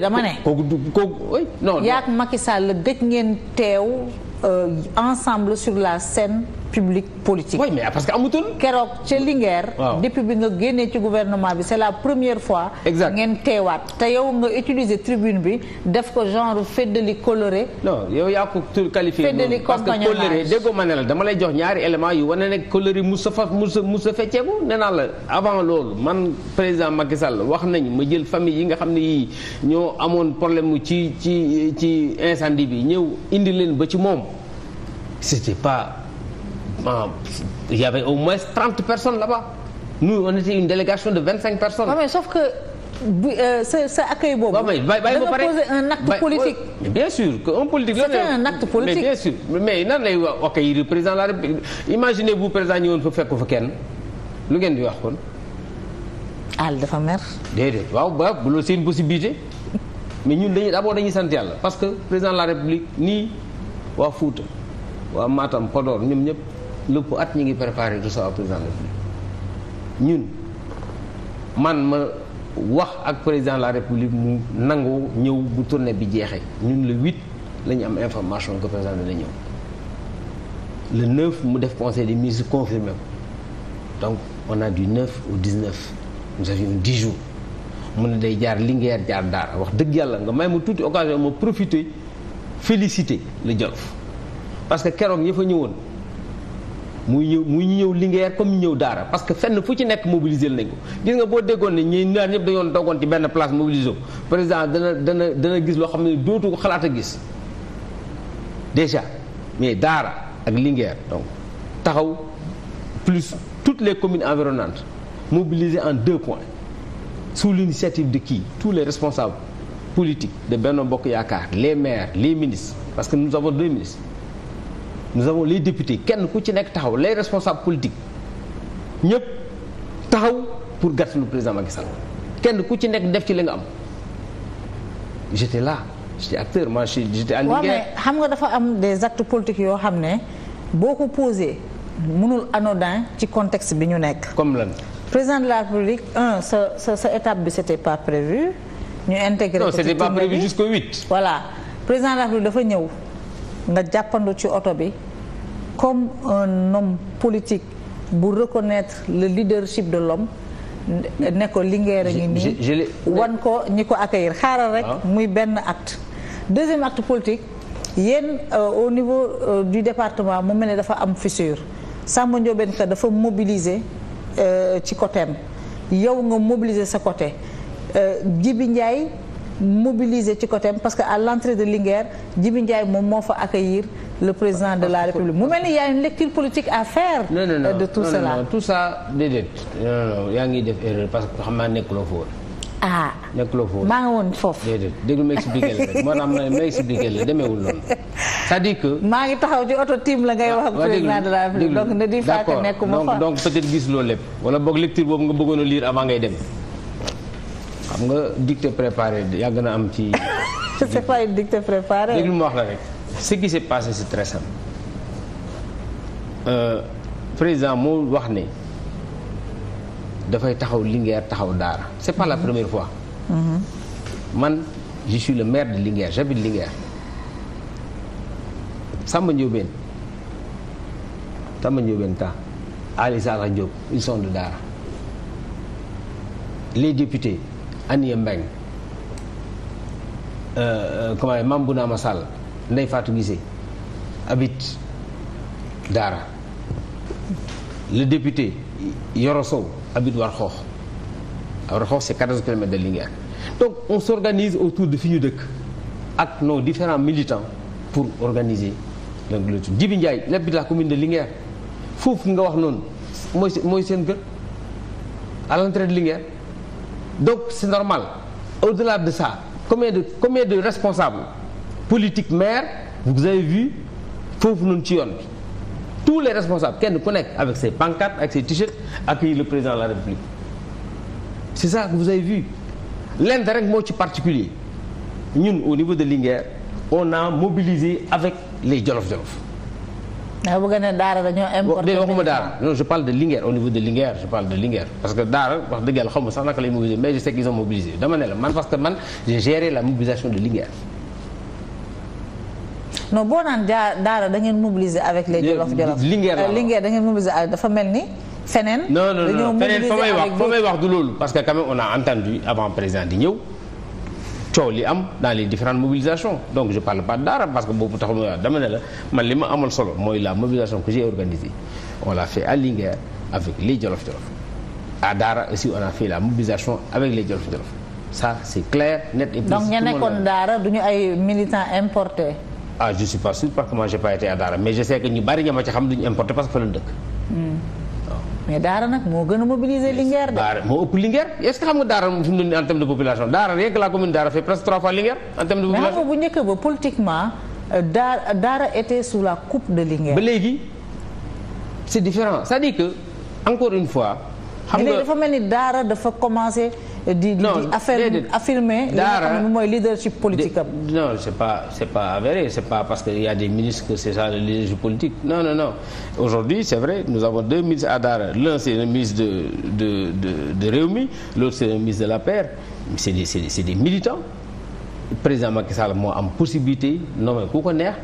[SPEAKER 1] dama euh, ensemble sur la scène. publique politique. oui parce que amutul. keroog ca Linguère. depuis bi nga génnee ci gouvernement bi c'est la première fois. exact ngeen teewaat te yow nga utiliser tribune bi def ko genre feddali coloré. non
[SPEAKER 2] yow yaa ko tur qualifié. feddali parce que coloré déggoo ma ne la dama lay jox ñaari éléments yu wane ne coloré musa fa musa musa fecceeku nee la avant loolu man président Macky Sall wax nañu ma jël famille yi nga xam ne yii ñoo amoon problème mu ci ci ci incendie bi ñëw indi leen ba ci moom il ah, y avait au moins trente personnes là-bas nous on était une délégation de vingt cinq personnes. waaw mais sauf que bu sa euh, sa accueil boobu. waaw mais bàyyi bàyyi ba pare da nga poser un acte politique. bien sûr que un politique. c'était un acte politique mais bien sûr mais nan lay wax ok le président de la République imaginez vous président ñëwoon fa fekk fa kenn lu ngeen di wax kon.
[SPEAKER 1] al dafa mer.
[SPEAKER 2] déedéet waaw ba loolu c'est une possibilité mais ñun dañuy d'abord dañuy sant yàlla parce que président de la République nii waa Fouta waa Matam Podor ñoom ñëpp. lëpp at ñu ngi préparé tout ça président la République ñun man ma wax ak président la République mu nangoo ñëw bu tournée bi jeexee ñun le 8 la ñu am information que président dana ñëw le 9 mu def conseil des ministres confirmé ko donc on a du 9 au 19 nous avions 10 jours mu ne day jaar Linguère jaar Daara wax dëgg yàlla nga may ma tuuti occasion ma profiter féliciter le Jolof parce que keroog ñi fa ñëwoon. muy ñëw mu ñëw Linguère comme ñëw Daara parce que fenn fu ci nekk mobiliser nañ ko gis nga boo déggoon ne ñi ñaar ñëpp dañoon dogoon ci benn place mobiliser président dana dana dana gis loo xam ne dootu ko xalaat a gis déjà mais Daara ak Linguère donc taxaw plus toutes les communes environnantes mobiliser en deux points sous l'initiative de qui tous les responsables politiques de Benno Bokk Yaakaar les maires les ministres parce que nous avons deux ministres nous avons les députés kenn ku ci nekk taxaw les responsables politiques ñëpp taxaw pour gàtt lu président Macky Sall
[SPEAKER 1] kenn ku ci nekk def ci li nga am
[SPEAKER 2] j'étais là j'étais acteur moi j'étais mais
[SPEAKER 1] xam nga dafa am des actes politiques yoo xam ne boo ko posé mënul anodin ci contexte bi ñu nekk. comme lan. président de la République un sa sa sa étape bi c'était pas prévu. ñu intégré non c'était pas prévu jusqu'au 8. voilà président la République dafa ñëw. nga jàppandu ci oto bi comme un homme politique bu reconnaître le leadership de l'homme ne ko a ngi nii wan ko ñi ko accueillir xaaral rek ah. muy benn acte deuxième acte politique yéen euh, au niveau euh, du département mu mel ne dafa am fissure Samba Ndiobène Ka dafa mobiliser euh, ci côté am yow nga mobiliser sa côté Djibi Ndiaye mobiliser ci côté parce que à l'entrée de Linguère Djibi Ndiaye moom moo fa accueillir le président de la République mu mel ni y lecture politique à faire. Non, non, non, de tout
[SPEAKER 2] cela non yaa ngi def erreur parce que xam naa nekkuloo foofu. ah nekkuloo foofu maa ngi woon foofu. déedéet déglu ma expliqué la rek moo tax ma ma expliqué la dire que.
[SPEAKER 1] maa ngi taxaw ci oto tiim la ngay wax. président de la République donc ne di fàtte nekkuma fa. donc
[SPEAKER 2] peut gis loolu lépp. wala boog lecture boobu nga bëggoon a lire ngay dem. xam nga dictée préparée yàgg na am ci. [laughs]
[SPEAKER 1] c'est pas une dictée préparée. déglu ma
[SPEAKER 2] wax la rek ce qui s'est passé c'est très euh, président moo wax ni dafay taxaw Linguère taxaw Daara c'est pas la mm-hmm. première fois.
[SPEAKER 1] Mm-hmm.
[SPEAKER 2] man je le maire de Linguère j'habite Linguère. Samba Ndiobène Samba Ndiobène Ta Ali Sala Diop ils sont Daara les députés. Anie Mbengue euh, euh, comment Mame Bounama Sall Ndeye Fatou Guissé habite Dara le député Yoro Sow habite Warxoox Warxoox c'est 14 kilomètres de Linguère donc on s'organise autour de fi ñu dëkk ak nos différents militants pour organiser donc le tout Djibi Ndiaye l'habite la commune foofu nga wax noonu mooy seen kër à l'entrée de donc c'est normal au-delà de ça combien de combien de responsables politiques maires vous avez vu foofu noonu ci yoon bi tous les responsables kenn ku nekk avec ses pancartes avec ses t-shirts accueillir le président de la République c'est ça que vous avez vu lenn rek moo ci particulier ñun au niveau de Linguère on a mobilisé avec les Jolof Jolof
[SPEAKER 1] ndax bu gën a daara dañoo importé. waxuma daara
[SPEAKER 2] non je parle de Linguère au niveau de Linguère je parle de Linguère parce que daara wax dëgg yàlla xaw sax naka lay mobiliser mais je sais qu'ils ont mobilisé dama ne man parce que man j'ai géré la mobilisation de Linguère.
[SPEAKER 1] non boo naan jaa daara da ngeen mobiliser avec les Jolof Jolof Linguère euh, Linguère da ngeen mobiliser dafa mel ni. feneen. dañoo mobiliser non non fa may wax fa
[SPEAKER 2] may wax du loolu. parce que quand même on a entendu avant président di ñëw. coow li am dans les différentes mobilisations donc je parle pas dara parce que boobu taxul ma dama ne la man li ma amal solo mooy la mobilisation que j'ai organisée on l'a fait à Linguère avec les Jolof Jolof à Daara aussi on a fait la mobilisation avec les Jolof Jolof c'est clair net et précis donc ña
[SPEAKER 1] Daara du ñu ay militants importés.
[SPEAKER 2] ah je suis pas sûr que moi j'ai pas été à Daara mais je sais que ñu bari ña ci xam duñu importé parce
[SPEAKER 1] mais Daara nag moo gën a mobiliser Linguère de.
[SPEAKER 2] Daara moo ëpp Linguère est que xam nga Daara moom fi ne en terme de population Daara rien que la commune Daara fait presque trois fois Linguère en terme de population. mais xam
[SPEAKER 1] nga bu njëkk ba politiquement euh, Daara Daara sous la coupe de Linguère. ba
[SPEAKER 2] léegi c' différent cest dire que encore une fois.
[SPEAKER 1] xam Daara dafa commencé. di di affirmer li nga
[SPEAKER 2] mooy leadership politique am non c'est pas avéré c'est pas parce que y a des ministres que c'est ça le leadership politique non non non aujourd'hui c'est vrai nous avons deux ministres à Dahra l'un c'est le ministre de de de de Rewmi l'autre c'est le ministre de la paire c'est des c'est des c'est des militants président moo am possibilité nommer ku ko na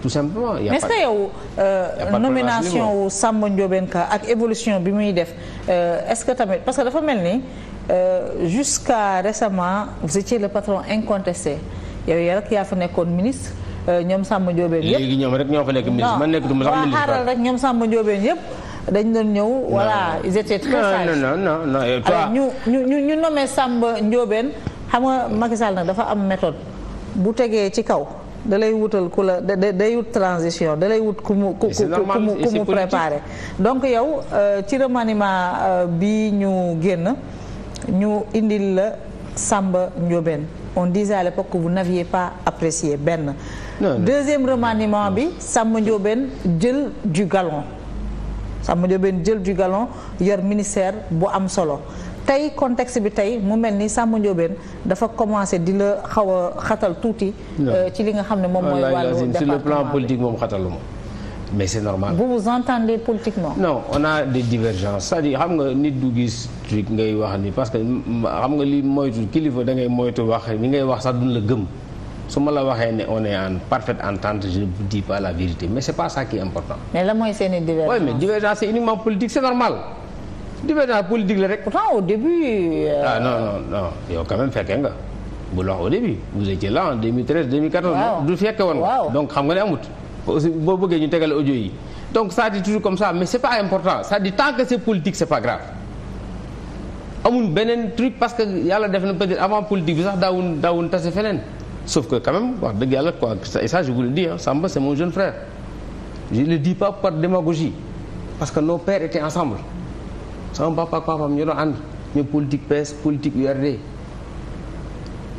[SPEAKER 2] tout simplement. y' a mais
[SPEAKER 1] yow euh, nomination wu Samba Ndiobène Ka ak évolution bi muy def euh, est-ce que tamit parce que dafa mel ni. euh, jusqu'à récemment vous étiez le patron incontesté yow yaa rek yaa fa nekkoon ministre euh, ñoom Samba Ndiobène yëpp léegi
[SPEAKER 2] ñoom rek ñoo fa nekk ministre
[SPEAKER 1] ñoom Samba Ndiobène yëpp dañ doon ñëw. voilà ils étaient très ñu ñu ñu ñu nommé Samba Ndiobène xam nga Macky nag dafa am méthode bu tegee ci kaw. dalay lay wutal ku la da day wut transition da wut ku mu ku mu préparé donc yow euh, ci remaniement euh, bi ñu génn ñu indil la Samba Ndiobène on disait à l'époque que vous n'aviez pas apprécié benn deuxième remaniement bi Samba Ndiobène jël du galon Samba Ndiobène jël du galon yor ministère bu am solo tey contexte bi tey mu mel ni Samba Ndiobène dafa commencé di la xaw a xatal tuuti euh, ci li nga xam ne moom mooy wàllu département sur le plan politique
[SPEAKER 2] moom xataluma mais c'est normal.
[SPEAKER 1] vous vous entendez politiquement.
[SPEAKER 2] non on a des divergences cest à xam nga nit du gis truc ngay wax ni parce que xam nga li moytu kilifa da ngay moytu wax ni ngay wax sax duñ la gëm su ma la waxee ne on est en parfaite entente je ne dis la vérité mais c'est pas ça qui important.
[SPEAKER 1] mais la mooy seen i divergence. oui mais
[SPEAKER 2] divergence c'est uniquement politique c'est normal.
[SPEAKER 1] divergence politique la rek. pourtant au début. Euh,
[SPEAKER 2] ah non non non yow quand même fekkee nga. bu la wax au début vous étiez là en 2013 2014. xam nga ne amut. aussi boo bëggee ñu tegale audio yi donc ça dit toujours comme ça mais important ça dit tant que c'est politique c'est pas grave amul beneen truc parce que yàlla def na peut-être avant politique bi sax daawun daawun tase feneen sauf que quand wax dëgg yàlla quoi et ça je vous le dis ah Samba c'est mon jeune frère je le dis pas par démagogie parce que nos pères étaient ensemble sama papa ak papaam ñu doon ànd ñu politique PS politique URD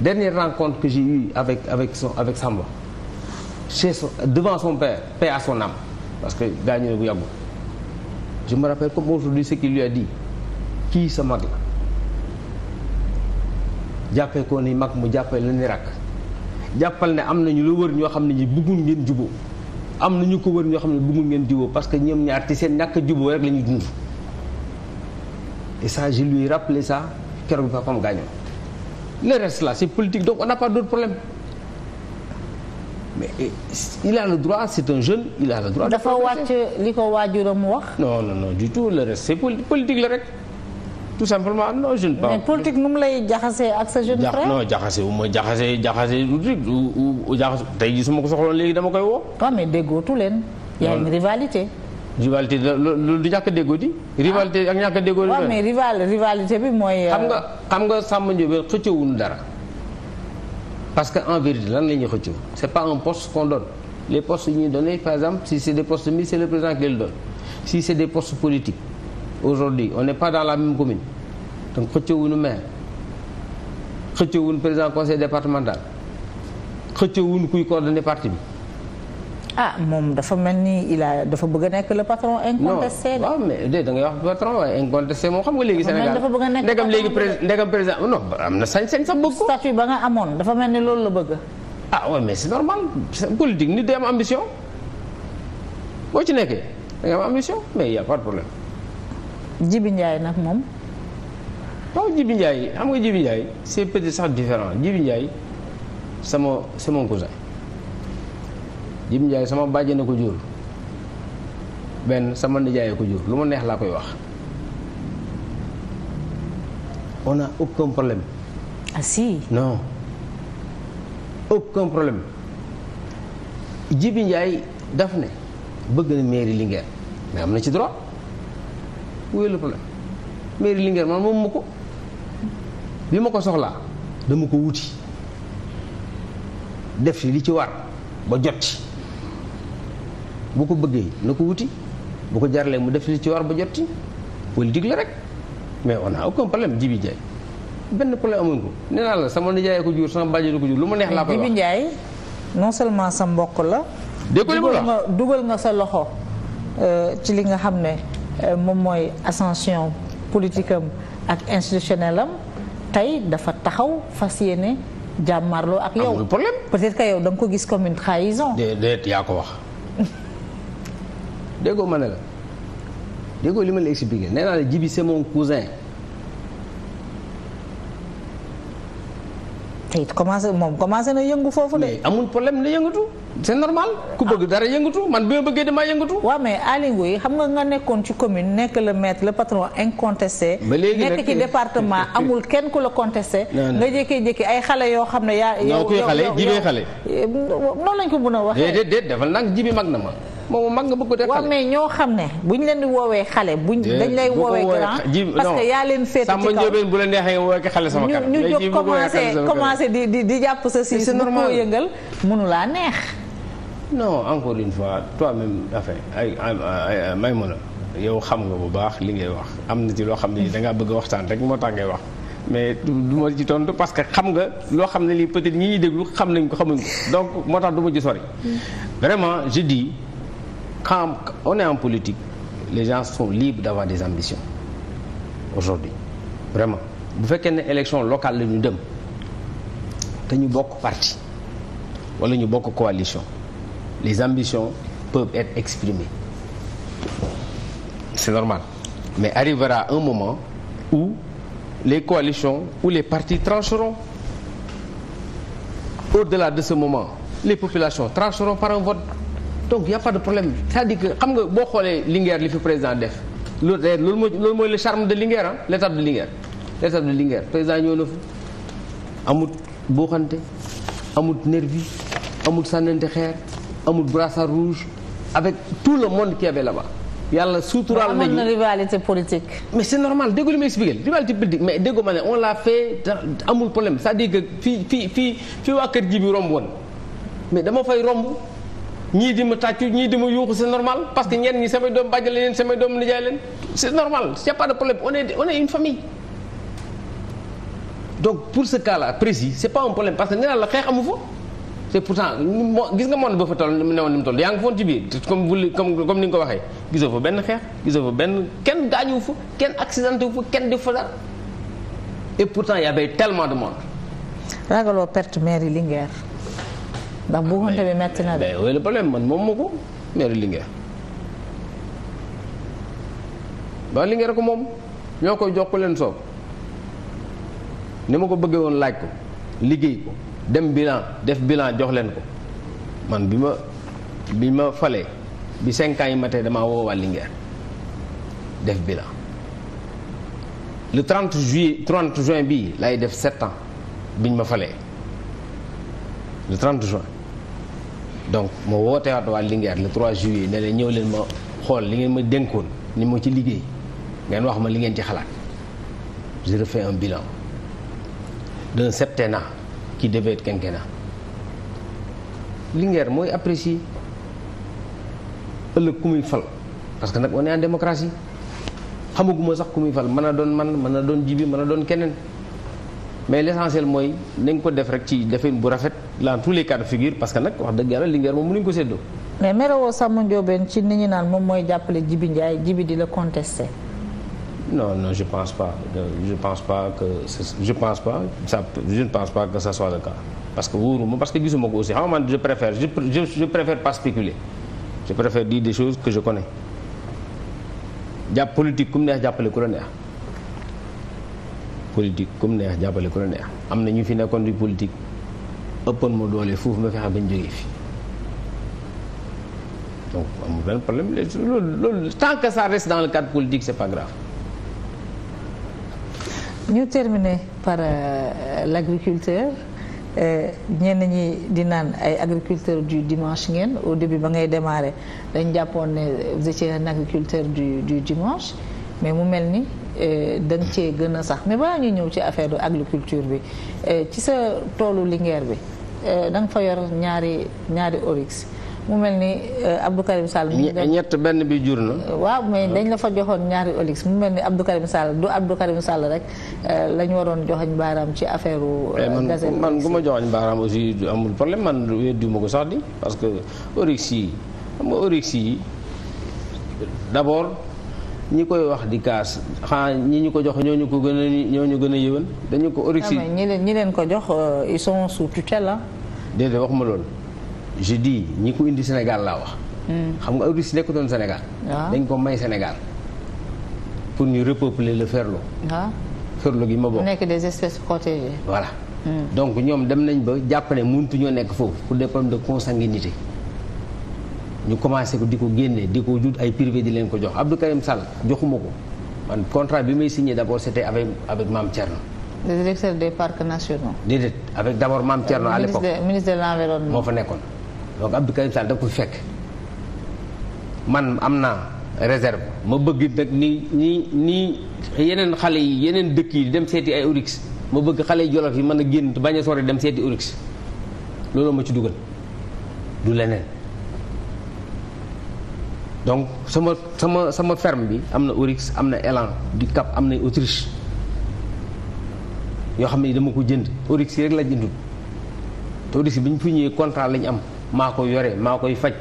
[SPEAKER 2] dernière rencontre que j'ai eue avec avec son chez son, devant son père, paix à Parce que gagné le Je me rappelle comme aujourd'hui ce qu'il lui a dit. Qui ce mag là jàppee ko ni mag mu jàppee la ni rakk jàppal ne am nañu lu wër ñoo xam ne ñi buggul ngeen juboo am na ñu ko wër ñoo xam ne bëggul ngeen juboo parce que ñoom ñaar ci seen ñàkk juboo rek la ñuy dund et ça je lui rappelé ça keroog bi papaam gaañoo le reste là c'est politique donc on n'a pas problème mais il a droit c'est un jeune il a le droit.
[SPEAKER 1] dafa wàcc li ko waajuram wax.
[SPEAKER 2] non non non du tout le reste c'est politique la rek tout simplement non je ne. pas mais politique
[SPEAKER 1] nu mu lay jaxasee ak sa jeune frère. non
[SPEAKER 2] jaxase wu ma jaxase jaxase du jaxase tey jii su ma ko soxloon léegi dama koy woo.
[SPEAKER 1] waaw mais déggootu leen. y a une rivalité.
[SPEAKER 2] rivalité loolu du ñàkk a déggoo di. Ah. rivalité ak ñàkk a déggoo di. waaw mais
[SPEAKER 1] rival rivalité bi mooy. xam nga
[SPEAKER 2] euh, xam nga Samba Ndiobène xëccewuñu dara. parce que en vérité lan la ñuy xëccoo c' est pas un poste qu'on donne les postes yu ñuy donné par exemple si c' est des postes mi c' est le président qui le donne si c' des postes politiques aujourd'hui on n'est pas dans la même commune donc xëccoowuñu maire xëccoowuñu président conseil départemental xëccoowuñu kuy coordonné parti bi
[SPEAKER 1] ah moom dafa mel ni il dafa bëgg a nekk la patron incontesté.
[SPEAKER 2] non waaw mais déedéet da ngay wax patron incontesté moom xam nga léegi. Sénégal dafa bëgg a nekk ndegam léegi ndegam président non am na sañ-sañ sax bëgg ko. statut ba nga amoon dafa mel ni loolu la bëgg. ah waaw mais c'est normal c'est politique nit day am ambition boo ci nekkee da nga am ambition mais y a pas problème.
[SPEAKER 1] Jibi Ndiaye nag moom.
[SPEAKER 2] waaw Jibi Ndiaye xam nga Jibi Ndiaye sa peut-être sax différent Jibi Ndiaye Jim Ndiaye sama bàjjana ko jur benn sama nijaay ko jur lu ma neex laa koy wax on a aucun problème. ah si. non aucun problème Jibi Ndiaye daf ne bëgg na mairie Linguère mais am na ci droit wuyu le problème mairie Linguère man moom ma ko bi ma ko soxlaa dama ko wuti def ci li ci war ba jot bu ko bëggee na ko wuti bu ko jarlee mu def li ci war ba jot ci politique la rek mais on a aucun problème Jibi Ndiaye benn problème amuñ ko nee naa la sama nijaay ko jur sama bàjjen ko jur lu ma neex laa koy wax Jibi
[SPEAKER 1] Ndiaye non seulement sa mbokk la. déglu ma dugal nga sa loxo euh, ci li nga xam ne euh, moom mooy ascension politique am ak institutionnel am tey dafa taxaw fas yéene jàmmarloo ak yow. amul problème peut-être que yow da nga ko gis comme une trahison.
[SPEAKER 2] déedéet yaa ko wax. déggoo ma ne la déggoo li ma la expliqué nee naa la Djibi c'est mon cousin. tey commencé moom
[SPEAKER 1] commencé na yëngu foofu de. mais amul problème la yëngatu c'est normal. ku bëgg dara yëngatu man bi ma bëggee damaa yëngatu. waa mais Aly Ngouille xam nga nga nekkoon ci commune nekk le maître le patron incontesté. ba léegi nekk ci département [laughs] amul kenn ku la contesté. nga jékki-jékki ay xale yoo xam ne. yaa yow yow yow xale jibee
[SPEAKER 2] xale. Eh,
[SPEAKER 1] noonu lañ ko mun a waxee.
[SPEAKER 2] déedéet defal nag jibi mag na ma.
[SPEAKER 1] moomu mag nga bëgg ko def xale. waaw mais ñoo xam ne bu buñ leen di woowee xale. bu dañ lay woowee grand parce que yaa leen féete ci kaw sàmm
[SPEAKER 2] bu la neexee nga woowee xale
[SPEAKER 1] di di di jàpp sa si. c'est normal bu ko yëngal mënu laa neex.
[SPEAKER 2] non encore une fois toi même affaire ay ay Maymuna yow xam nga bu baax li ngay wax am na ci loo xam ne da ngaa bëgg waxtaan rek moo tax ngay wax mais du ma ci tontu parce que xam nga loo xam ne lii peut-être ñi ñuy déglu xam nañ ko xamuñ ko donc moo tax du ma ci sori. Mm. vraiment je quand on est en politique les gens sont libres d'avoir des ambitions aujourd'hui vraiment bu fekkee ne élection locale la ñu dem te ñu bokk parti wala ñu bokk coalition les ambitions peuvent être exprimées c'est normal mais arrivera un moment où les coalitions ou les partis trancheront au-delà de ce moment les populations trancheront par un vote donc y' de problème cest dire que xam nga boo xoolee Linguère li fi président def loolu d'ailleurs eh, loolu mooy loolu mooy le charme de Linguère ah l'étape de Linguère l'étape de Linguère président ñëw na fi amut buuxante amut nervi amut sànnante xeer amut brassard rouge avec tout le monde qui avait là-bas yàlla suuturaal nañu na
[SPEAKER 1] rivalité politique.
[SPEAKER 2] mais c' normal déggu li may expliqué rivalité politique mais déggu ma ne on l'a fait amul problème c'est-à-dire que fii fii fii fii waa kër ji bi romb woon ñii di ma tàccu ñii di ma yuuxu c'est normal parce que ñenn ñi samay doom bàjjale leen samay doom nijaay leen c'est normal c'est pas de problème pour ce cas-là c'est pas un problème parce que nee la xeex amu fa c'est pourtant gis nga moom ba fa toll ne woon ni mu toll yaa ngi foon ci biir comme comme comme ni nga waxee gisoo fa benn xeex gisoo fa benn
[SPEAKER 1] kenn gaañuwu fa kenn accidenté wu fa kenn def fa dara
[SPEAKER 2] et pourtant y avait tellement de monde.
[SPEAKER 1] ragaloo perte mairie Linguère. ndax buuxante bi na de. mais
[SPEAKER 2] oui moom moo ko maire Linguère ba Linguère ko moom ñoo koy jox ko leen soob ni ma ko bëggee woon laaj ko liggéey ko dem bilan def billan jox leen ko man bi ma bi ma falee bi cinq ans yi matee damaa woo waa Linguère def bilan le 30 juillet 30 juin bii lay def sept ans biñ ma falee le 30 juin donc ma wootewaat waa Linguère le trois juillet ne leen ñëw leen ma xool li ngeen ma dénkoon ni ma ci liggéey ngeen wax ma li ngeen ci xalaat je fin un bilan d'un septennat qui devait être quinquennat Linguère mooy apprécier ëllëg ku muy fal parce que nag on est en démocratie xamaguma sax ku muy fal mën a doon man mën a doon jibi mën a doon keneen mais l' mooy nañ ko def rek ci defin bu rafet dans tous les cas de figure parce que nag wax dëgg yàlla Linguère moom mënuñ ko séddoo.
[SPEAKER 1] mais merewoo naan moom mooy jàppale Jibi Ndiaye Jibi di la contesté.
[SPEAKER 2] no non je pense pas je pense pas que je pense pas ça je pense pas que ça soit parce que wóoruma parce que gisuma ko aussi xam nga man je préfère je, je je préfère pas spéculer je préfère dire des choses que je connais jàpp politique ku mu neex jàppale ku la neex. politique comme neex jàppale ku la neex am na ñu fi nekkoon di politique ëppoon ma doole foofu ma fexe bañ jógee fi donc amul benn problème loolu loolu tant que ça reste dans le cadre politique c'est pas grave.
[SPEAKER 1] ñu termine par euh, l'agriculteur euh, ñenn ñi di naan ay agriculteur du dimanche ngeen au début ba ngay démarrer dañ jàppoon ne vous étiez agriculteur du dimanche mais mu mel ni. Euh, da cee gën a sax mais balaa ñu ñëw ci affaire du agriculture bi euh, ci sa toolu Linguère bi euh, da fa yor ñaari ñaari oryx mu mel ni Abdou Karim Sall. ñett
[SPEAKER 2] benn bi jur na. waaw mais dañ la
[SPEAKER 1] fa joxoon ñaari olix mu mel ni Abdou Karim Sall du Abdou Karim Sall rek la ñu waroon joxoñ baaraam ci affaire. gazette eh, man man ku
[SPEAKER 2] ma joxoñ baaraam aussi amul problème man ma ko sax di parce que olix yi xam nga yi d'abord. ñi koy wax di kaas xanaa ñi ñu ko jox ñoo ñu ko gën a ñoo ñu gën a yëwan dañu ko orixi ah, ñi
[SPEAKER 1] leen ñi leen ko jox euh, ils sont sous tutelle la
[SPEAKER 2] déedéet wax ma loolu je dis ñi ko indi Sénégal laa wax hmm. xam nga orixi nekkutoon Sénégal ah. dañ ko may Sénégal pour ñu repeupler le ferlo ah. ferlo gi ma bokk nekk
[SPEAKER 1] des espèces protégées
[SPEAKER 2] voilà hmm. donc ñoom dem nañ ba jàpp ne mëntu ñoo nekk foofu pour des problèmes de consanguinité ñu commencé ko di ko génne di ko jut ay privé di leen ko jox Abdou Karim Sall joxuma ko man contrat bi may signé d' abord c' était avec avec Mame Thierno.
[SPEAKER 1] le directeur des parcs nationaux.
[SPEAKER 2] déedéet avec d' abord Mame Thierno à l' époque
[SPEAKER 1] ministre de l' environnement moo
[SPEAKER 2] fa nekkoon donc Abdou Karim Sall daf ko fekk man am naa. réserve ma bëgg nag ni ni ni yeneen xale yi yeneen dëkk yi dem seeti ay orix ma bëgg xale yi jolof yi mën a génn bañ a sori dem seeti orix loolu ma ci dugal du leneen. donc sama sama sama ferme bi am na Oryx am na Elan di kap am na Autriche yoo xam ne dama ko jënd Oryx yi rek la jëndul te Oryx bi ñu fi ñëwee contrat lañ am maa koy yore maa koy faj.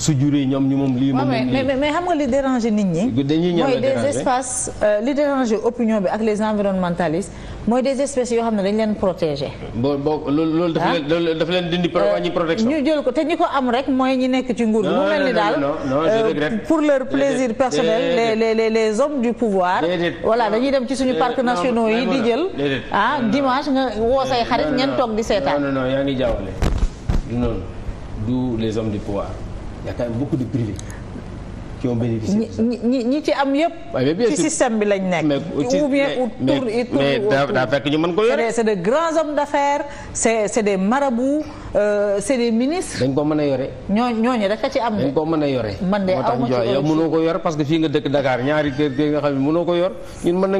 [SPEAKER 2] su juree ñoom ñu moom lii. moom mais
[SPEAKER 1] mais xam nga li déranger nit ñi. dañuy ñam mooy des espaces euh, li déranger opinion bi ak les environnementalistes mooy des espèces yoo xam ne dañ leen protéger.
[SPEAKER 2] boo boo loolu dafa leen ah. dafa leen dindi wàññi euh,
[SPEAKER 1] ñu jël ko te ñi ko am rek mooy ñi nekk ci nguur bi. mu mel ni daal euh, pour leur plaisir personnel les les les hommes du pouvoir. voilà dañuy dem ci suñu parcs nationaux yi di jël. ah dimanche nga woo say xarit ngeen toog di seetaan. non non yaa
[SPEAKER 2] ngi jaawale du noonu du il y a quand même beaucoup de privés.
[SPEAKER 1] qui ont bénéficié de ça ñi ñi ci am yëpp. ci système bi lañ nekk. mais ou bien mais mais daa fekk ñu mën ko yore. c'est de grands hommes d'affaires c'est c'est des marabouts. Euh, c'est des ministres. dañ ko mën a yore. ñooñu ñooñu rek ci am. dañ ko mën a yore. man de aw ma
[SPEAKER 2] ko yor parce que fii nga dëkk Dakar ñaari kër gi nga xam ne mënoo ko yor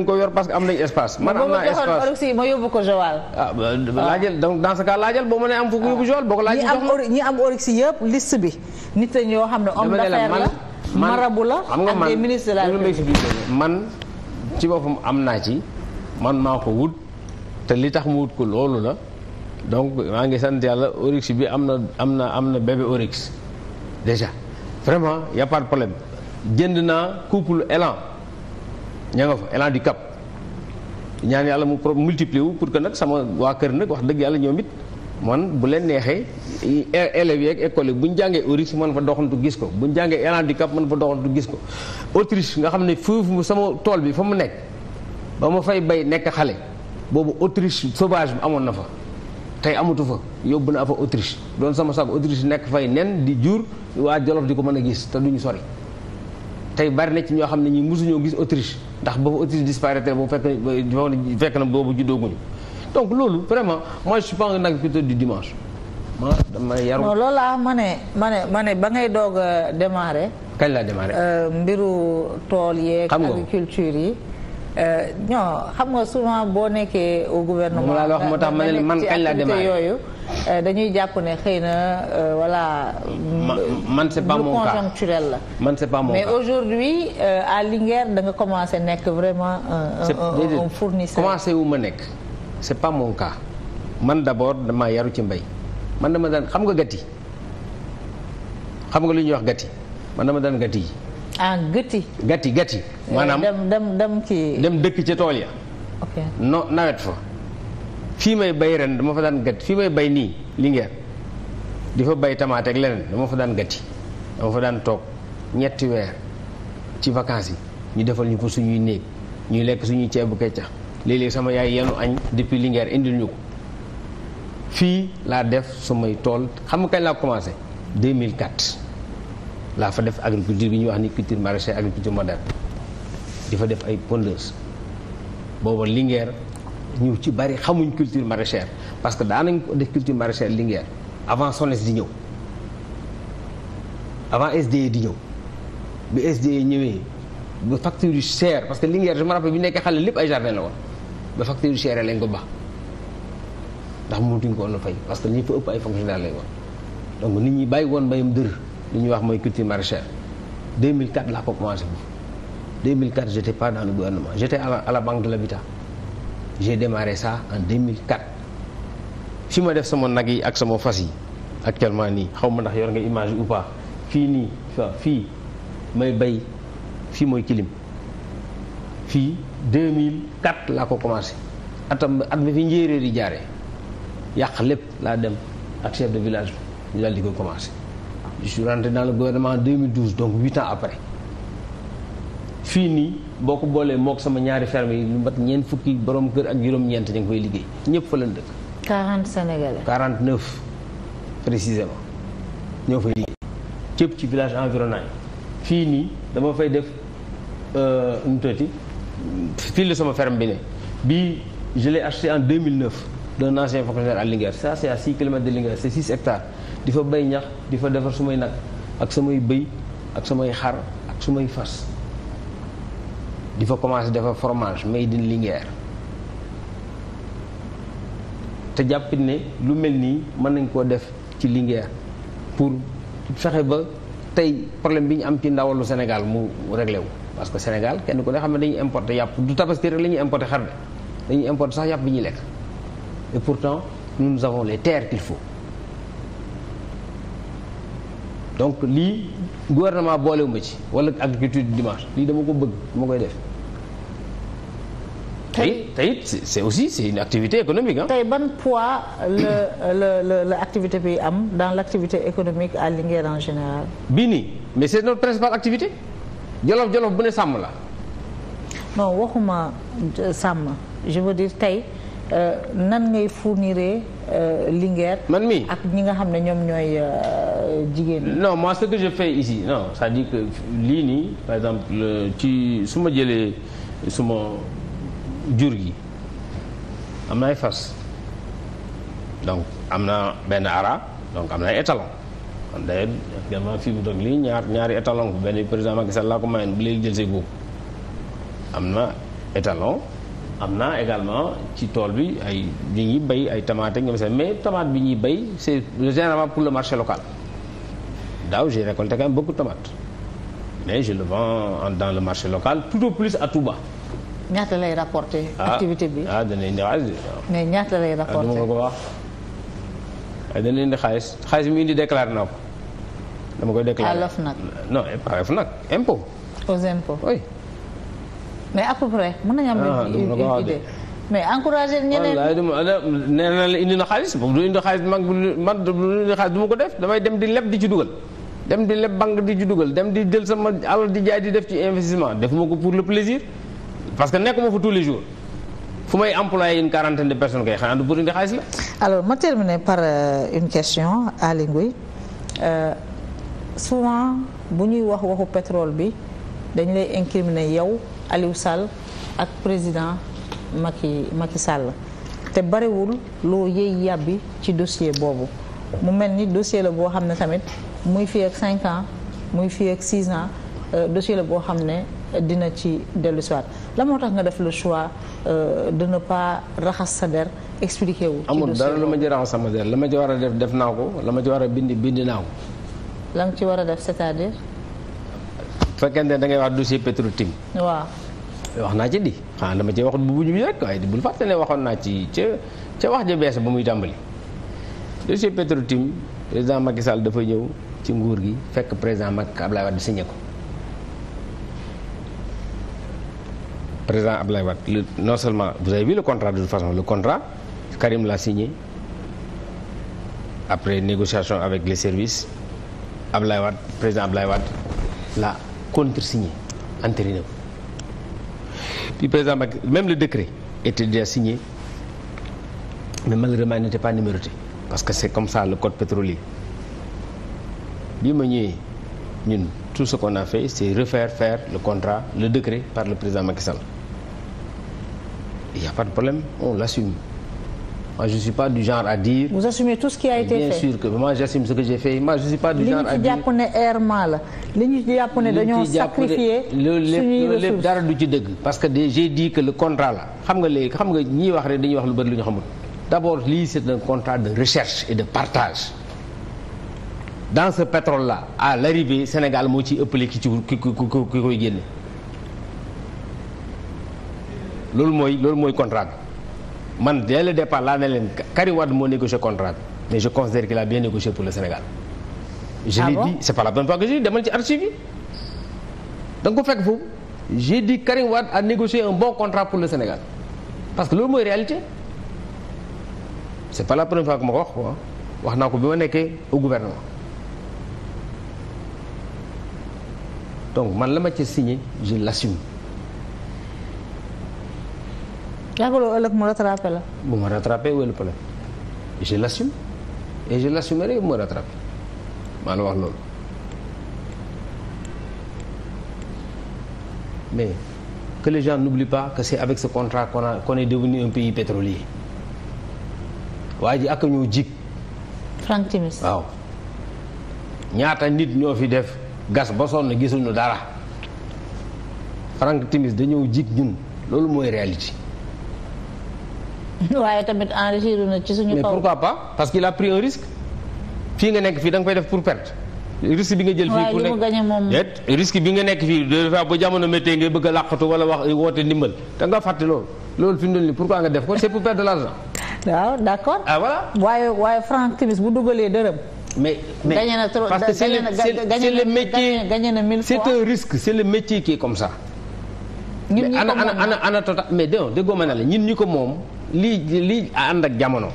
[SPEAKER 2] ko yor parce que am nañ espace. man am naa espace
[SPEAKER 1] ma yóbbu ko Joal.
[SPEAKER 2] Ah, ah
[SPEAKER 1] laajal donc dans ce cas laajal boo am fu am Oryx yëpp liste bi nit la ñoo xam ne homme d'affaires
[SPEAKER 2] la ci boppam am naa ci man maa ko wut te li tax mu wut ko loolu la donc maa ngi sant yàlla oryx bi am na am na am na bébé oryx déjà vraiment y a pas problème jënd naa couple élan ña nga ko élan du cap ñaan yàlla mu pro multiplier wu pour que nag sama waa kër nag wax dëgg yàlla ñoom it man bu leen neexee élèves yeeg école yi bu ñu jàngee oryx man fa doxantu gis ko bu ñu jàngee élan du cap man fa doxantu gis ko autriche nga xam ne foofu sama tool bi fa mu nekk ba ma fay bay nekk xale boobu autriche sauvage bi amoon na fa tey amatu fa yóbbu na a fa Autriche doon sama sago Autriche nekk fay nen di jur waa Jolof di ko mën a gis te ñu sori tey bari na ci ñoo xam ne ñi mosuñoo gis Autriche ndax ba fa Autriche disparaître boobu fekk fekk na boobu juddooguñu donc loolu vraiment moi je suis pas un agriculteur du dimanche ma dama yaru non loolu
[SPEAKER 1] laa ma ne ma ne ma ne ba ngay doog a démarrer
[SPEAKER 2] kañ laa démarrer euh,
[SPEAKER 1] mbiru tool yeeg agriculture yi Euh, non xam nga souvent boo nekkee au gouvernement. moom laa la wax moo tax ma ne man kañ laa démarré yooyu. Euh, dañuy jàpp ne xëy na euh, voilà.
[SPEAKER 2] man c'est pas mon cas la. man c'est pas mon cas mais
[SPEAKER 1] aujourd'hui à da nga commencé nekk vraiment.
[SPEAKER 2] un fournisseur wu ma nekk. c'est pas mon cas man d'abord damaa yaru ci mbay man dama daan xam nga gati xam nga lu ñuy wax gati man dama daan gati yi. ah gëti. gati gati maanaam dem dem dem dëkk ca tool ya. no nawet fa. fii may bay ren dama fa daan gati fii may bay nii Linguère di fa bay tamaate ak leneen dama fa daan gati dama fa daan toog ñetti weer ci vacance yi ñu defal ñu ko suñuy néeg ñuy lekk suñuy ceebu keccax léeg sama yaay yenu añ depuis Linguère indil ñu ko fii laa def samay tool xam nga kañ laa commencé 2004. laa fa def agriculture bi ñuy wax ni culture maraîchère agriculture moderne di fa def ay pondeuse booba Linguère ñu ci bari xamuñ culture maraîchère parce que daanañ ko def culture maraîchère Linguère avant SONES di ñëw avant SDE di ñëw bi SDE ñëwee ba facture yu cher parce que Linguère je me rappelle bi nekkee xale lépp ay jardin la woon ba facture yu lañ ko ba ndax mënatuñ ko woon a fay parce que li ñu fa ëpp ay fonctionnaire lay woon donc nit ñi bàyyi woon mbayam lu ñuy wax mooy culture maraîchère 2004 laa ko commencé bu 2004 j' étais pas dans le gouvernement j' étais à la, de la banque de l'habitat sax démarré de en 2004 fi ma def sama nag yi ak sama fas yi actuellement nii xaw ma ndax yor nga image ou pas fii nii fii may bay fii mooy kilim fii 2004 laa ko commencé atam at bi fi njéeréer yi jaaree yàq lépp laa dem ak chef de village bi ñu daal di ko commencé je suis la dans le gouvernement en 2012 donc huit ans après fii nii boo ko boolee mook sama ñaari ferme yi lu mat ñeent fukki borom kër ak juróom-ñeent ñu ngi koy liggéey ñëpp fa lañ dëkk.
[SPEAKER 1] 40 Sénégalais.
[SPEAKER 2] 49 précisément ñoo fay liggéey. képp ci village environnant yi fii nii dama fay def euh, nu mu tuddati fii la sama ferme bi ne bii je l'ai acheté en 2009 d'un ancien fonctionnaire à Linguère ça c'est de Linguère c'est 6 hectares. di fa bay ñax di fa defar sumay nag ak samay bëy ak samay xar ak sumay fas di fa commencé defar fromage made in Linguère te jàppit ne lu mel nii mën nañ koo def ci Linguère pour fexe ba tey problème bi ñu am ci ndawalu Sénégal mu réglé wu parce que Sénégal kenn ku ne xam ne dañuy importe yàpp du tabaski rek la ñuy importer xar dañuy importer sax yàpp bi ñuy lekk et pourtant nous nous avons les terres donc lii gouvernement boolewuma ci wala agriculture du dimanche lii dama ko bëgg dama koy def. tey tey c'est aussi c'est une activité économique ah.
[SPEAKER 1] tey ban poids la la activité bi am dans la activité économique à Linguère en général.
[SPEAKER 2] bii nii mais c'est notre principale activité jolof jolof bu ne sàmm la.
[SPEAKER 1] non waxuma euh, sàmm je veux dire tey euh, nan ngay fournir. Euh, Linguère. man mii ak ñi nga xam ne ñoom ñooy euh, jigéen non moi
[SPEAKER 2] ce que je fais ici non cest dire que lii nii par exemple ci su ma jëlee suma jur gi am na ay fas donc am na benn ara donc am na ay étalon kon day également fii bu toog lii ñaar ñaari étalon benn président Macky Sall laa ko mayoon bu léegi jël see góob am na étalon am na également ci tool bi ay ñu ngi bay ay tomate ak ñoom seen mais tomate bi ñuy bay c'est généralement pour le marché local daaw j'ai récolté quand même beaucoup de mais je le vends dans le marché local tout au plus à Touba.
[SPEAKER 1] ñaata lay rapporter. Ah, activité bi ah
[SPEAKER 2] ah danañ di xaalis.
[SPEAKER 1] mais ñaata lay ah, rapporter dama
[SPEAKER 2] ko wax. Ah, danañ indi xaalis xaalis bi mu indi déclaré naa ko dama koy déclaré. à l'OFNAC non pas à l'OFNAC impôt.
[SPEAKER 1] aux impôts oui. mais à peu près nañu am. une mais encouragé ñeneen.
[SPEAKER 2] nee na la indi na xaalis boobu du indi xaalis man man du indi xaalis du ma ko def damay dem di leb di ci dugal. dem di leb banque di ci dugal dem di jël sama alal di jaay di def ci investissement defuma ko pour le plaisir parce que nekkuma fa tous les jours. fu may employé une quarantaine de personnes kay xanaa du bëri ndi xaalis la.
[SPEAKER 1] alors ma terminer par euh, une question Aly Ngouille euh, souvent bu ñuy wax waxu pétrole bi dañu lay incriminer yow. Aliou Sall ak président Macky Macky Sall te barewul loo yëy yàbbi ci dossier boobu mu mel ni dossier la boo xam ne tamit muy fii ak 5 ans muy fii ak 6 ans euh, dossier la boo xam ne dina ci dellu la moo tax nga def lu choix euh, de ne pas raxas sa der expliqué wu. amul dara lu
[SPEAKER 2] ma ci raxas sama der la ma ci war a def def naa ko la ma ci war a bind bind naa
[SPEAKER 1] la nga ci war a def c'est-à-dire.
[SPEAKER 2] da ngay wax dossier Petro-Tim. waaw. wax naa ci di xanaa dama cee waxut bu mujj bi rek waaye di bul fàtte waxoon naa ci ca ca wax ja bees ba muy tàmbali. dossier Petro-Tim président Macky Sall dafa ñëw ci nguur gi fekk président Macky Ablaye Wade signé ko président Ablaye wat non seulement vous avez vu le contrat de toute façon le contrat Karim l'a signé après négociation avec les services Ablaye Wade président Ablaye Wade l'a contresigné entériné ko Puis président Macky même le décret était déjà signé mais malheureusement il n'était pas numéroté parce que c'est comme ça le code pétrolier bi ma ñëwee ñun tout ce qu'on a fait c'est refaire faire le contrat le décret par le président Macky Sall il y a pas de problème on l'assume Moi, je ne suis pas du genre à dire. Vous
[SPEAKER 1] assumez tout ce qui a été li ñu ci jàpp
[SPEAKER 2] parce que j'ai dit le contrat la xam nga léegi xam nga ñiy wax rek dañuy wax lu bëri lu ñu xamul. d'abord lii c'est un contrat de recherche et de partage. dans ce pétrole là à l'arrivée Sénégal moo ci ëppale ki ci ki ki koy génne loolu mooy loolu mooy contrat bi man dès le départ laa ne leen Karim Wade moo négocié contrat mais je considère qu'il a bien négocié pour le Sénégal. je ah l'ai bon? dit c'est pas la bonne demal ci archive yi da nga ko fekk foofu j'ai dit Karim Wade a négocié un bon contrat pour le Sénégal parce que loolu mooy réalité c'est pas la première fois ma ko wax quoi wax naa ko bi ma nekkee au gouvernement donc man la ma ca signé je l'assume
[SPEAKER 1] yàggaloo ëllëg mu rattrapé la.
[SPEAKER 2] bu ma rattrapé wala problème je l' assume et je bu ma rattrapé maa la wax loolu mais que les gens n'oublient pas que c' est avec ce pays pétrolier waa ji ak ñoo jig. Franck Timis waaw ñaata nit ñoo fi def gas ba sonn gisuñu dara Franck Timis dañoo jig ñun loolu mooy réalité.
[SPEAKER 1] [laughs] waaye tamit enrichir na ci suñu kaw. mais
[SPEAKER 2] pourquoi pas parce qu'il a pris un risque fii nga nekk fii da nga koy def pour perte. risque bi nga jël fii pour nekk risque bi nga nekk fii des fois ba jamono méttee ngay bëgg a làqatu wala wax woote ndimbal te nga fàtte loolu
[SPEAKER 1] loolu fi mu ne nii pourquoi nga def ko c'est pour perdre de l'argent. waaw d'accord. ah voilà waaye waaye Franck Timis bu dugalee dërëm. mais mais parce que c'est le c'est le métier c'est
[SPEAKER 2] un risque c'est le métier qui est comme ça. ñun ñi ko moom mais ana ana ana total mais déggoo ma ne la ñun ñi ko moom. lii lii ànd ak jamono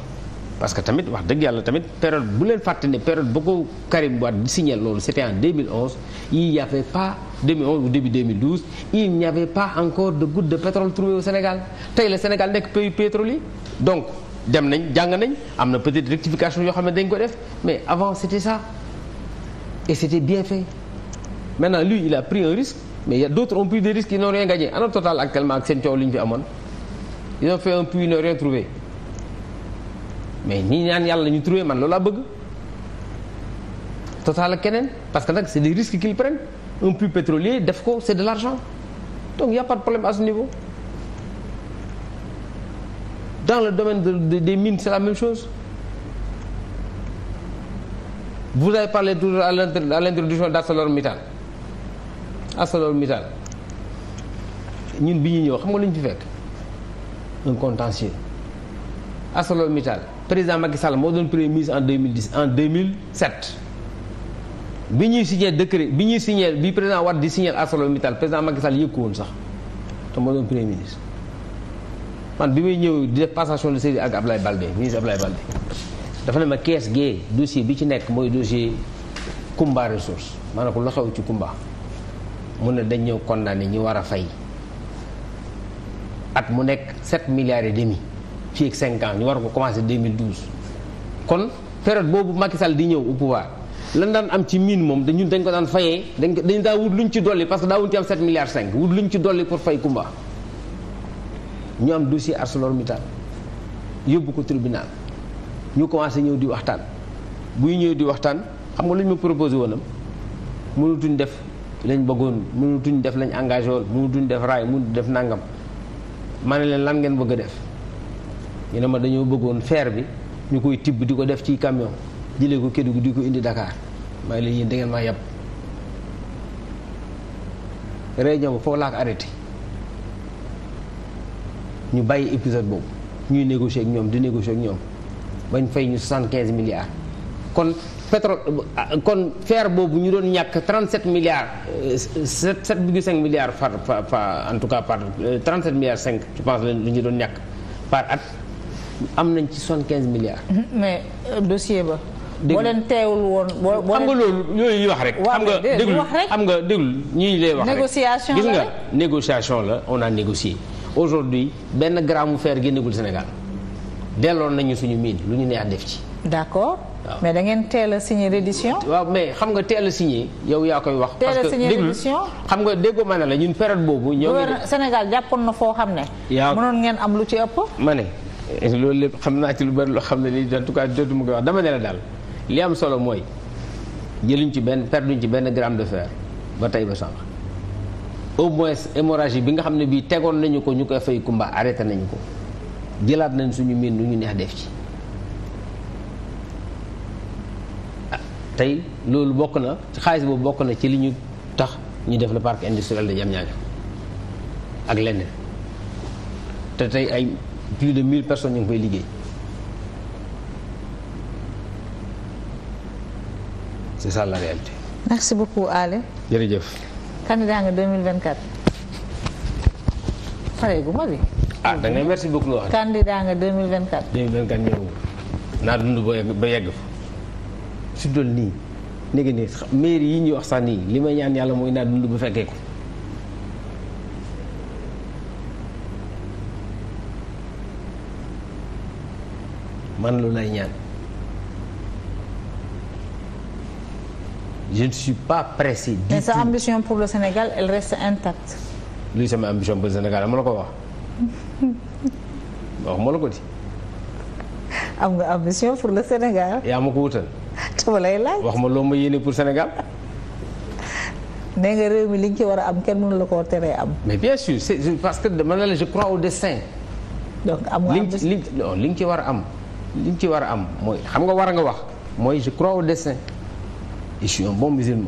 [SPEAKER 2] parce que tamit wax dëgg yàlla tamit période bu leen fàtte ne période bu ko Karim Wade di loolu c'était en 2011 il n'y avait pas 2011 ou début 2012 il n'y avait pas encore de goutte de pétrole trouvée au Sénégal tey la Sénégal nekk pays pétrolier donc dem nañ jàng nañ am na peut-être rectification yoo xam ne dañ ko def mais avant c'était ça et c'était bien fait maintenant lui il a pris un risque mais d'autres ont pris des risques ils n'ont rien gagné ana Total actuellement ak seen coow ñu fi amoon ils ont fait un puits, ils n'ont mais ñi ñaan yàlla ñu trouvé man loolu laa bëgg total ak keneen parce que nag c'est des risques qu'ils prennent un puits pétrolier def ko c'est de l'argent donc y a pas de problème à ce niveau dans le domaine de, de, des mines c'est la même chose vous avez de toujours à l'introduction d'ArcelorMittal ArcelorMittal ñun bi ñuy ñëw xam nga lu ñu fi fekk un contentieux ArcelorMittal président Macky Sall moo doon premier ministre en 2010 en 2007 bi ñuy signé décret bi ñuy signé bi président Wade di signé ArcelorMittal président Macky Sall yëg ko woon sax te moo doon premier ministre man bi may ñëw di def passation de service ak Ablaye Balde ministre Ablaye Balde dafa ne ma kees gee dossier bi ci nekk mooy dossier Kumba ressource ma ne ko lu xew ci Kumba mu ne dañ ñëw condamné ñu war a fay. at mu nekk 7 milliards et demi fii ak 5 ans ñu war ko commencé 2012. kon période boobu Macky Sall di ñëw au pouvoir lan daan am ci mine moom dañu dañ ko daan fayee dañ ko dañ daa wut luñ ci dolli parce que daa wuñ ci am 7 milliards 5 wut luñ ci dolli pour fay Kumba ñu am dossier ArcelorMittal yóbbu ko tribunal ñu commencé ñëw di waxtaan buy ñëw di waxtaan xam nga lu ñu ma proposé woonam mënutuñ def lañ bëggoon mënutuñ def lañ engagé woon mënutuñ def raay mënutuñ def nangam ma ne leen lan ngeen bëgg a def ñu ne ma dañoo bëggoon fer bi ñu koy tibb di ko def ci camion jëlee ko Kédougou di ko indi Dakar may leen yéen da ngeen maa yab réunion ba foofu laa ko arrêté ñu bàyyi épisode boobu ñuy négocier ak ñoom di négocier ak ñoom bañ fay ñu soixante quinze milliards kon pétrole kon fer boobu ñu doon ñàkk trent 37 milliards 7 euh, 7,5 milliards par par en tout cas par 37 euh, milliards 5 je ñu doon ñàkk par am nañ ci 75 milliards.
[SPEAKER 1] Mhm, mais euh, dossier ba. boo leen teewul woon boo nga loolu
[SPEAKER 2] yooyu yi wax rek. am nga déglu xam nga déglu ñii lay wax rek. négociation la gis nga négociation la on a négocié. aujourd'hui benn mu fer génnagul Sénégal delloon nañu suñu miin lu ñu neex def ci. d'accord. waaw
[SPEAKER 1] mais da ngeen teel a signé reddition.
[SPEAKER 2] waaw mais xam nga teel a signé yow yaa koy wax. parce que déglu xam nga dégg ma ne la ñun période boobu. ñëw ngi
[SPEAKER 1] Sénégal jàppoon na foo xam ne. yaa mënoon ngeen
[SPEAKER 2] am lu ci ëpp. ma ne eh, loolu lépp xam naa ci lu bari loo xam ne nii en tout cas koy wax dama ne la daal li am solo mooy jëluñ ci benn perduñ ci benn gramme de fer ba tey ba sànq au moins hémorragie bi nga xam ne bii tegoon nañu ko ñu koy fay kumba arrêté nañu ko jëlaat nañ suñu miin lu ñu neex def ci. tey loolu bokk na xaalis boobu bokk na ci li ñu tax ñu def le parc industriel de Diamniadio ak leneen te tey ay plus de mille personnes ñu ngi koy liggéey c'est ça la réalité.
[SPEAKER 1] merci beaucoup Ale. jërëjëf. candidat nga 2024. pareegu ma bi.
[SPEAKER 2] ah da ngay merci beaucoup.
[SPEAKER 1] candidat nga 2024.
[SPEAKER 2] 2024 ñëwul naa dund ba yegg ba yegg fa. fi doon nii léegi nii mairie yi ñuy wax sax nii li may ñaan yàlla mooy naa dund ba fekkee ko. man loolu lay ñaan je ne suis pas pressé. du sa
[SPEAKER 1] ambition pour le Sénégal elle reste intacte.
[SPEAKER 2] luy sama ambition pour le Sénégal dama la ko wax. [laughs] wax la ko di.
[SPEAKER 1] am nga ambition pour le Sénégal. yaa ma ko wutal. dama lay laaj.
[SPEAKER 2] wax ma loo ma yéene pour Sénégal.
[SPEAKER 1] nee nga réew mi li ñu ci war a am kenn mënu la koo teree am.
[SPEAKER 2] mais bien sûr c'est parce que dama ne la je crois au destin. donc am nga am li li ñu ci war a am. li ñu ci war a am mooy xam nga war nga wax mooy je crois au destin. je suis un bon musulman.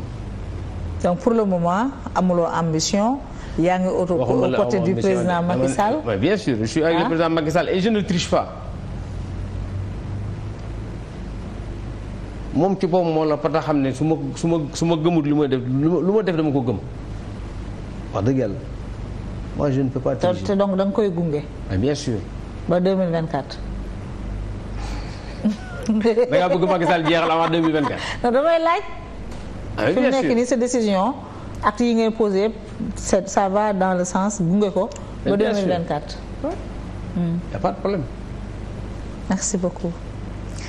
[SPEAKER 1] donc pour le moment amuloo ambition. yaa ngi au côté du président Macky Sall.
[SPEAKER 2] bien sûr je suis avec ah. président Macky Sall je ne triche pas. moom ci boppam moo la pata xam ne su ma su ma su ma gëmut lu ma def lu ma def dama ko gëm
[SPEAKER 1] wax dëgg yàlla moi je ne peux pas. te donc da nga koy gunge. ah bien sûr. ba 2024. da ngaa bëgg Macky
[SPEAKER 2] Sall jeexal avant 2024.
[SPEAKER 1] non damay laaj.
[SPEAKER 2] ah fi mu nekk nii sa
[SPEAKER 1] décision acte yi ngay posé yëpp ça va dans le sens gunge ko. ba 2024. Hmm. y a pas de problème.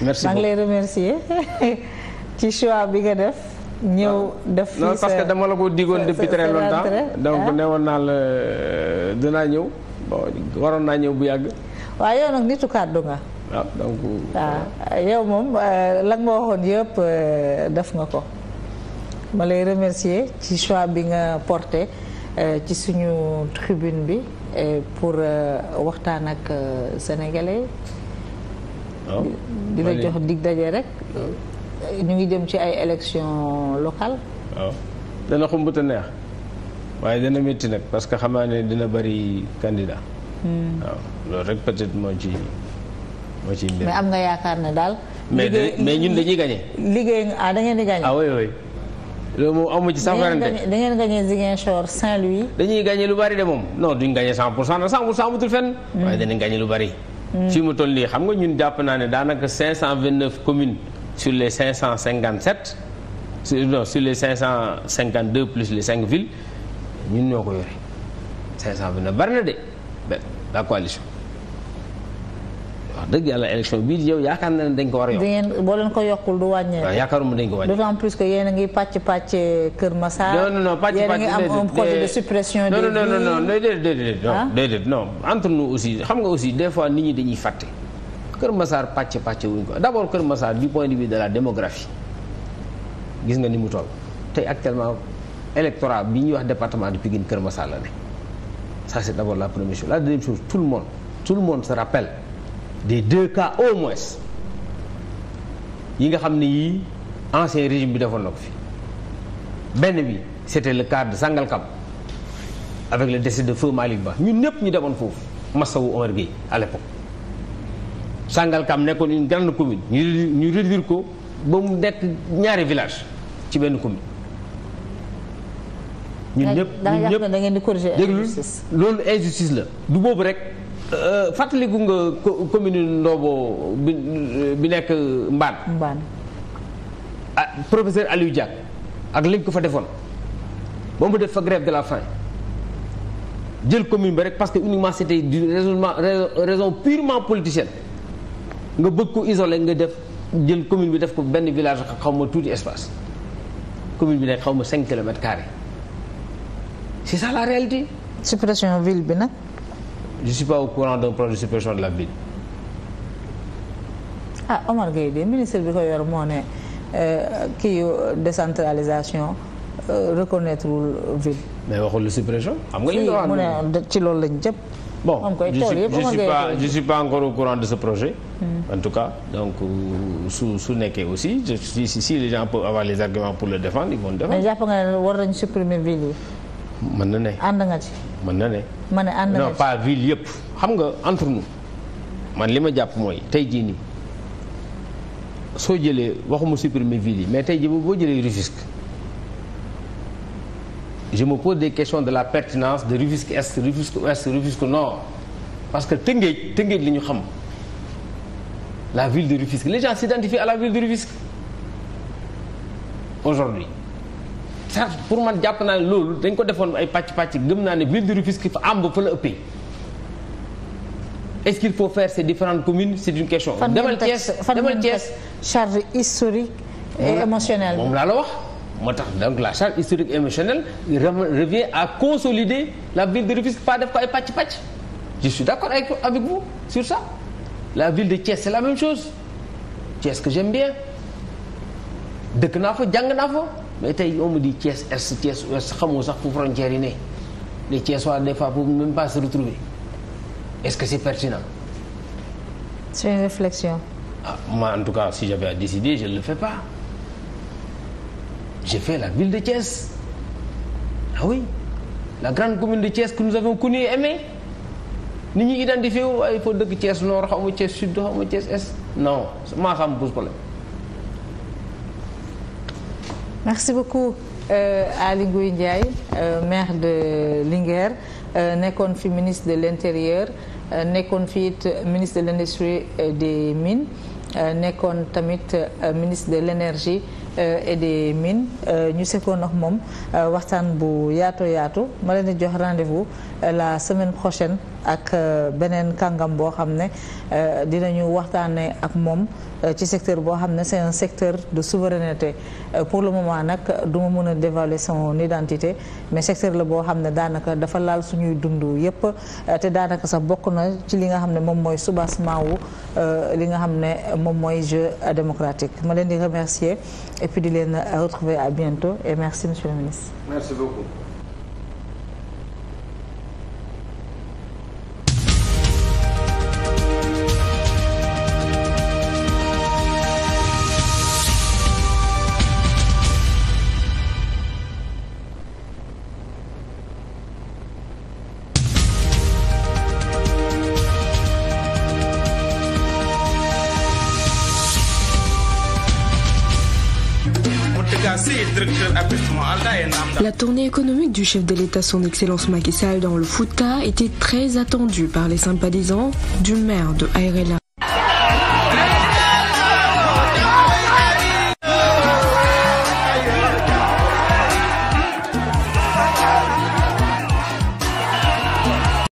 [SPEAKER 1] merci maa ngi lay remercier [laughs] ci choix bi nga def. ñëw def fii non dama la ko digoon depuis très longtemps donc ne
[SPEAKER 2] naa la euh, dinaa ñëw waroon naa ñëw bu yàgg.
[SPEAKER 1] waaw yow nag nitu kàddu nga.
[SPEAKER 2] Ah, euh,
[SPEAKER 1] ah, yow moom euh, la nga ma waxoon yëpp def nga ko. ma lay remercier ci choix bi nga porté ci suñu tribune bi pour waxtaan ak sénégalais. di la jox dig daje rek ñu ngi dem ci ay élections locales.
[SPEAKER 2] waaw dana xumb te neex waaye dana métti nag parce que xam naa ne dina bëri candidat. Hmm. waaw loolu rek peut-être moo ci moo ci mbir. mais
[SPEAKER 1] am nga yaakaar ne daal. mais mais ñun dañuy gagné. liggéey nga ah da ngeen di gagné. ah oui
[SPEAKER 2] oui loolu moom amu ci sax warante. da ngeen
[SPEAKER 1] da ngeen gagné Ziguinchor Saint-Louis.
[SPEAKER 2] dañuy gagné lu bari de moom non duñ gagné 100 pour cent nag 100 pour cent amatul fenn. Hmm. waaye danañ gagné lu bari. fii mu toll nii xam nga ñun jàpp naa ne daanaka cinq cent vingt neuf commune sur les cinq cent cinquante sept non sur les cinq cent cinquante deux plus les cinq villes ñun ñoo ko yore cinq cent vingt neuf bari na de la coalition wax dëgg yàlla élection bii di yow yaakaar na ne dañ ko war a
[SPEAKER 1] boo leen ko yokkul du wàññeeku. yaakaaruma dañ ko wàññeeku. d'autant plus que yéen a ngi pàcc pàcc Kër Massar. non non non pàcc pàcc yéen a ngi am un
[SPEAKER 2] projet entre nous aussi xam nga aussi des fois nit ñi dañuy fàtte. Kër Massar pàcc pàcc wuñ ko d'abord Kër Massar du point de vue de la démographie gis nga ni mu toll te actuellement électorat bi ñuy wax département de Pikine Kër Massar la ne ça c'est d'abord la première chose la deuxième chose tout le monde de deux cas au moins yi nga xam ne yii ancien régime bi defoon na ko fi benn bi c'était le cas de Sangalkam avec le décès de feu Ba ñun ñëpp ñu demoon foofu Massawu Omar Gueye à l'époque Sangalkam nekkoon une grande commune ñu ñu réduire ko ba mu nekk ñaari village ci benn commune. ñun ñëpp ñun ñëpp
[SPEAKER 1] da ngeen di corriger injustice
[SPEAKER 2] loolu injustice la du boobu rek. Euh, fàttaliku nga commune Ndobo bi bi nekk Mbaan. Mbaan ah professeur Aliou Diack ak liñ ko fa defoon ba mu def fa grève de la faim jël commune bi rek parce que uniquement c'était du raisonnement raison purement politicienne nga bëgg ko isolé nga def jël commune bi def ko benn village xaw ma tuuti espace commune bi nekk xaw ma cinq kilomètres carrés
[SPEAKER 1] c'est ça la réalité. suppression ville bi nag.
[SPEAKER 2] je suis pas au courant d'un projet de suppression de la ville.
[SPEAKER 1] ah Omar Gueye de ministre bi ko yor moo ne euh, kii décentralisation euh, reconnaître wul ville.
[SPEAKER 2] mais waxul la suppression. xam nga li nga
[SPEAKER 1] ne ci loolu lañ jëpp. bon
[SPEAKER 2] je suis pas encore au courant de ce projet. Hmm. en tout cas donc euh, su su nekkee aussi je si si les gens les arguments pour le défendre ils vont le défendre. mais jàpp
[SPEAKER 1] nga ne war nañ supprimer ville yi.
[SPEAKER 2] mën na ne ànd nga ci. mën na ne.
[SPEAKER 1] mën na ànd non pas
[SPEAKER 2] ville yëpp xam nga entre nous man li ma jàpp mooy tey jii nii soo jëlee waxuma supprimer ville yi mais tey jii boo jëlee Rufisque je me pose des questions de la pertinence de Rufisque Est Rufisque Ouest Rufisque Nord parce que Tëngéej Tëngéej li ñu xam la ville de Rufisque les gens s'identifient à la ville de Rufisque aujourd'hui sax pour man jàpp naa loolu dañ ko defoon ay pàcc pàcc gëm naa ne ville de Rufisque fa am ba fa la ëppee est-ce qu'il faut faire ces différentes communes c'est une question. demal Thiès
[SPEAKER 1] demal Thiès charge historique et moom
[SPEAKER 2] laa la wax moo tax donc la charge historique et émotionnelle revient à consolider la ville de Rufisque pas def ko ay pacc pacc je suis d'accord avec avec sur ça la ville de Thiès c'est la même chose Thiès que j'aime bien dëkk naa fa jàng naa fa. mais tey on me dit Thiès est Thiès ouest xamoo sax fu frontière yi ne les Thiessois des fois pour même pas se retrouver est-ce que c'est pertinent.
[SPEAKER 1] c'est une réflexion.
[SPEAKER 2] ah moi en tout cas si j'avais à décider je le fais pas j'ai fait la ville de Thiès ah oui la grande commune de Thiès que nous avons connue et aimée nit ñi identifié wu
[SPEAKER 1] ay ah, foo dëkk Thiès nord xaw ma sud xaw ma est
[SPEAKER 2] non maa xam pose problème.
[SPEAKER 1] merci beaucoup euh, Aly Ngouille Ndiaye euh, maire de Linguère euh, nekkoon fi ministre de l'intérieur euh, nekkoon fi it ministre de l'industrie euh, et des mines nekkoon tamit ministre de l'énergie et des mines ñu sekkoon ak moom waxtaan bu yaatu yaatu ma leen di jox rendez la semaine prochaine ak beneen kàngam boo xam ne dinañu waxtaanee ak moom. Euh, ci secteur boo xam ne c'est un secteur de souveraineté euh, pour le moment nag du ma mën a dévaler son identité mais secteur la boo xam ne daanaka dafa laal suñuy dund yépp euh, te daanaka sax bokk na ci li nga xam ne moom mooy soubassement wu li nga xam ne moom mooy jeu démocratique ma leen di remercier et puis di leen retrouver à bientôt et merci monsieur le ministre tournée économique du chef de l'État, son Excellence Macky dans le Fouta était très attendue par les sympathisants du maire de Airela.